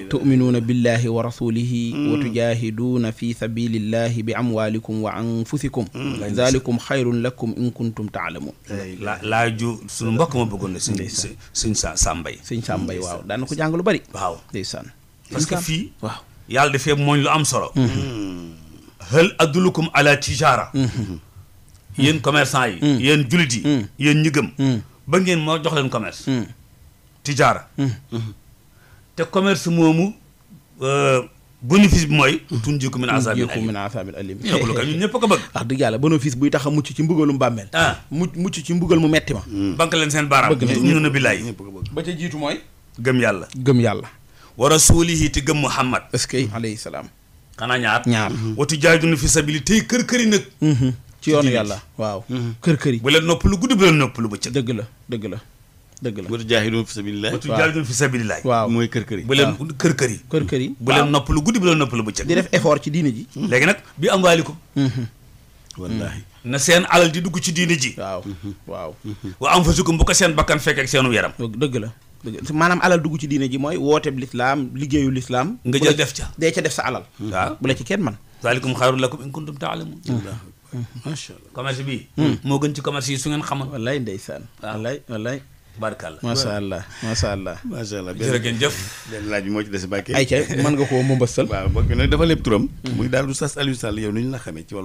tuminuuna billahi wa rasulihi wa tujahiduuna fi sabilillahi bi amwalikum wa anfusikum zalikum xayrun lakum in kuntum taalamun laaju mbokk ma bëggoon sa sëñ sëñ sa sàmbay sëñ sàmbay waaw daana ko jàng lu bari waaw ndeysaan parce que fii waaw yàlla defee mooñ lu am solo mm-hmm. mm. hal adulukum ala tijara mm-hmm. mm. yéen commerçant yi mm. yéen jullit yi yéen ba ngeen moo jox leen commerce tijaara mm-hmm. te commerce moomu euh, bénéfice bi mooy tunjiiku min asaabil alim loolu kay ñun ñëpp ko bëgg wax dëgg yàlla bénéfice buy tax mucc ci mbugalum bàmmeel ah. mucc ci mbugal mu metti ma hmm. bank leen seen baaraam ñu ne billaay ba ca jiitu mooy gëm yàlla gëm yàlla wa rasuulihi te gëm muhammad est-ce que alayhi salaam xanaa ñaar ñaar hmm. wati jaayiduna fi sabili tey kër kër yi nag hmm. ci yoonu yàlla waaw kër kër yi bu leen nopp lu guddi bu leen nopp lu bëccëg dëgg la dëgg la dëgg la watu jaahidoon fi sabilillahi watu jaahidoon fi sabilillahi waaw mooy kër nopp lu guddi bu leen nopp lu bëccëg di def effort ci diine hmm. hmm. Hmm. na seen alal di dugg ci diine ji waaw waaw wa anfusukum bu ko seen bakkan fekk ak seenu yaram dëgg la maanaam alal dugg ci diine ji mooy wooteeb lislaam liggéeyu lislaam nga jël def ca dee ca def sa alal waaw bu la ci kenn man zalikum xayrun lakum in kuntum taalamun macha allah commerce bi moo gën ci commerce yi su ngeen xamoon wallaay ndeysaan wallaay wallaay barkalla macha allah macha allah. macha allah benn jërëjëf. benn laaj bi moo ci des Mbacke. ayca mën nga koo mëmbasal. waaw mbokk nag dafa lépp turam. Mm-hmm. muy daal du sas wàllu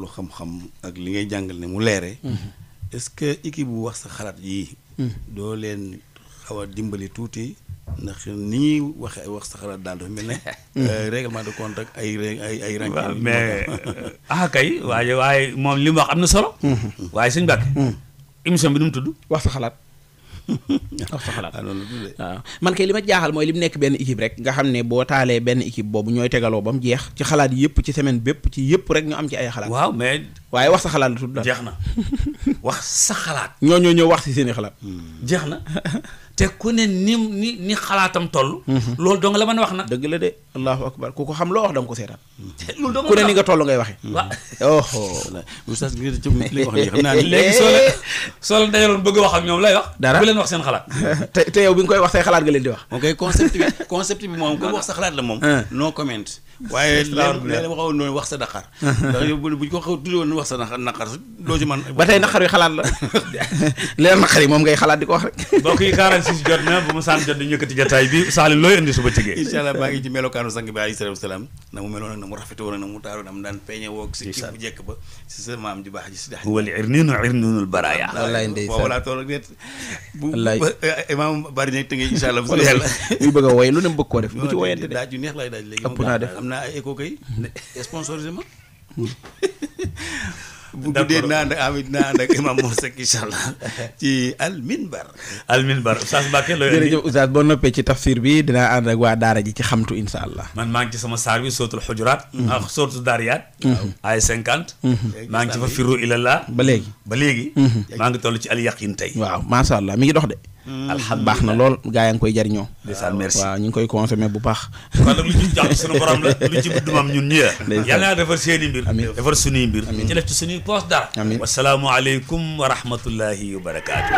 xam-xam ak li ngay jàngal ne mu leere mm-hmm. ce que équipe bu wax sa xalaat yii. Mm-hmm. doo leen xaw a dimbali tuuti. ndax ni ñuy waxee wax sa daal mel ne. Euh, règlement de compte ak ay ay ay mais euh, ah kay waaye waaye moom li mu wax am na solo. waaye sëñ Mbacke. bi nu mu tudd. wax sa xalaat. wax sa xalaat waaw man kay li ma jaaxal mooy li mu nekk benn équipe rek nga xam ne boo taalee benn équipe boobu ñooy tegaloo ba mu jeex ci xalaat yëpp ci semaine bépp ci yëpp rek ñu am ci ay xalaat waaye wax sa xalaat la tudd daal jeex na wax sa xalaat. ñoo ñoo ñëw wax si seen i xalaat. Hmm. jeex na te ku ne ni ni ni xalaatam toll. Mhm. loolu dong la mën wax na dëgg la de allahu akbar ku ko xam loo wax danga ko seetaan. Hmm. loolu ku ne ni nga toll ngay waxee. Hmm. waaw oh, oh. oustaz ngir ci li wax nii xam naa léegi soo leen soo leen dajaloon bëgg wax ak ñoom lay wax. dara bu leen wax seen xalaat. te te yow bi nga koy wax say xalaat nga leen di wax. ok concept bi concept bi moom ku wax sa xalaat la moom. no comment. waaye leen waxoon noonu wax sa naqar ndax bu ñu ko xaw tuddee wax sa naqar naqar doo ci man ba tey naqar yi xalaat la leen naqar yi moom ngay xalaat di ko wax rek mbokk yi 46 jot ma bu ma saan jot di ñëkkati jataay bi saalin looy indi suba tigee maa ngi ci melokaanu sang bi alayhi salaatu salaam na mu meloon ak na mu rafete woon ak na mu taaru na ba si sa maam ji baax ji si dax wala irninu irninul baraya wallaay ndeysaan voilà tool ak net bu eh, eh, imaam bari na te ngay incha allah bu yàlla muy bëgg a woy lu ne mu bëgg koo def bu ci woyante de daaj yu neex lay daaj léegi ëpp naa def naa ay écho kay. Mm-hmm. sponsorisé ma. Mm-hmm. bu guddee naa ànd ak amit naa ànd ak imam Mor Seck allah ci alminbar alminbar Oustaz Mbacke looy jërëjëf boo noppee ci tafsir bi dinaa ànd ak waa daara ji ci xamtu incha allah man maa ngi ci sama saar bi sootul xujuraat mm-hmm. ak ah, sootul daariyaat ay cinquante maa ci fa firu ilallah ba léegi ba léegi maa ngi toll ci al yaqin tey waaw macha allah mi ngi dox de Mm-hmm. alxam baax na lool gaa yaa ngi koy jariñoo ndeysaan merci waaw ñu ngi koy consommer bu baax kon nag lu ci jàpp suñu borom la lu ci dumam ñun ñi yàlla naa defar seen i mbir defar suñuy mbir ci def ci suñuy poos dara amin wasalaamu aleykum wa wa barakaatu